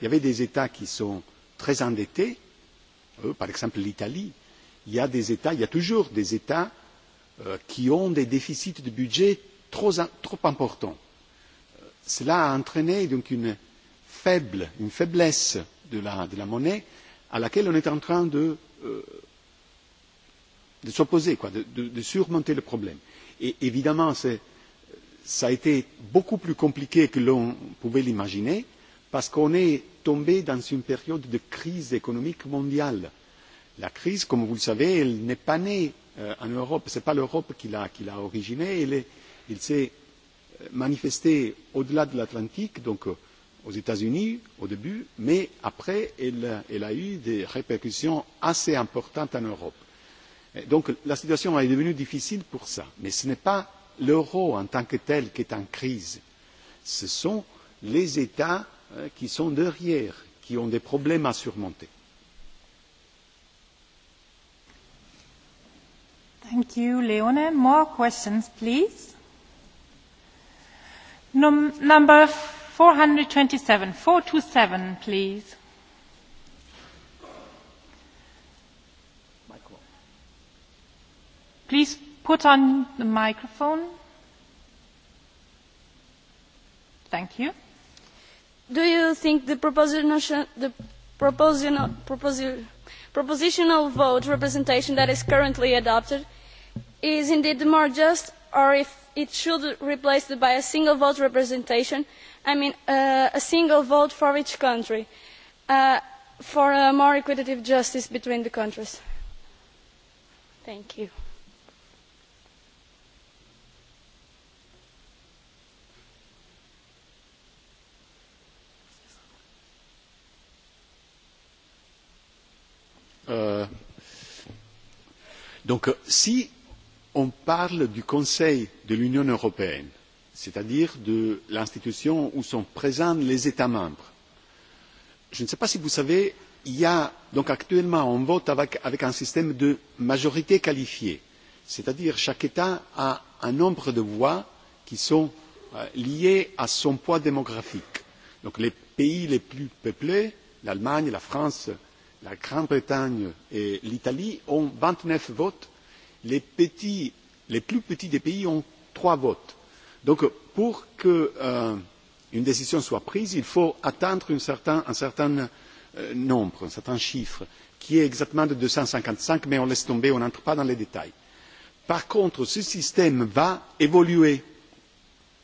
Il y avait des États qui sont très endettés, par exemple l'Italie. Il y a des États, il y a toujours des États qui ont des déficits de budget trop, importants. Cela a entraîné donc une, faiblesse de la, monnaie à laquelle on est en train de, s'opposer, de, surmonter le problème. Et évidemment, cela a été beaucoup plus compliqué que l'on pouvait l'imaginer parce qu'on est tombé dans une période de crise économique mondiale. La crise, comme vous le savez, elle n'est pas née en Europe. Ce n'est pas l'Europe qui l'a originé. Il s'est manifesté au-delà de l'Atlantique, donc aux États-Unis au début, mais après, elle, a eu des répercussions assez importantes en Europe. donc la situation est devenue difficile pour cela. Mais ce n'est pas l'euro en tant que tel qui est en crise. Ce sont les États qui sont derrière, qui ont des problèmes à surmonter. Thank you, Leone. More questions, please. number 427, 427, please. Please put on the microphone. Thank you. Do you think the proposition, the propositional vote representation that is currently adopted is indeed more just or if it should be replaced by a single vote representation i mean a single vote for each country for a more equitable justice between the countries. thank you. donc si on parle du Conseil de l'Union européenne, c'est-à-dire de l'institution où sont présents les États membres. Je ne sais pas si vous savez, il y a donc actuellement un vote avec, un système de majorité qualifiée, c'est-à-dire que chaque État a un nombre de voix qui sont liées à son poids démographique. Donc les pays les plus peuplés, l'Allemagne, la France, la Grande-Bretagne et l'Italie ont vingt neuf votes les petits, les plus petits des pays ont trois votes. Donc, pour qu'une décision soit prise, il faut atteindre un certain, nombre, un certain chiffre, qui est exactement de deux cent cinquante cinq, mais on laisse tomber, on n'entre pas dans les détails. Par contre, ce système va évoluer.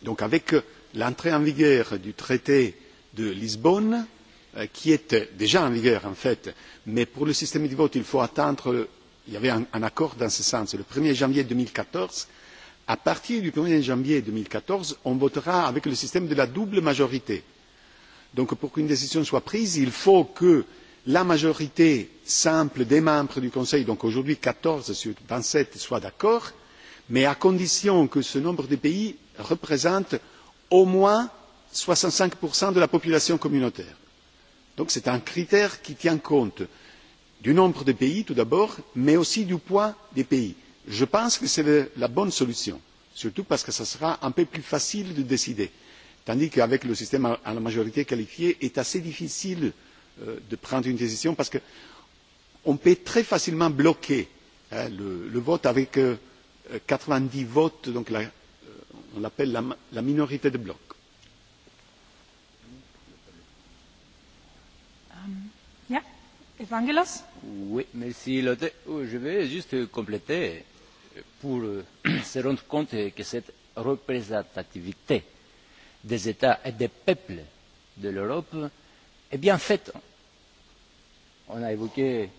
Donc, avec l'entrée en vigueur du traité de Lisbonne, qui est déjà en vigueur en fait, mais pour le système de vote, il faut attendre il y avait un, accord dans ce sens. Le 1er janvier deux mille quatorze, à partir du 1er janvier deux mille quatorze, on votera avec le système de la double majorité. Donc pour qu'une décision soit prise, il faut que la majorité simple des membres du Conseil, donc aujourd'hui quatorze sur vingt sept, soit d'accord, mais à condition que ce nombre de pays représente au moins soixante cinq de la population communautaire. Donc c'est un critère qui tient compte du nombre de pays tout d'abord mais aussi du poids des pays. je pense que c'est la bonne solution surtout parce que ce sera un peu plus facile de décider tandis qu'avec le système à la majorité qualifiée il est assez difficile de prendre une décision parce qu'on peut très facilement bloquer le vote avec quatre vingt dix votes donc on l'appelle la minorité de bloc. Oui, merci Lotte. Je vais juste compléter pour se rendre compte que cette représentativité des États et des peuples de l'Europe est bien faite. On a évoqué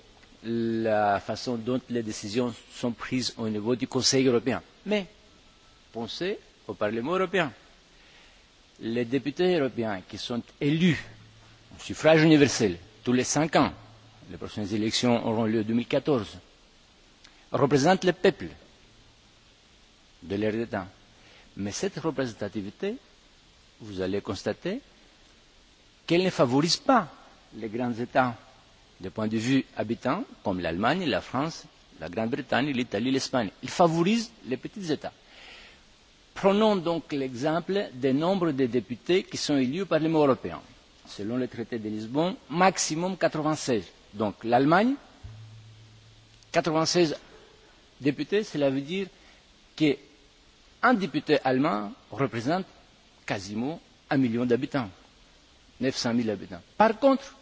la façon dont les décisions sont prises au niveau du Conseil européen. Mais pensez au Parlement européen. Les députés européens qui sont élus au suffrage universel tous les cinq ans les prochaines élections auront lieu en 2014, représente le peuple de l'Erdétan. Mais cette représentativité, vous allez constater qu'elle ne favorise pas les grands États du point de vue habitant, comme l'Allemagne, la France, la Grande-Bretagne, l'Italie, l'Espagne. Il favorise les petits États. Prenons donc l'exemple des nombres de députés qui sont élus au Parlement européen. Selon le traité de Lisbonne, maximum 96 Donc l'Allemagne, 96 députés, cela veut dire qu'un député allemand représente quasiment un million d'habitants, 900 000 habitants. Par contre,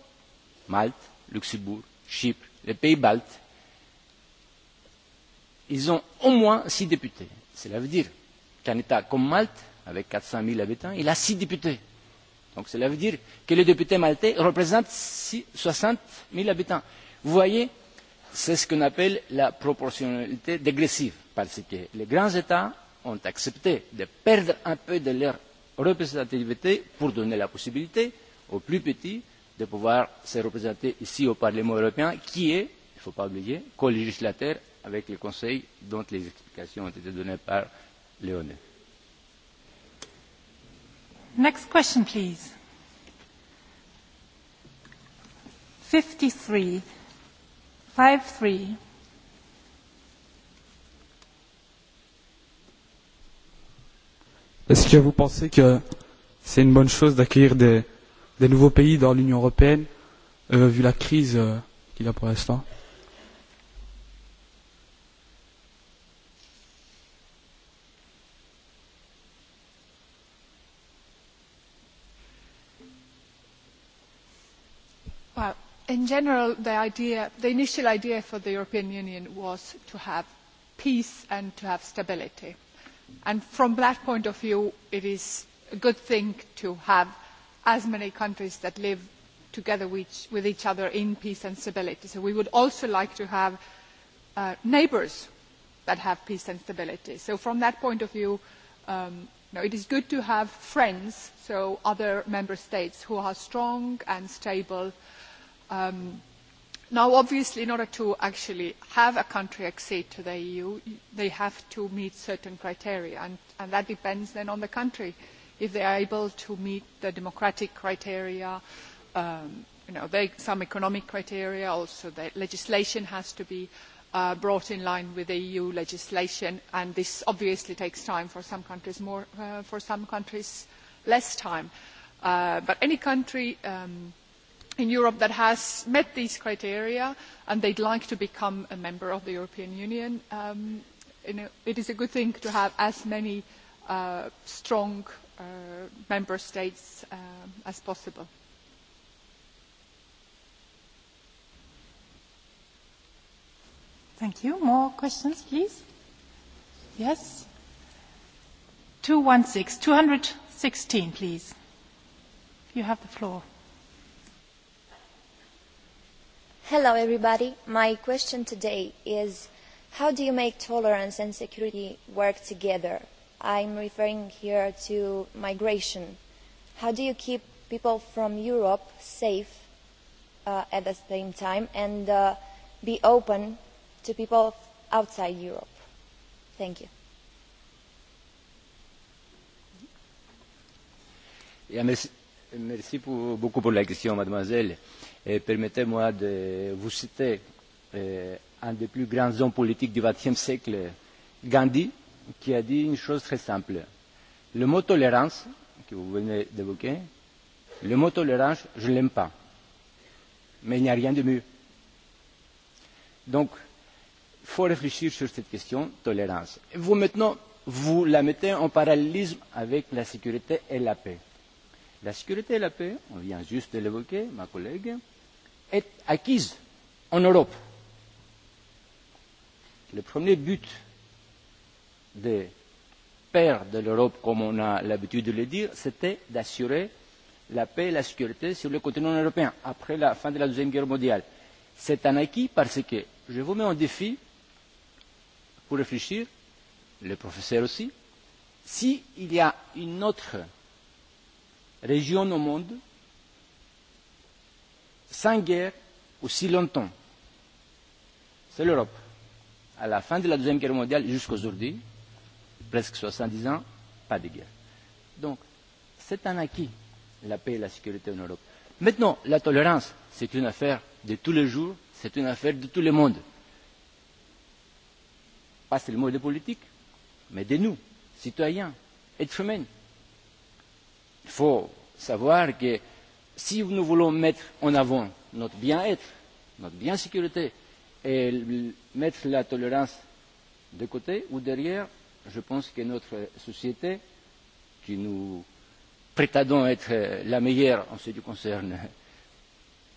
Malte, Luxembourg, Chypre, les pays baltes, ils ont au moins six députés. Cela veut dire qu'un État comme Malte, avec 400 000 habitants, il a six députés. Donc cela veut dire que les députés maltais représentent 60 000 habitants. Vous voyez, c'est ce qu'on appelle la proportionnalité dégressive, parce que les grands États ont accepté de perdre un peu de leur représentativité pour donner la possibilité aux plus petits de pouvoir se représenter ici au Parlement européen, qui est, il ne faut pas oublier, co-législateur avec le Conseil, dont les explications ont été données par Léonet. Next question, please. 53. 53. Est-ce que vous pensez que c'est une bonne chose d'accueillir des, des nouveaux pays dans l'Union européenne, euh, vu la crise euh, qu'il y a pour l'instant in general, the, idea, the initial idea for the European Union was to have peace and to have stability. And from that point of view, it is a good thing to have as many countries that live together with each other in peace and stability. So we would also like to have neighbours that have peace and stability. So from that point of view, it is good to have friends, so other member states who are strong and stable now, obviously, in order to actually have a country accede to the EU, they have to meet certain criteria, and, and that depends then on the country. If they are able to meet the democratic criteria, um, you know, they, some economic criteria, also the legislation has to be uh, brought in line with the EU legislation, and this obviously takes time for some countries more, uh, for some countries less time. Uh, but any country um, in Europe that has met these criteria and they'd like to become a member of the European Union, um it is a good thing to have as many uh strong uh member states as possible. Thank you. More questions, please? Yes. 216, 216, please. You have the floor. Hello, everybody. My question today is how do you make tolerance and security work together? I'm referring here to migration. How do you keep people from Europe safe uh, at the same time and uh, be open to people outside Europe? Thank you. Yeah, merci, merci beaucoup pour la question, mademoiselle. Et permettez-moi de vous citer un des plus grands hommes politiques du XXe siècle, Gandhi, qui a dit une chose très simple. Le mot tolérance, que vous venez d'évoquer, le mot tolérance, je ne l'aime pas. Mais il n'y a rien de mieux. Donc, il faut réfléchir sur cette question, tolérance. Vous, maintenant, vous la mettez en parallélisme avec la sécurité et la paix. La sécurité et la paix, on vient juste de l'évoquer, ma collègue, est acquise en Europe. Le premier but des pères de l'Europe, comme on a l'habitude de le dire, c'était d'assurer la paix et la sécurité sur le continent européen après la fin de la Deuxième Guerre mondiale. C'est un acquis parce que je vous mets en défi pour réfléchir, les professeurs aussi, s'il y a une autre région au monde sans guerre aussi longtemps. C'est l'Europe. À la fin de la Deuxième Guerre mondiale jusqu'à aujourd'hui, presque 70 ans, pas de guerre. Donc, c'est un acquis, la paix et la sécurité en Europe. Maintenant, la tolérance, c'est une affaire de tous les jours, c'est une affaire de tout le monde. Pas seulement des politiques, mais de nous, citoyens, êtres humains. Il faut savoir que si nous voulons mettre en avant notre bien-être, notre bien-sécurité, et mettre la tolérance de côté ou derrière, je pense que notre société, qui nous prétendons être la meilleure en ce qui concerne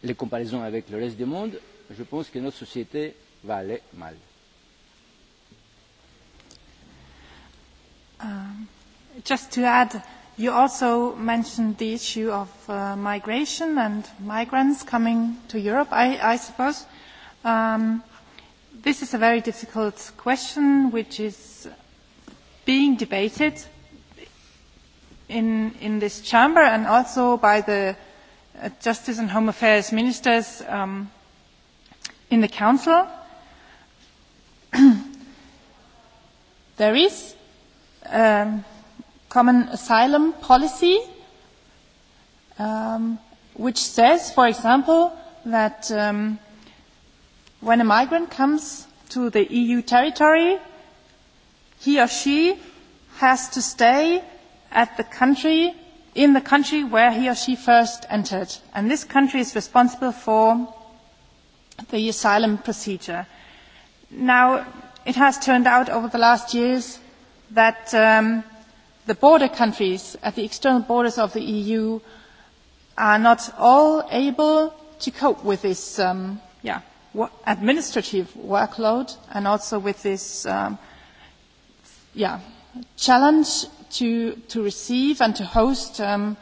les comparaisons avec le reste du monde, je pense que notre société va aller mal. Uh, just to add, You also mentioned the issue of migration and migrants coming to Europe, I suppose. This is a very difficult question which is being debated in this chamber and also by the Justice and Home Affairs ministers in the Council. There is common asylum policy, um, which says, for example, that um, when a migrant comes to the EU territory, he or she has to stay at the country in the country where he or she first entered. And this country is responsible for the asylum procedure. Now, it has turned out over the last years that um, the border countries at the external borders of the EU are not all able to cope with this um, yeah, administrative workload and also with this um, yeah, challenge to, to receive and to host um,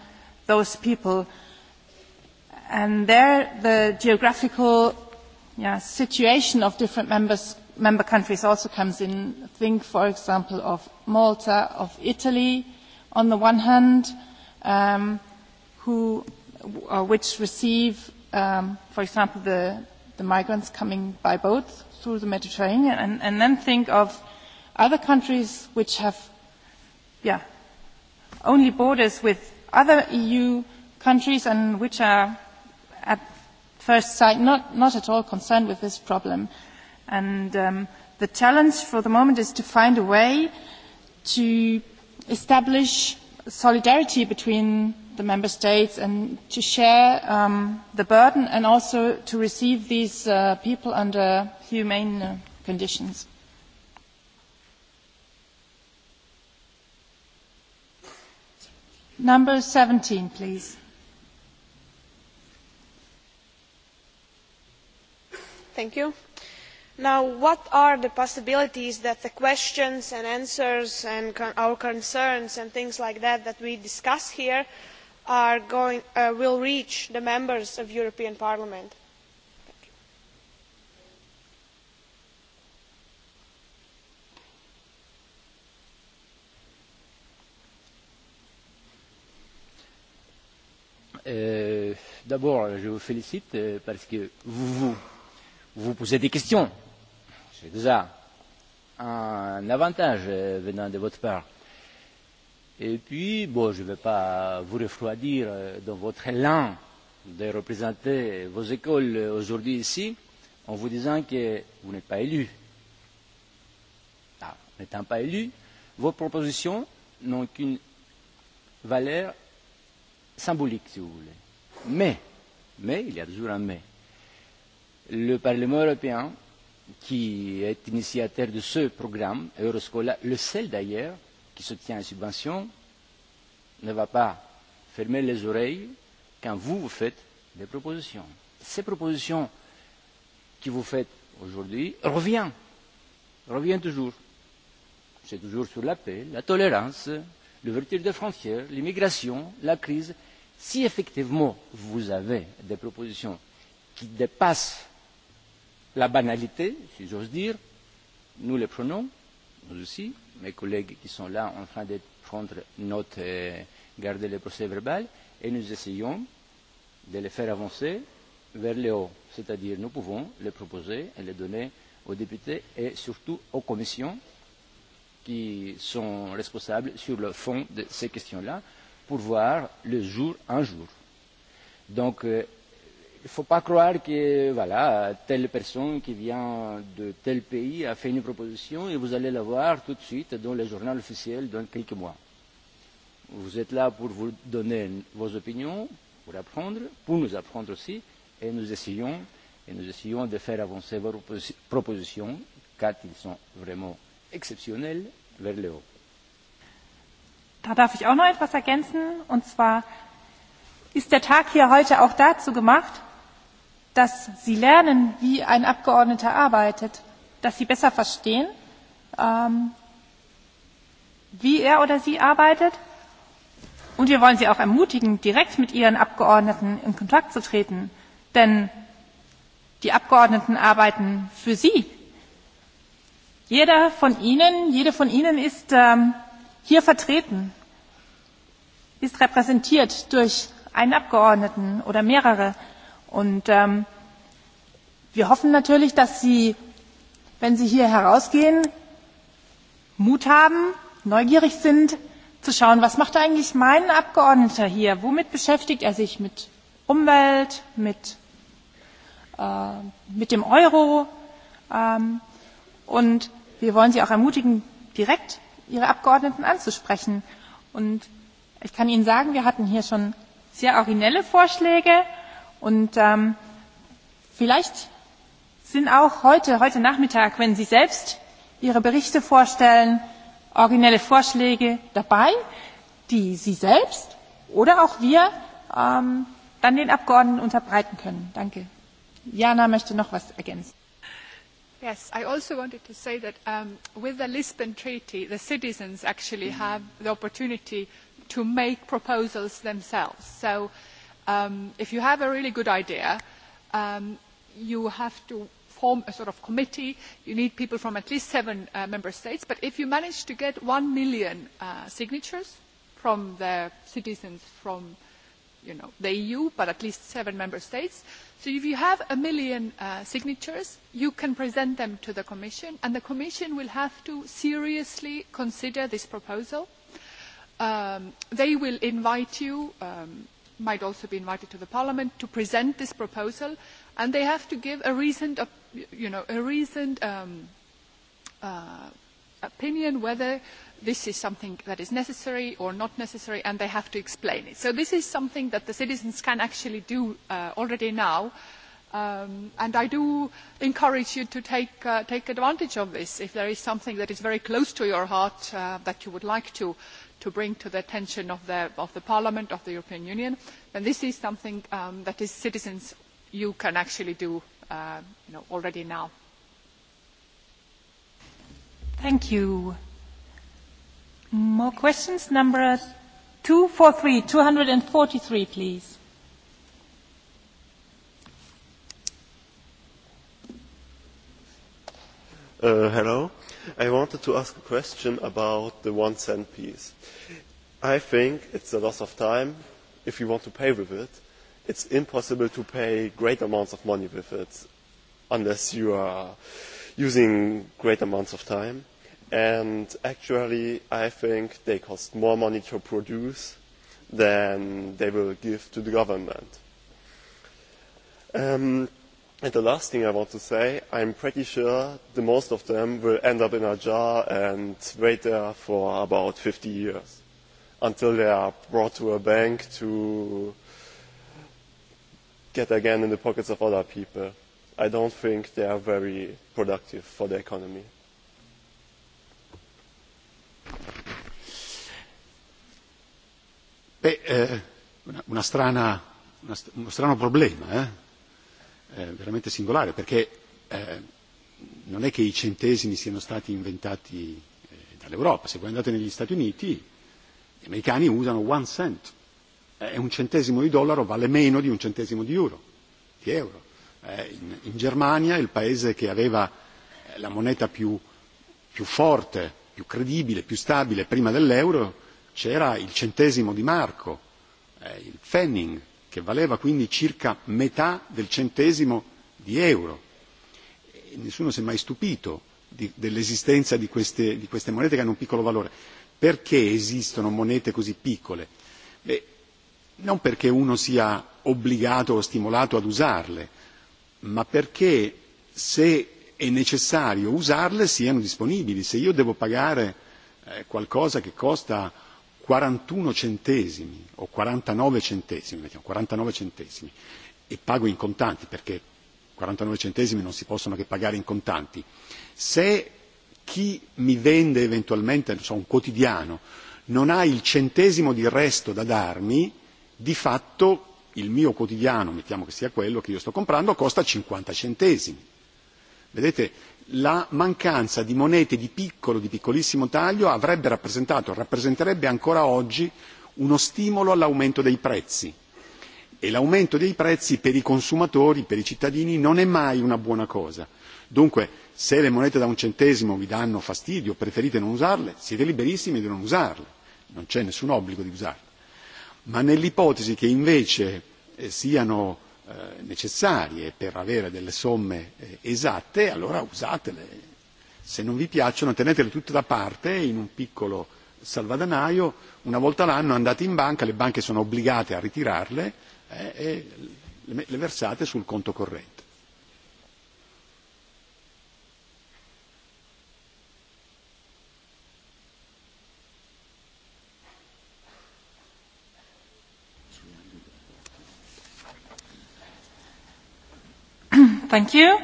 those people. And there, the geographical yeah, situation of different members member countries also comes in. Think, for example, of Malta, of Italy, on the one hand, um, who, or which receive, um, for example, the, the migrants coming by boat through the Mediterranean, and, and then think of other countries which have, yeah, only borders with other EU countries and which are at first sight not, not at all concerned with this problem. And um, the challenge for the moment is to find a way to establish solidarity between the member states and to share um, the burden and also to receive these uh, people under humane uh, conditions. Number 17, please. Thank you what are the possibilities that the questions and answers and our concerns and things like that that we discuss here will reach the members of the european parliament? d'abord je vous félicite parce que vous vous posez des questions c'est déjà un avantage venant de votre part. Et puis, bon, je ne vais pas vous refroidir dans votre élan de représenter vos écoles aujourd'hui ici en vous disant que vous n'êtes pas élu. Ah, n'étant pas élu, vos propositions n'ont qu'une valeur symbolique, si vous voulez. Mais, mais, il y a toujours un mais, le Parlement européen qui est initiateur de ce programme, Euroscola, le seul d'ailleurs qui se tient à subvention, ne va pas fermer les oreilles quand vous, vous faites des propositions. Ces propositions que vous faites aujourd'hui reviennent, reviennent toujours. C'est toujours sur la paix, la tolérance, l'ouverture des frontières, l'immigration, la crise. Si effectivement vous avez des propositions qui dépassent la banalité, si j'ose dire, nous les prenons, nous aussi, mes collègues qui sont là en train de prendre note et garder le procès verbal, et nous essayons de les faire avancer vers le haut. C'est-à-dire, nous pouvons les proposer et les donner aux députés et surtout aux commissions qui sont responsables sur le fond de ces questions-là pour voir le jour un jour. Donc, Il ne faut pas croire que voilà, telle personne qui vient de tel pays a fait une proposition et vous allez la voir tout de suite dans le journal officiel dans quelques mois. Vous êtes là pour vous donner vos opinions, pour apprendre, pour nous apprendre aussi, et nous essayons, et nous essayons de faire avancer vos propositions, car ils sont vraiment exceptionnels, vers le haut. Da darf ich auch noch etwas ergänzen, und zwar ist der Tag hier heute auch dazu gemacht, dass sie lernen, wie ein Abgeordneter arbeitet, dass sie besser verstehen, wie er oder sie arbeitet. Und wir wollen sie auch ermutigen, direkt mit ihren Abgeordneten in Kontakt zu treten. Denn die Abgeordneten arbeiten für sie. Jeder von ihnen, jede von ihnen ist hier vertreten, ist repräsentiert durch einen Abgeordneten oder mehrere. Und ähm, wir hoffen natürlich, dass Sie, wenn Sie hier herausgehen, Mut haben, neugierig sind, zu schauen, was macht eigentlich mein Abgeordneter hier? Womit beschäftigt er sich? Mit Umwelt, mit, äh, mit dem Euro? Ähm, und wir wollen Sie auch ermutigen, direkt Ihre Abgeordneten anzusprechen. Und ich kann Ihnen sagen, wir hatten hier schon sehr originelle Vorschläge Und ähm, vielleicht sind auch heute, heute Nachmittag, wenn Sie selbst Ihre Berichte vorstellen, originelle Vorschläge dabei, die Sie selbst oder auch wir ähm, dann den Abgeordneten unterbreiten können. Danke. Jana möchte noch was ergänzen. Yes, I also wanted to say that um, with the Lisbon Treaty, the citizens actually have the opportunity to make proposals themselves. So if you have a really good idea, you have to form a sort of committee. You need people from at least seven member states. But if you manage to get one million signatures from the citizens from you know, the EU, but at least seven member states. So if you have a million signatures, you can present them to the Commission, and the Commission will have to seriously consider this proposal. they will invite you might also be invited to Parliament to present this proposal, and they have to give a reasoned, you know, a reasoned um, uh, opinion whether this is something that is necessary or not necessary, and they have to explain it. So this is something that the citizens can actually do uh, already now. Um, and I do encourage you to take, uh, take advantage of this if there is something that is very close to your heart uh, that you would like to uh, to bring to the attention of the, of the Parliament of the European Union, then this is something um, that as citizens you can actually do uh, you know, already now. Thank you. More questions? Number 243, 243, please. Uh, hello I wanted to ask a question about the one cent piece. I think it's a loss of time if you want to pay with it. It's impossible to pay great amounts of money with it unless you are using great amounts of time. And actually, I think they cost more money to produce than they will give to the government. Um, And the last thing I want to say, I'm pretty sure the most of them will end up in a jar and wait there for about 50 years until they are brought to a bank to get again in the pockets of other people. I don't think they are very productive for the economy. Beh, eh, una, strana, una, uno strano problema, eh? veramente singolare perché non è che i centesimi siano stati inventati dall'Europa. Se voi andate negli Stati Uniti, gli americani usano one cent. Eh, un centesimo di dollaro vale meno di un centesimo di euro. Di euro. Eh, in, in Germania, il paese che aveva la moneta più, più forte, più credibile, più stabile prima dell'euro, c'era il centesimo di marco, eh, il Pfennig, che valeva quindi circa metà del centesimo di euro. E nessuno si è mai stupito di, dell'esistenza di queste, di queste monete che hanno un piccolo valore. Perché esistono monete così piccole? Beh, non perché uno sia obbligato o stimolato ad usarle, ma perché se è necessario usarle siano disponibili. Se io devo pagare qualcosa che costa 41 centesimi o 49 centesimi, mettiamo 49 centesimi, e pago in contanti perché 49 centesimi non si possono che pagare in contanti, se chi mi vende eventualmente non so, un quotidiano non ha il centesimo di resto da darmi, di fatto il mio quotidiano, mettiamo che sia quello che io sto comprando, costa 50 centesimi. Vedete, la mancanza di monete di piccolo, di piccolissimo taglio avrebbe rappresentato, rappresenterebbe ancora oggi uno stimolo all'aumento dei prezzi. E l'aumento dei prezzi per i consumatori, per i cittadini, non è mai una buona cosa. Dunque, se le monete da un centesimo vi danno fastidio, preferite non usarle, siete liberissimi di non usarle, non c'è nessun obbligo di usarle. Ma nell'ipotesi che invece siano necessarie per avere delle somme esatte, allora usatele. Se non vi piacciono tenetele tutte da parte in un piccolo salvadanaio, una volta l'anno andate in banca, le banche sono obbligate a ritirarle e le versate sul conto corrente Thank you.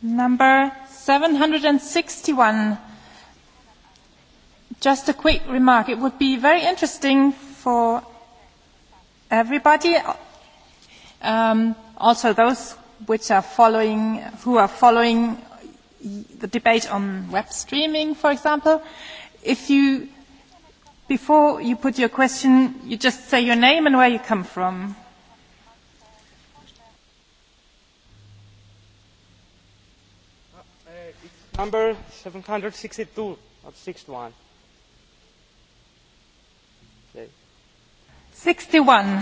Number 761. Just a quick remark. It would be very interesting for everybody, um, also those which are following, who are following the debate on web streaming, for example, if you, before you put your question, you just say your name and where you come from number seven hundred and sixty two of sixty one sixty one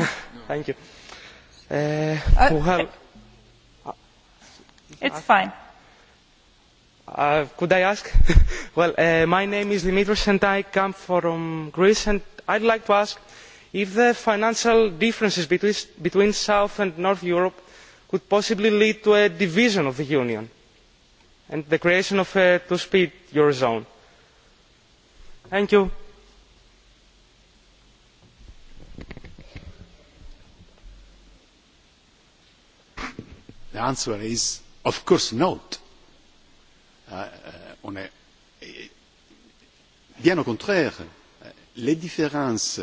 thank you uh, well it's fine uh, could I ask? well, uh, my name is Dimitris and I come from Greece and I'd like to ask if the financial differences between, between South and North Europe could possibly lead to a division of the Union and the creation of a two speed eurozone. thank you. the answer is of course not. bien au contraire les différences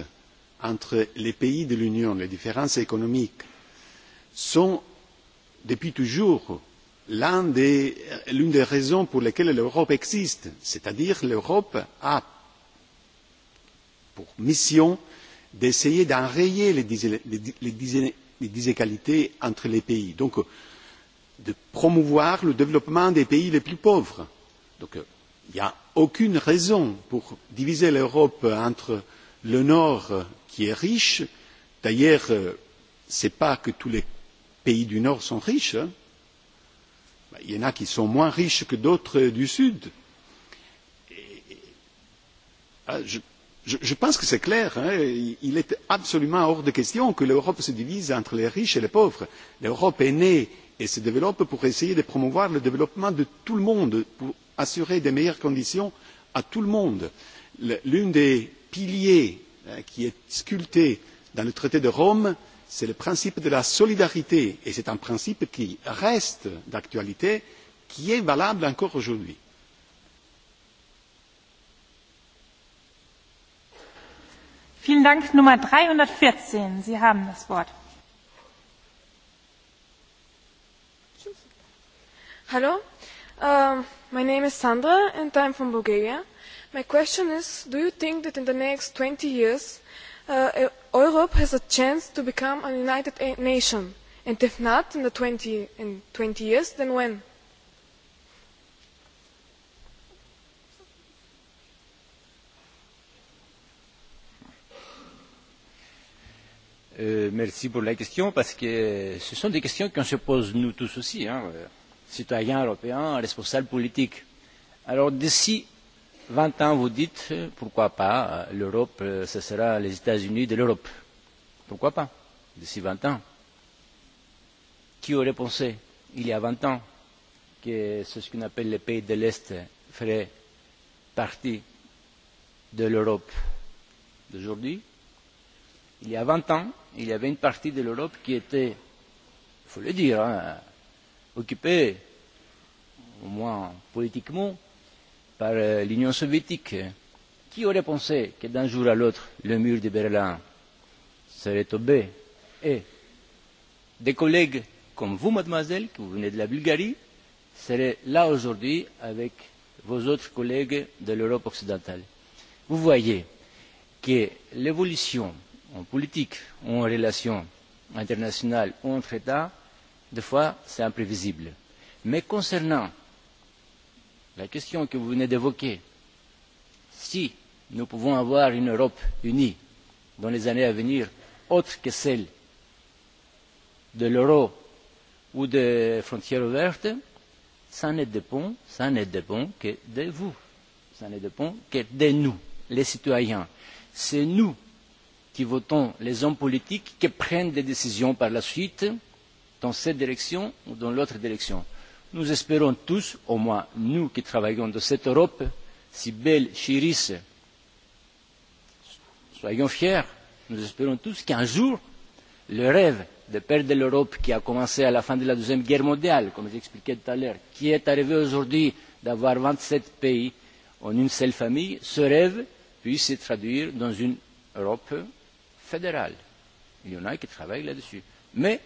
entre les pays de l'union les différences économiques sont depuis toujours l'une des raisons pour lesquelles l'Europe existe, c'est-à-dire que l'Europe a pour mission d'essayer d'enrayer les inégalités entre les pays, donc de promouvoir le développement des pays les plus pauvres. il n'y a aucune raison pour diviser l'Europe entre le Nord qui est riche, d'ailleurs ce n'est pas que tous les pays du Nord sont riches, il y en a qui sont moins riches que d'autres du Sud. je, pense que c'est clair. il est absolument hors de question que l'Europe se divise entre les riches et les pauvres. L'Europe est née et se développe pour essayer de promouvoir le développement de tout le monde, pour assurer de meilleures conditions à tout le monde. L'un des piliers qui est sculpté dans le traité de Rome, c'est le principe de la solidarité et c'est un principe qui reste d'actualité, qui est valable encore aujourd'hui. Vielen Dank. Nummer 314. Sie haben das Wort. uh, my name is Sandra and I'm from Bulgaria. My question is, do you think that in the next 20 years Europe has a chance to become a united nation. And if not in the in years, then when? merci pour la question parce que ce sont des questions qu'on se pose nous tous aussi, hein, citoyens européens, responsables politiques. Alors d'ici vingt ans vous dites pourquoi pas l'europe ce sera les états unis de l'europe pourquoi pas d'ici vingt ans qui aurait pensé il y a vingt ans que ce qu'on appelle les pays de l'est ferait partie de l'europe d'aujourd'hui? il y a vingt ans il y avait une partie de l'europe qui était il faut le dire occupée au moins politiquement par l'Union soviétique. Qui aurait pensé que d'un jour à l'autre, le mur de Berlin serait tombé et des collègues comme vous, mademoiselle, qui vous venez de la Bulgarie, seraient là aujourd'hui avec vos autres collègues de l'Europe occidentale. Vous voyez que l'évolution en politique ou en relations internationales ou entre États, des fois, c'est imprévisible. Mais concernant la question que vous venez d'évoquer, si nous pouvons avoir une Europe unie dans les années à venir, autre que celle de l'euro ou des frontières ouvertes, ça ne dépend, ça ne dépend que de vous, ça ne dépend que de nous, les citoyens. C'est nous qui votons les hommes politiques qui prennent des décisions par la suite dans cette direction ou dans l'autre direction Nous espérons tous, au moins nous qui travaillons dans cette Europe, si belle, chérisse, soyons fiers, nous espérons tous qu'un jour, le rêve de père de l'Europe qui a commencé à la fin de la Deuxième Guerre mondiale, comme j'expliquais tout à l'heure, qui est arrivé aujourd'hui d'avoir vingt sept pays en une seule famille, ce rêve puisse se traduire dans une Europe fédérale. Il y en a qui travaillent là-dessus. Mais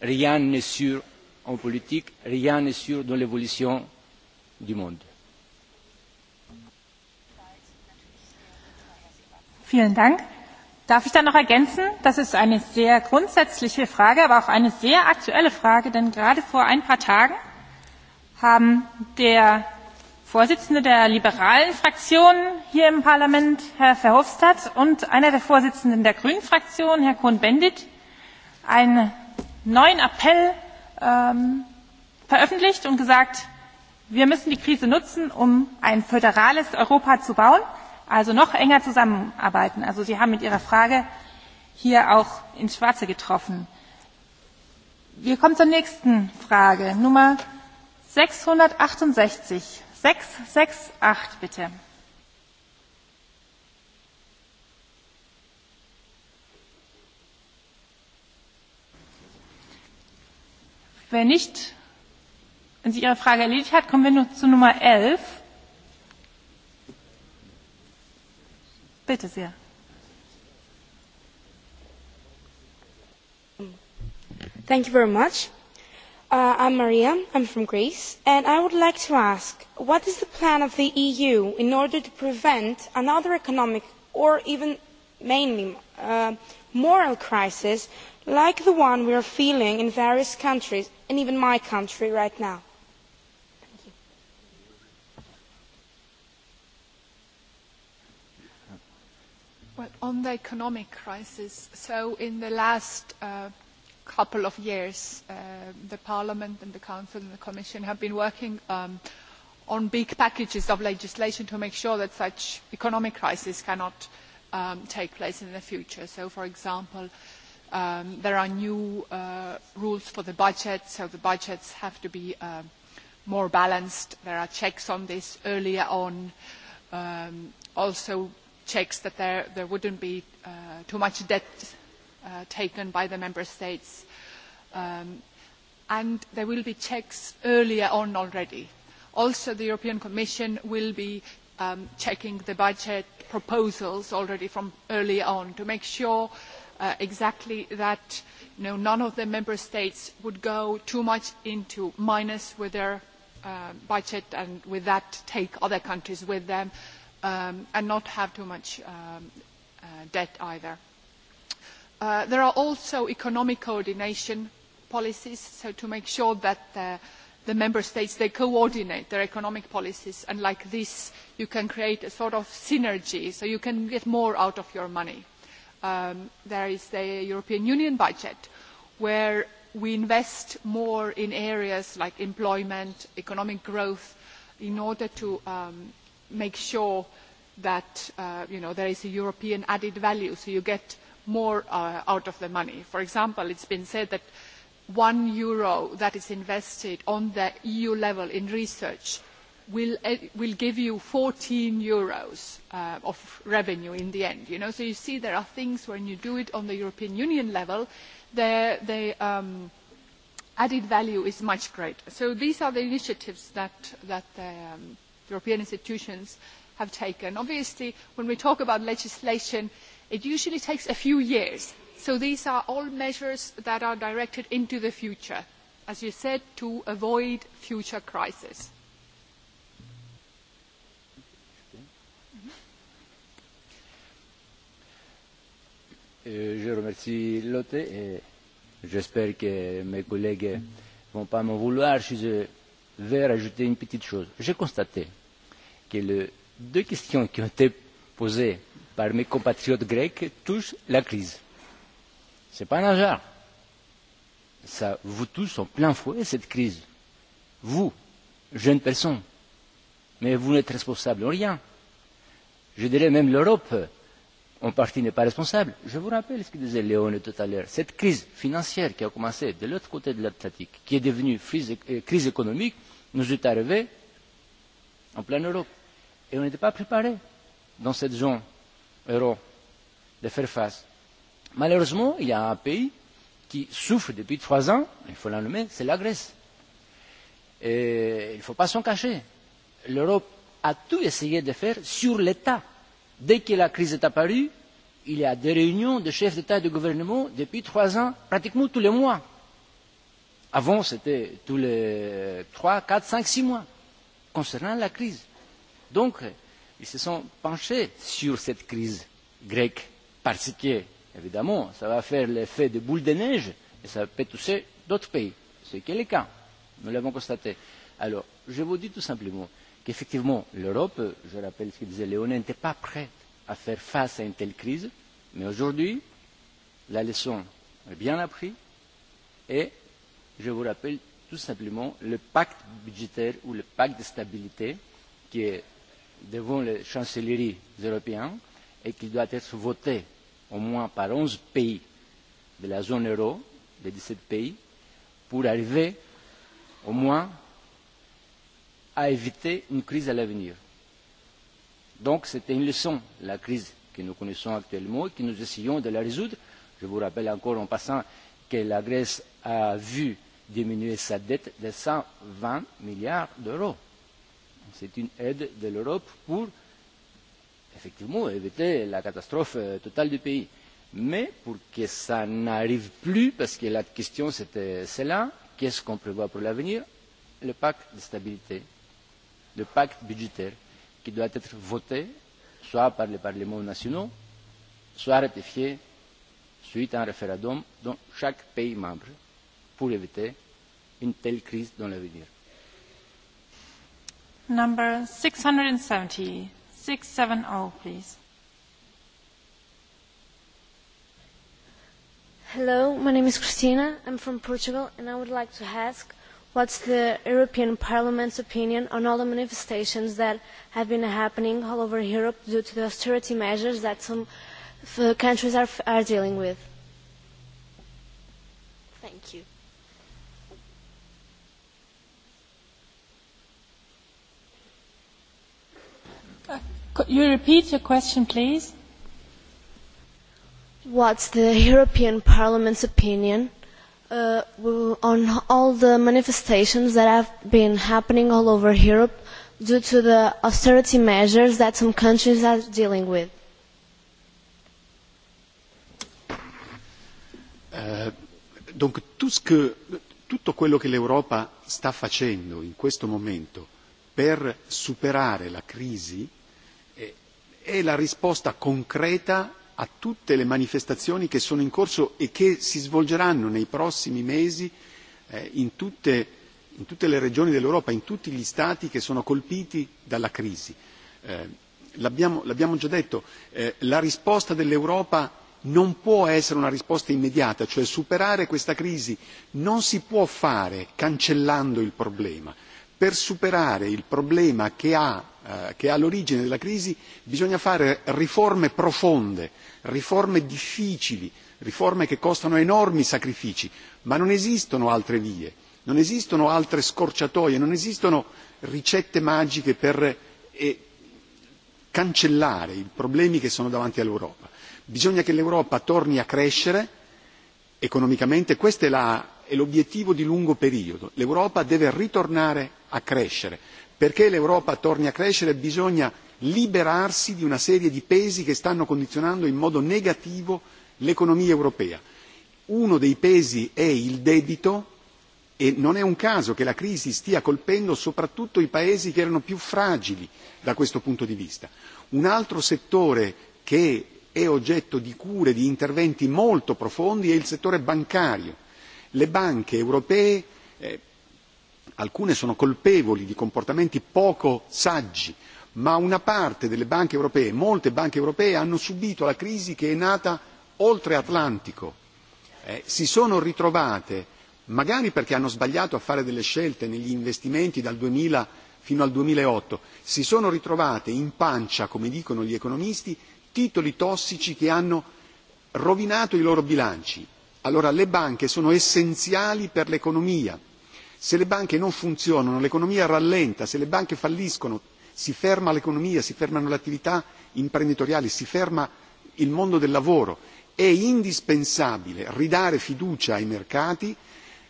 rien n'est sûr en politique, rien n'est sûr dans l'évolution du monde. Vielen Dank. Darf ich da noch ergänzen? Das ist eine sehr grundsätzliche Frage, aber auch eine sehr aktuelle Frage, denn gerade vor ein paar Tagen haben der Vorsitzende der liberalen Fraktion hier im Parlament, Herr Verhofstadt, und einer der Vorsitzenden der Grünen Fraktion, Herr Cohn-Bendit, einen neuen Appell veröffentlicht und gesagt, wir müssen die Krise nutzen, um ein föderales Europa zu bauen, also noch enger zusammenarbeiten. Also Sie haben mit Ihrer Frage hier auch ins Schwarze getroffen. Wir kommen zur nächsten Frage, Nummer 668. 668 bitte. Wer nicht, wenn sich Ihre Frage erledigt hat, kommen wir nun zu Nummer 11. Bitte sehr. Thank you very much. Uh, I'm Maria, I'm from Greece, and I would like to ask, what is the plan of the EU in order to prevent another economic or even mainly uh, moral crisis like the one we are feeling in various countries and even my country right now. Well, on the economic crisis, so in the last uh, couple of years, uh, the Parliament and the Council and the Commission have been working um, on big packages of legislation to make sure that such economic crisis cannot um, take place in the future. So, for example, uh, there are new rules for the budget, so the budgets have to be more balanced. There are checks on this earlier on, also checks that there, there wouldn't be too much debt taken by the member states. and there will be checks earlier on already. Also, the European Commission will be checking the budget proposals already from early on to make sure uh, exactly that none of the member states would go too much into minus with their budget and with that take other countries with them and not have too much debt either. There are also economic coordination policies, so to make sure that the member states, coordinate their economic policies, and like this, you can create a sort of synergy, so you can get more out of your money there is the European Union budget, where we invest more in areas like employment, economic growth, in order to make sure that there is a European added value, so you get more out of the money. For example, it has been said that one euro that is invested on the EU level in research will will give you 14 euros of revenue in the end. You know, so you see there are things when you do it on the European Union level, the the um, added value is much greater. So these are the initiatives that that the um, European institutions have taken. Obviously, when we talk about legislation, it usually takes a few years. So these are all measures that are directed into the future, as you said, to avoid future crises je remercie Lotte et j'espère que mes collègues ne vont pas m'en vouloir si je vais rajouter une petite chose. J'ai constaté que les deux questions qui ont été posées par mes compatriotes grecs touchent la crise. Ce n'est pas un hasard. Ça vous touche en plein fouet, cette crise. Vous, jeune personne, mais vous n'êtes responsable de rien. Je dirais même l'Europe en partie n'est pas responsable. Je vous rappelle ce que disait Léone tout à l'heure. Cette crise financière qui a commencé de l'autre côté de l'Atlantique, qui est devenue crise économique, nous est arrivée en pleine Europe. Et on n'était pas préparé dans cette zone euro de faire face. Malheureusement, il y a un pays qui souffre depuis trois ans, il faut la nommer, c'est la Grèce. Et il ne faut pas s'en cacher. L'Europe a tout essayé de faire sur l'État Dès que la crise est apparue, il y a des réunions de chefs d'État et de gouvernement depuis trois ans, pratiquement tous les mois. Avant, c'était tous les trois, quatre, cinq, six mois, concernant la crise. Donc, ils se sont penchés sur cette crise grecque, parce que, évidemment, ça va faire l'effet de boule de neige et ça peut toucher d'autres pays, ce qui est le cas. Nous l'avons constaté. Alors, je vous dis tout simplement, qu'effectivement l'Europe, je rappelle ce que disait Léon, n'était pas prête à faire face à une telle crise, mais aujourd'hui, la leçon est bien apprise et je vous rappelle tout simplement le pacte budgétaire ou le pacte de stabilité qui est devant les chancelleries européennes et qui doit être voté au moins par onze pays de la zone euro, les dix sept pays, pour arriver au moins à éviter une crise à l'avenir. Donc c'était une leçon, la crise que nous connaissons actuellement et que nous essayons de la résoudre. Je vous rappelle encore en passant que la Grèce a vu diminuer sa dette de 120 milliards d'euros. C'est une aide de l'Europe pour effectivement éviter la catastrophe totale du pays. Mais pour que ça n'arrive plus, parce que la question c'était cela, qu'est-ce qu'on prévoit pour l'avenir Le pacte de stabilité le pacte budgétaire qui doit être voté soit par les parlements nationaux, soit ratifié suite à un référendum dans chaque pays membre pour éviter une telle crise dans l'avenir. Number 670, 670, please. Hello, my name is Christina. I'm from Portugal, and I would like to ask what is the European Parliament's opinion on all the manifestations that have been happening all over Europe due to the austerity measures that some countries are, are dealing with? Thank you. Could you repeat your question, please? What's the European Parliament's opinion on all the manifestations that have been happening all over Europe due to the austerity measures that some countries are dealing with? donc tutto quello che l'Europa sta facendo in questo momento per superare la crisi è la risposta concreta a tutte le manifestazioni che sono in corso e che si svolgeranno nei prossimi mesi in tutte, le regioni dell'Europa, in tutti gli Stati che sono colpiti dalla crisi. l'abbiamo già detto, la risposta dell'Europa non può essere una risposta immediata, cioè superare questa crisi non si può fare cancellando il problema. Per superare il problema che ha che è all'origine della crisi bisogna fare riforme profonde, riforme difficili, riforme che costano enormi sacrifici, ma non esistono altre vie, non esistono altre scorciatoie, non esistono ricette magiche per cancellare i problemi che sono davanti all'Europa. Bisogna che l'Europa torni a crescere economicamente, questo è l'obiettivo di lungo periodo. L'Europa deve ritornare a crescere, Perché l'Europa torni a crescere bisogna liberarsi di una serie di pesi che stanno condizionando in modo negativo l'economia europea. Uno dei pesi è il debito e non è un caso che la crisi stia colpendo soprattutto i paesi che erano più fragili da questo punto di vista. Un altro settore che è oggetto di cure, di interventi molto profondi, è il settore bancario. Le banche europee alcune sono colpevoli di comportamenti poco saggi, ma una parte delle banche europee, molte banche europee, hanno subito la crisi che è nata oltre Atlantico. si sono ritrovate, magari perché hanno sbagliato a fare delle scelte negli investimenti dal duemila fino al duemilaotto, si sono ritrovate in pancia, come dicono gli economisti, titoli tossici che hanno rovinato i loro bilanci. Allora le banche sono essenziali per l'economia, se le banche non funzionano l'economia rallenta se le banche falliscono si ferma l'economia si fermano le attività imprenditoriali si ferma il mondo del lavoro è indispensabile ridare fiducia ai mercati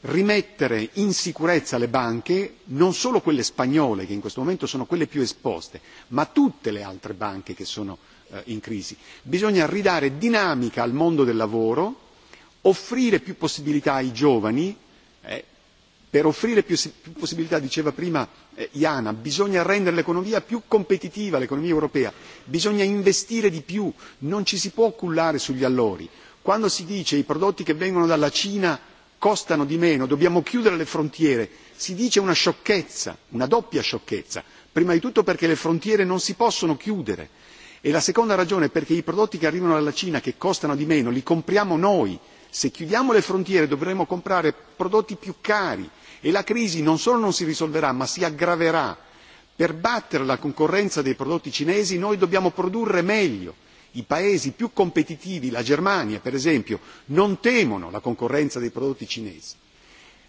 rimettere in sicurezza le banche non solo quelle spagnole che in questo momento sono quelle più esposte ma tutte le altre banche che sono in crisi bisogna ridare dinamica al mondo del lavoro offrire più possibilità ai giovani Per offrire più possibilità, diceva prima Jana, bisogna rendere l'economia più competitiva, l'economia europea, bisogna investire di più, non ci si può cullare sugli allori. Quando si dice che i prodotti che vengono dalla Cina costano di meno, dobbiamo chiudere le frontiere, si dice una sciocchezza, una doppia sciocchezza, prima di tutto perché le frontiere non si possono chiudere e la seconda ragione è perché i prodotti che arrivano dalla Cina, che costano di meno, li compriamo noi. Se chiudiamo le frontiere dovremo comprare prodotti più cari, e la crisi non solo non si risolverà ma si aggraverà. Per battere la concorrenza dei prodotti cinesi noi dobbiamo produrre meglio. I paesi più competitivi, la Germania per esempio, non temono la concorrenza dei prodotti cinesi.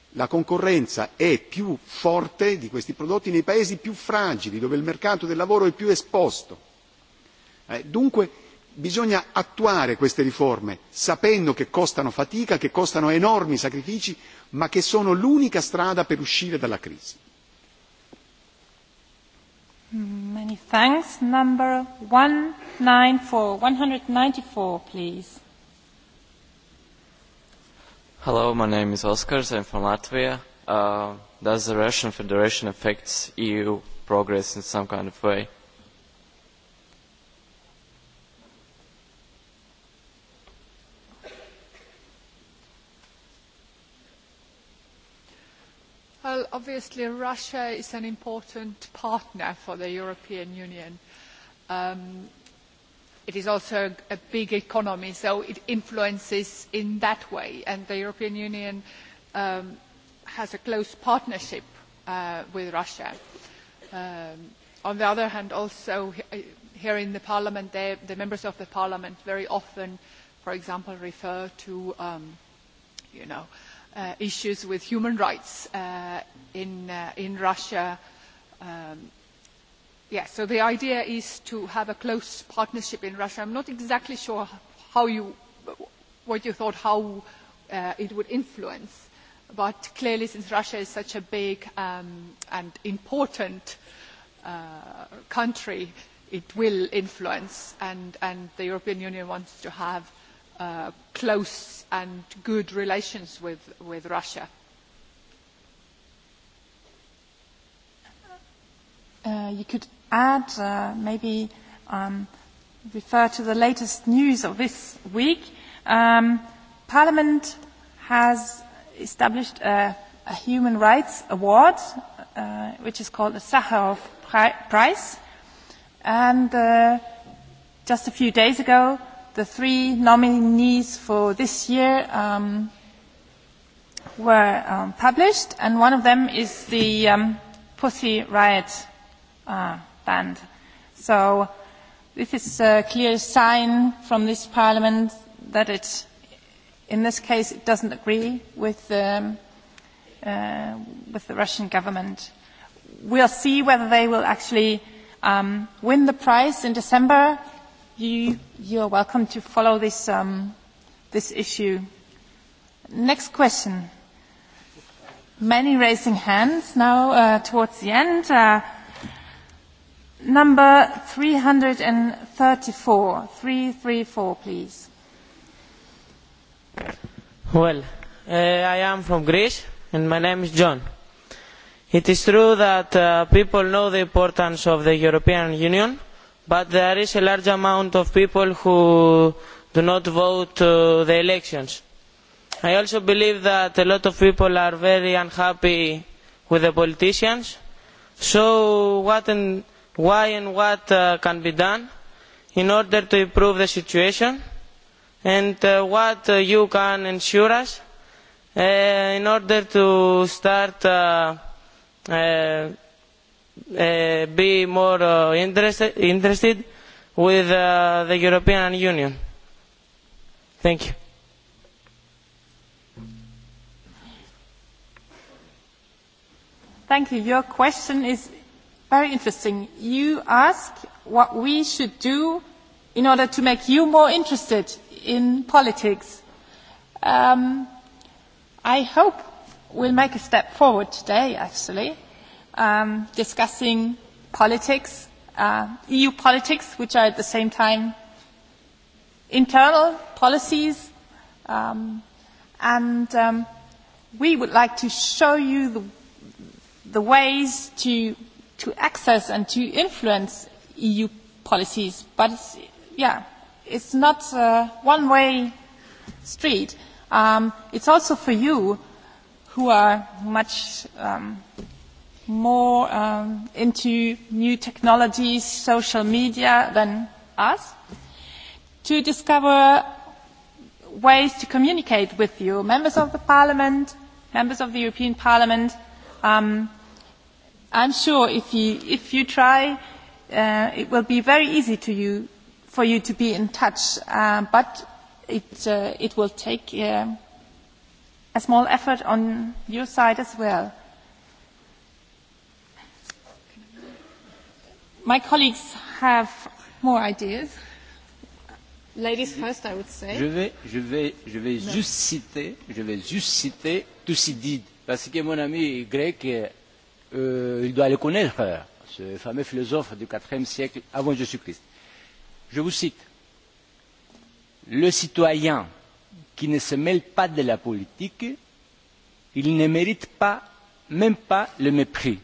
La concorrenza è più forte di questi prodotti nei paesi più fragili, dove il mercato del lavoro è più esposto. Dunque bisogna attuare queste riforme sapendo che costano fatica, che costano enormi sacrifici, ma che sono l'unica strada per uscire dalla crisi. Many thanks. Number 194, 194, please. Hello, my name is Oskars. I'm from Latvia. Uh, does the Russian Federation affect EU progress in some kind of way? Well, obviously, Russia is an important partner for the European Union. Um, it is also a big economy, so it influences in that way. And the European Union um, has a close partnership uh, with Russia. Um, on the other hand, also here in the Parliament, the members of the Parliament very often, for example, refer to, um, you know, uh, issues with human rights in, in Russia. yeah, so the idea is to have a close partnership in Russia. I'm not exactly sure how you, what you thought how it would influence, but clearly since Russia is such a big and important country, it will influence, and, and the European Union wants to have – close and good relations with Russia. you could add, uh, maybe um, refer to the latest news of this week. Um, Parliament has established a, a human rights award, uh, which is called the Sakharov Prize. And uh, just a few days ago, the three nominees for this year um, were um, published, and one of them is the um, Pussy Riot uh, band. So this is a clear sign from this Parliament that it, in this case, it doesn't agree with the, uh, with the Russian government. We'll see whether they will actually um, win the prize in December you, are welcome to follow this, um, this issue. Next question. Many raising hands now uh, towards the end. Uh, number 334, 334, please. Well, uh, I am from Greece and my name is John. It is true that uh, people know the importance of the European Union but there is a large amount of people who do not vote in the elections. i also believe that a lot of people are very unhappy with the politicians so what and why and what can be done in order to improve the situation and what you can ensure us in order to start uh, be more uh, interested, interested with uh, the European Union. Thank you. Thank you. Your question is very interesting. You ask what we should do in order to make you more interested in politics. Um, I hope we'll make a step forward today, actually um, discussing politics, uh, EU politics, which are at the same time internal policies. Um, and um, we would like to show you the, the ways to, to access and to influence EU policies. But it's, yeah, it's not a one-way street. Um, it's also for you who are much um, more um, into new technologies, social media than us, to discover ways to communicate with you, members of the parliament, members of the European Parliament. Um, I'm sure if you, if you try, uh, it will be very easy to you, for you to be in touch, uh, but it, uh, it will take uh, a small effort on your side as well My colleagues have more ideas. Ladies first, I would say. Je vais, je vais, je vais no. juste citer, je vais juste citer Thucydide, parce que mon ami grec, euh, il doit le connaître, ce fameux philosophe du IVe siècle avant Jésus-Christ. Je vous cite. Le citoyen qui ne se mêle pas de la politique, il ne mérite pas, même pas le mépris.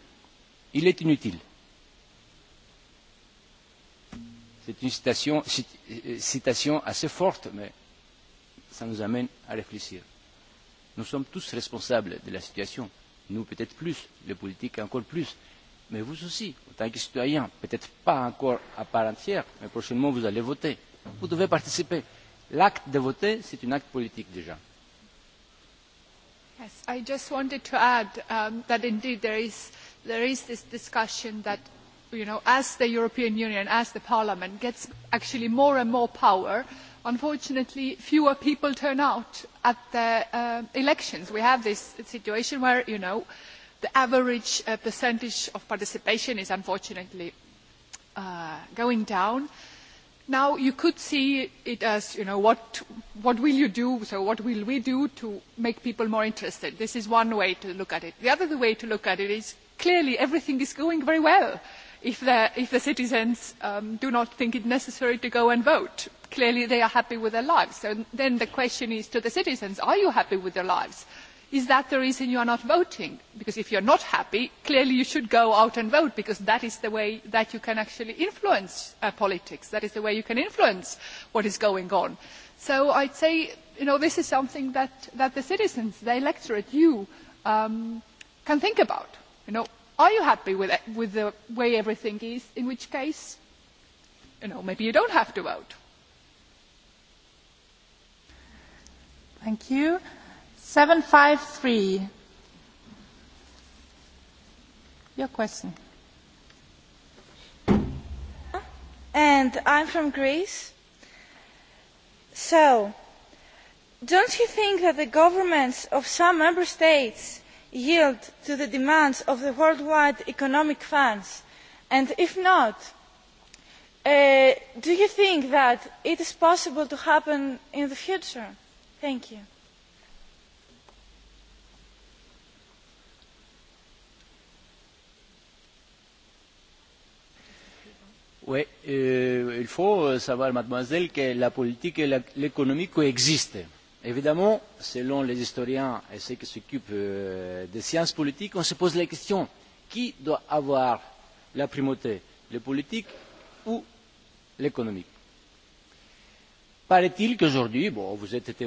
Il est inutile C'est une citation, citation assez forte, mais ça nous amène à réfléchir. Nous sommes tous responsables de la situation. Nous peut-être plus, les politiques encore plus, mais vous aussi, en tant que citoyen, peut-être pas encore à part entière, mais prochainement vous allez voter. Vous devez participer. L'acte de voter, c'est un acte politique déjà. Yes, I just wanted to add um, that indeed there is, there is this discussion that you know, as the European Union, as the Parliament gets actually more and more power, unfortunately fewer people turn out at the elections. We have this situation where, you know, the average percentage of participation is unfortunately going down. Now you could see it as, you know, what, what will you do, so what will we do to make people more interested? This is one way to look at it. The other way to look at it is clearly everything is going very well if, the citizens do not think it necessary to go and vote. Clearly they are happy with their lives. So then the question is to the citizens, are you happy with your lives? Is that the reason you are not voting? Because if you are not happy, clearly you should go out and vote because that is the way that you can actually influence politics. That is the way you can influence what is going on. So I would say, this is something that, the citizens, the electorate, you can think about Are you happy with, it, with the way everything is? In which case, you know, maybe you don't have to vote. Thank you. 753. Your question. And I'm from Greece. So, don't you think that the governments of some member states yield to the demands of the worldwide economic funds? and if not do you think that it is possible to happen in the future? thank you. Oui, il faut savoir, mademoiselle, que la politique et l'économie coexistent Évidemment, selon les historiens et ceux qui s'occupent des sciences politiques, on se pose la question qui doit avoir la primauté, le politique ou l'économique Paraît-il qu'aujourd'hui, bon, vous êtes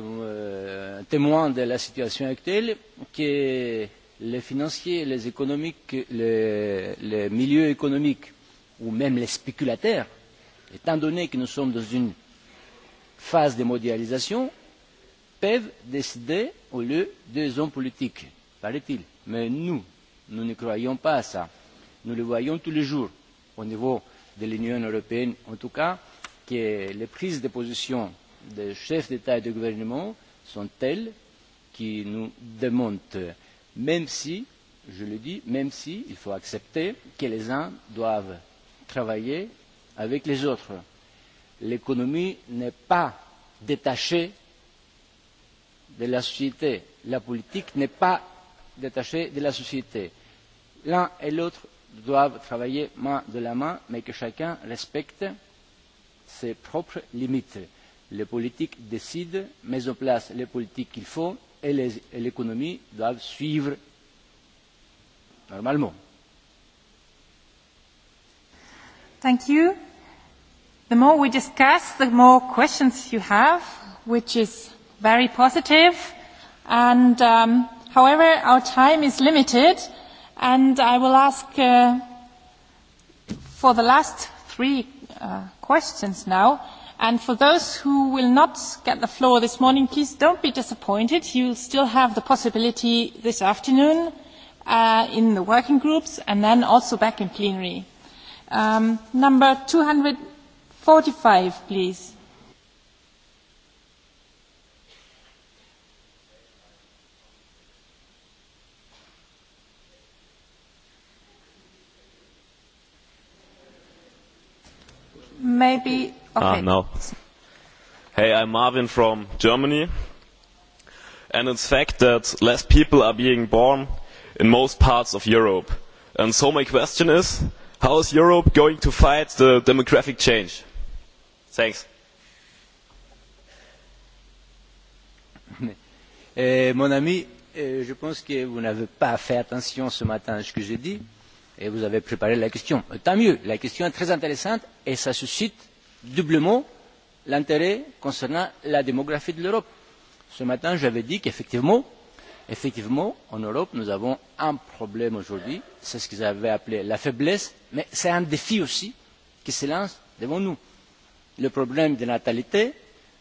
témoin de la situation actuelle, que les financiers, les économiques, les, les milieux économiques ou même les spéculateurs, étant donné que nous sommes dans une phase de mondialisation, peuvent décider au lieu des hommes politiques, paraît-il. Mais nous, nous ne croyons pas à ça. Nous le voyons tous les jours, au niveau de l'Union européenne en tout cas, que les prises de position des chefs d'État et de gouvernement sont telles qui nous démontent, même si, je le dis, même si il faut accepter que les uns doivent travailler avec les autres. L'économie n'est pas détachée de la société. La politique n'est pas détachée de la société. L'un et l'autre doivent travailler main de la main, mais que chacun respecte ses propres limites. Les politiques décident, mettent en place les politiques qu'il faut et l'économie doit suivre normalement. Thank you. The more we discuss, the more questions you have, which is very positive. And um, however, our time is limited, and I will ask uh, for the last three uh, questions now. And for those who will not get the floor this morning, please don't be disappointed. You'll still have the possibility this afternoon uh, in the working groups and then also back in plenary. Um, number 245, please. Maybe. Okay. Uh, no. Hey, I'm Marvin from Germany. And it's fact that less people are being born in most parts of Europe. And so my question is, how is Europe going to fight the demographic change? Thanks. mon ami, je pense que vous n'avez pas fait attention ce matin à ce que j'ai dit et vous avez préparé la question. Tant mieux, la question est très intéressante et ça suscite doublement l'intérêt concernant la démographie de l'Europe. Ce matin, j'avais dit qu'effectivement, effectivement, en Europe, nous avons un problème aujourd'hui, c'est ce qu'ils avaient appelé la faiblesse, mais c'est un défi aussi qui se lance devant nous. Le problème de natalité,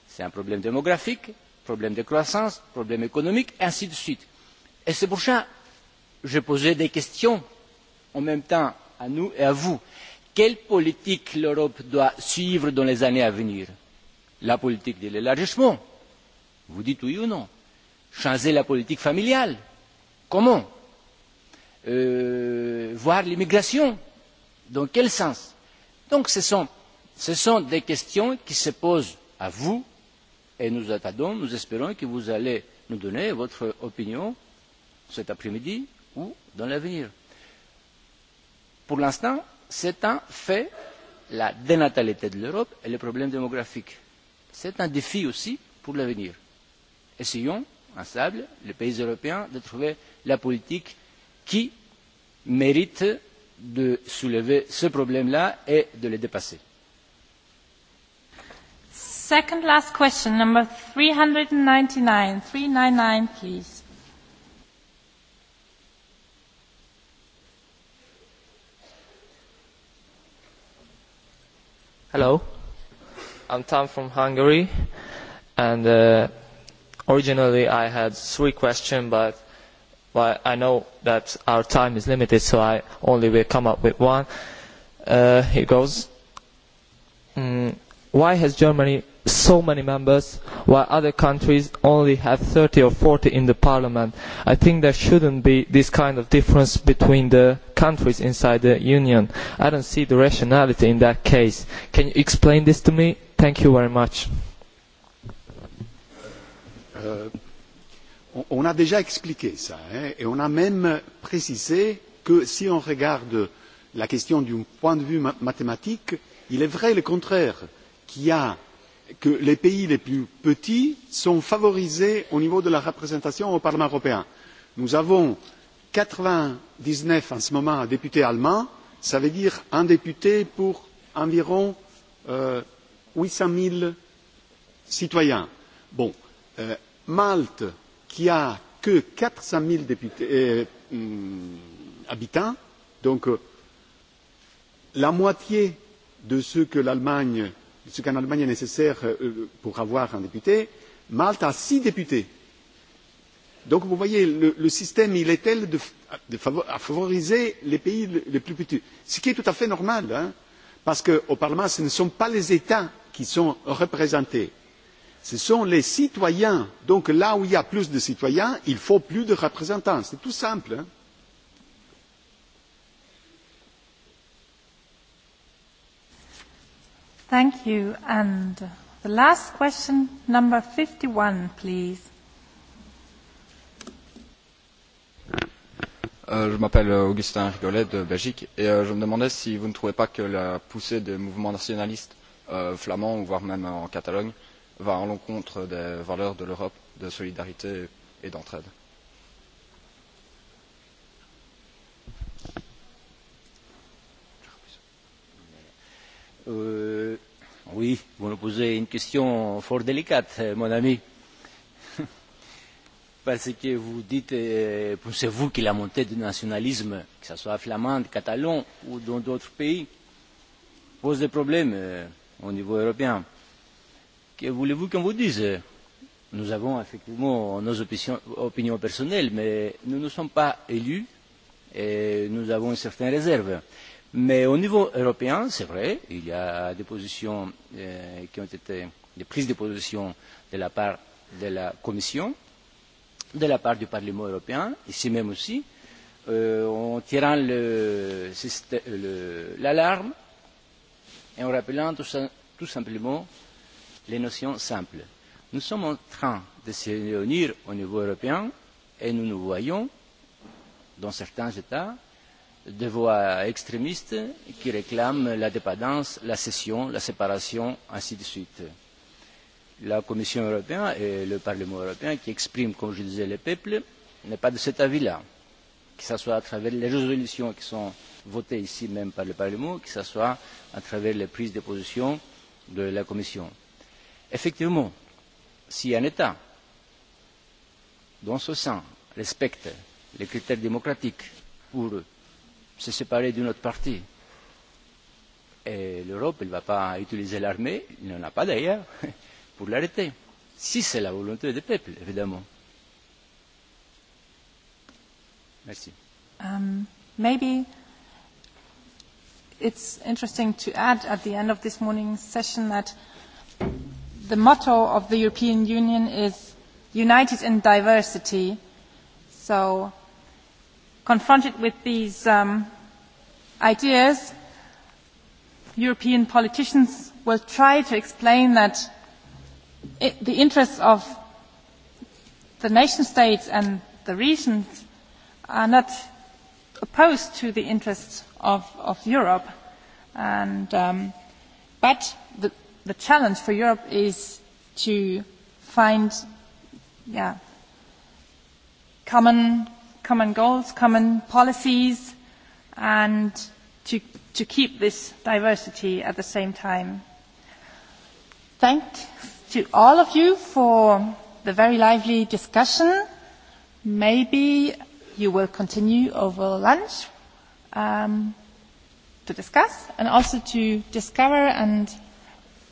c'est un problème démographique, problème de croissance, problème économique, et ainsi de suite. Et c'est pour ça que j'ai posé des questions en même temps à nous et à vous. Quelle politique l'Europe doit suivre dans les années à venir La politique de l'élargissement Vous dites oui ou non Changer la politique familiale Comment Voir l'immigration Dans quel sens Donc ce sont, des questions qui se posent à vous et nous attendons, nous espérons que vous allez nous donner votre opinion cet après-midi ou dans l'avenir. Pour l'instant, c'est un fait, la dénatalité de l'Europe et les problèmes démographiques. C'est un défi aussi pour l'avenir. Essayons, ensemble, les pays européens, de trouver la politique qui mérite de soulever ce problème-là et de le dépasser. Second last question, number 399, 399, please. Hello, I'm Tom from Hungary, and uh, originally I had three questions, but but I know that our time is limited, so I only will come up with one. Uh, here goes. Mm, why has Germany so many members while other countries only have thirty or forty in the parliament. I think there shouldn't be this kind of difference between the countries inside the union. I don't see the rationality in that case. Can you explain this to me? Thank you very much. on a déjà expliqué ça et on a même précisé que si on regarde la question d'un point de vue mathématique, il est vrai le contraire, qu'il y a que les pays les plus petits sont favorisés au niveau de la représentation au Parlement européen. Nous avons quatre vingt dix neuf en ce moment députés allemands, cela veut dire un député pour environ huit cents zéro citoyens. Malte, qui n'a que quatre cents zéro habitants, donc la moitié de ce que l'Allemagne ce qu'en Allemagne est nécessaire pour avoir un député, Malte a six députés. Donc vous voyez, le, système est tel de, à favoriser les pays les plus petits, ce qui est tout à fait normal, parce qu'au Parlement, ce ne sont pas les États qui sont représentés, ce sont les citoyens. Donc là où il y a plus de citoyens, il faut plus de représentants. C'est tout simple. Hein Thank you. And the last question, number 51, please. je m'appelle Augustin Rigolet de Belgique et je me demandais si vous ne trouvez pas que la poussée des mouvements nationalistes flamands, voire même en Catalogne, va à l'encontre des valeurs de l'Europe de solidarité et d'entraide. oui, vous nous posez une question fort délicate, mon ami. Parce que vous dites, pensez-vous que la montée du nationalisme, que ce soit flamande, catalan ou dans d'autres pays, pose des problèmes au niveau européen Que voulez-vous qu'on vous dise Nous avons effectivement nos opinions personnelles, mais nous ne sommes pas élus et nous avons une certaine réserve. Mais au niveau européen, c'est vrai, il y a des positions euh, qui ont été, des prises de position de la part de la Commission, de la part du Parlement européen, ici même aussi, euh, en tirant l'alarme et en rappelant tout, tout simplement les notions simples. Nous sommes en train de se réunir au niveau européen et nous nous voyons dans certains États de voix extrémistes qui réclament la dépendance, la cession, la séparation, ainsi de suite. La Commission européenne et le Parlement européen, qui expriment, comme je disais, les peuples, n'est pas de cet avis-là. Que ce soit à travers les résolutions qui sont votées ici même par le Parlement, que ce soit à travers les prises de position de la Commission. Effectivement, si un État, dans ce sens, respecte les critères démocratiques pour se séparer d'une autre partie. Et l'Europe, elle ne va pas utiliser l'armée, il n'en a pas d'ailleurs, pour l'arrêter. Si c'est la volonté des peuples, évidemment. Merci. Um, maybe it's interesting to add at the end of this morning's session that the motto of the European Union is united in diversity. So confronted with these ideas, European politicians will try to explain that the interests of the nation states and the regions are not opposed to the interests of, of Europe. And, um, but the, the challenge for Europe is to find yeah, common common goals, common policies, and to, to keep this diversity at the same time. Thank to all of you for the very lively discussion. Maybe you will continue over lunch um, to discuss and also to discover and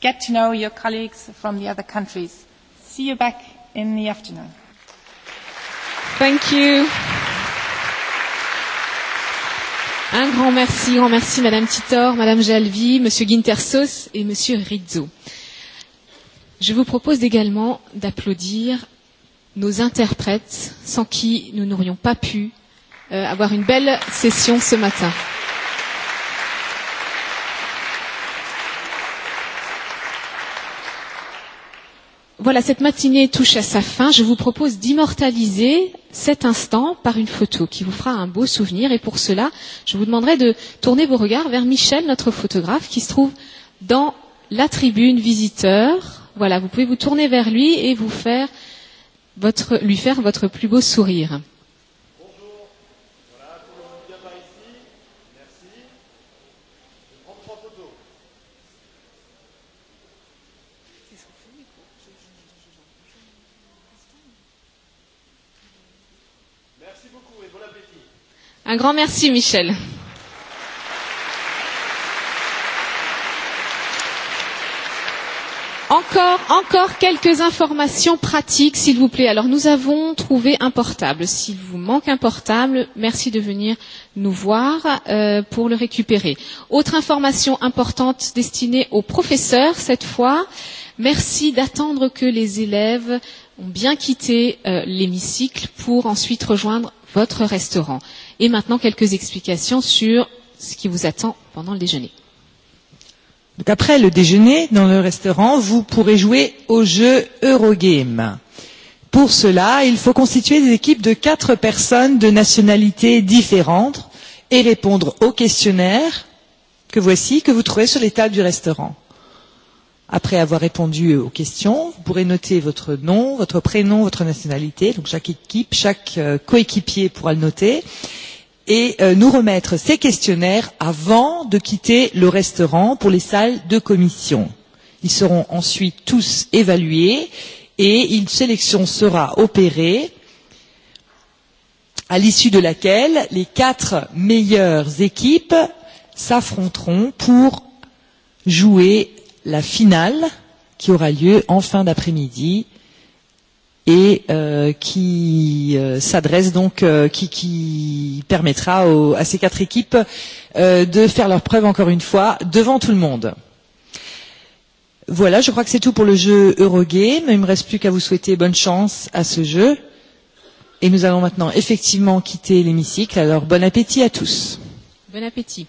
get to know your colleagues from the other countries. See you back in the afternoon. Thank you. Un grand merci, grand merci Madame Titor, Madame Jalvi, Monsieur Guintersos et Monsieur Rizzo. Je vous propose également d'applaudir nos interprètes sans qui nous n'aurions pas pu euh, avoir une belle session ce matin. Voilà, cette matinée touche à sa fin. Je vous propose d'immortaliser cet instant par une photo qui vous fera un beau souvenir. Et pour cela, je vous demanderai de tourner vos regards vers Michel, notre photographe, qui se trouve dans la tribune visiteur. Voilà, vous pouvez vous tourner vers lui et vous faire votre, lui faire votre plus beau sourire. Un grand merci, Michel. Encore, encore quelques informations pratiques, s'il vous plaît. Alors, nous avons trouvé un portable. S'il vous manque un portable, merci de venir nous voir euh, pour le récupérer. Autre information importante destinée aux professeurs cette fois. Merci d'attendre que les élèves ont bien quitté euh, l'hémicycle pour ensuite rejoindre votre restaurant. Et maintenant, quelques explications sur ce qui vous attend pendant le déjeuner. Donc après le déjeuner, dans le restaurant, vous pourrez jouer au jeu Eurogame. Pour cela, il faut constituer des équipes de quatre personnes de nationalités différentes et répondre aux questionnaires que voici, que vous trouvez sur les tables du restaurant. Après avoir répondu aux questions, vous pourrez noter votre nom, votre prénom, votre nationalité. Donc chaque équipe, chaque coéquipier pourra le noter et euh, nous remettre ces questionnaires avant de quitter le restaurant pour les salles de commission. Ils seront ensuite tous évalués et une sélection sera opérée à l'issue de laquelle les quatre meilleures équipes s'affronteront pour jouer la finale qui aura lieu en fin d'après-midi et euh, qui euh, s'adresse donc, euh, qui, qui permettra au, à ces quatre équipes euh, de faire leur preuve encore une fois devant tout le monde. Voilà, je crois que c'est tout pour le jeu Eurogame. Il ne me reste plus qu'à vous souhaiter bonne chance à ce jeu. Et nous allons maintenant effectivement quitter l'hémicycle. Alors bon appétit à tous. Bon appétit.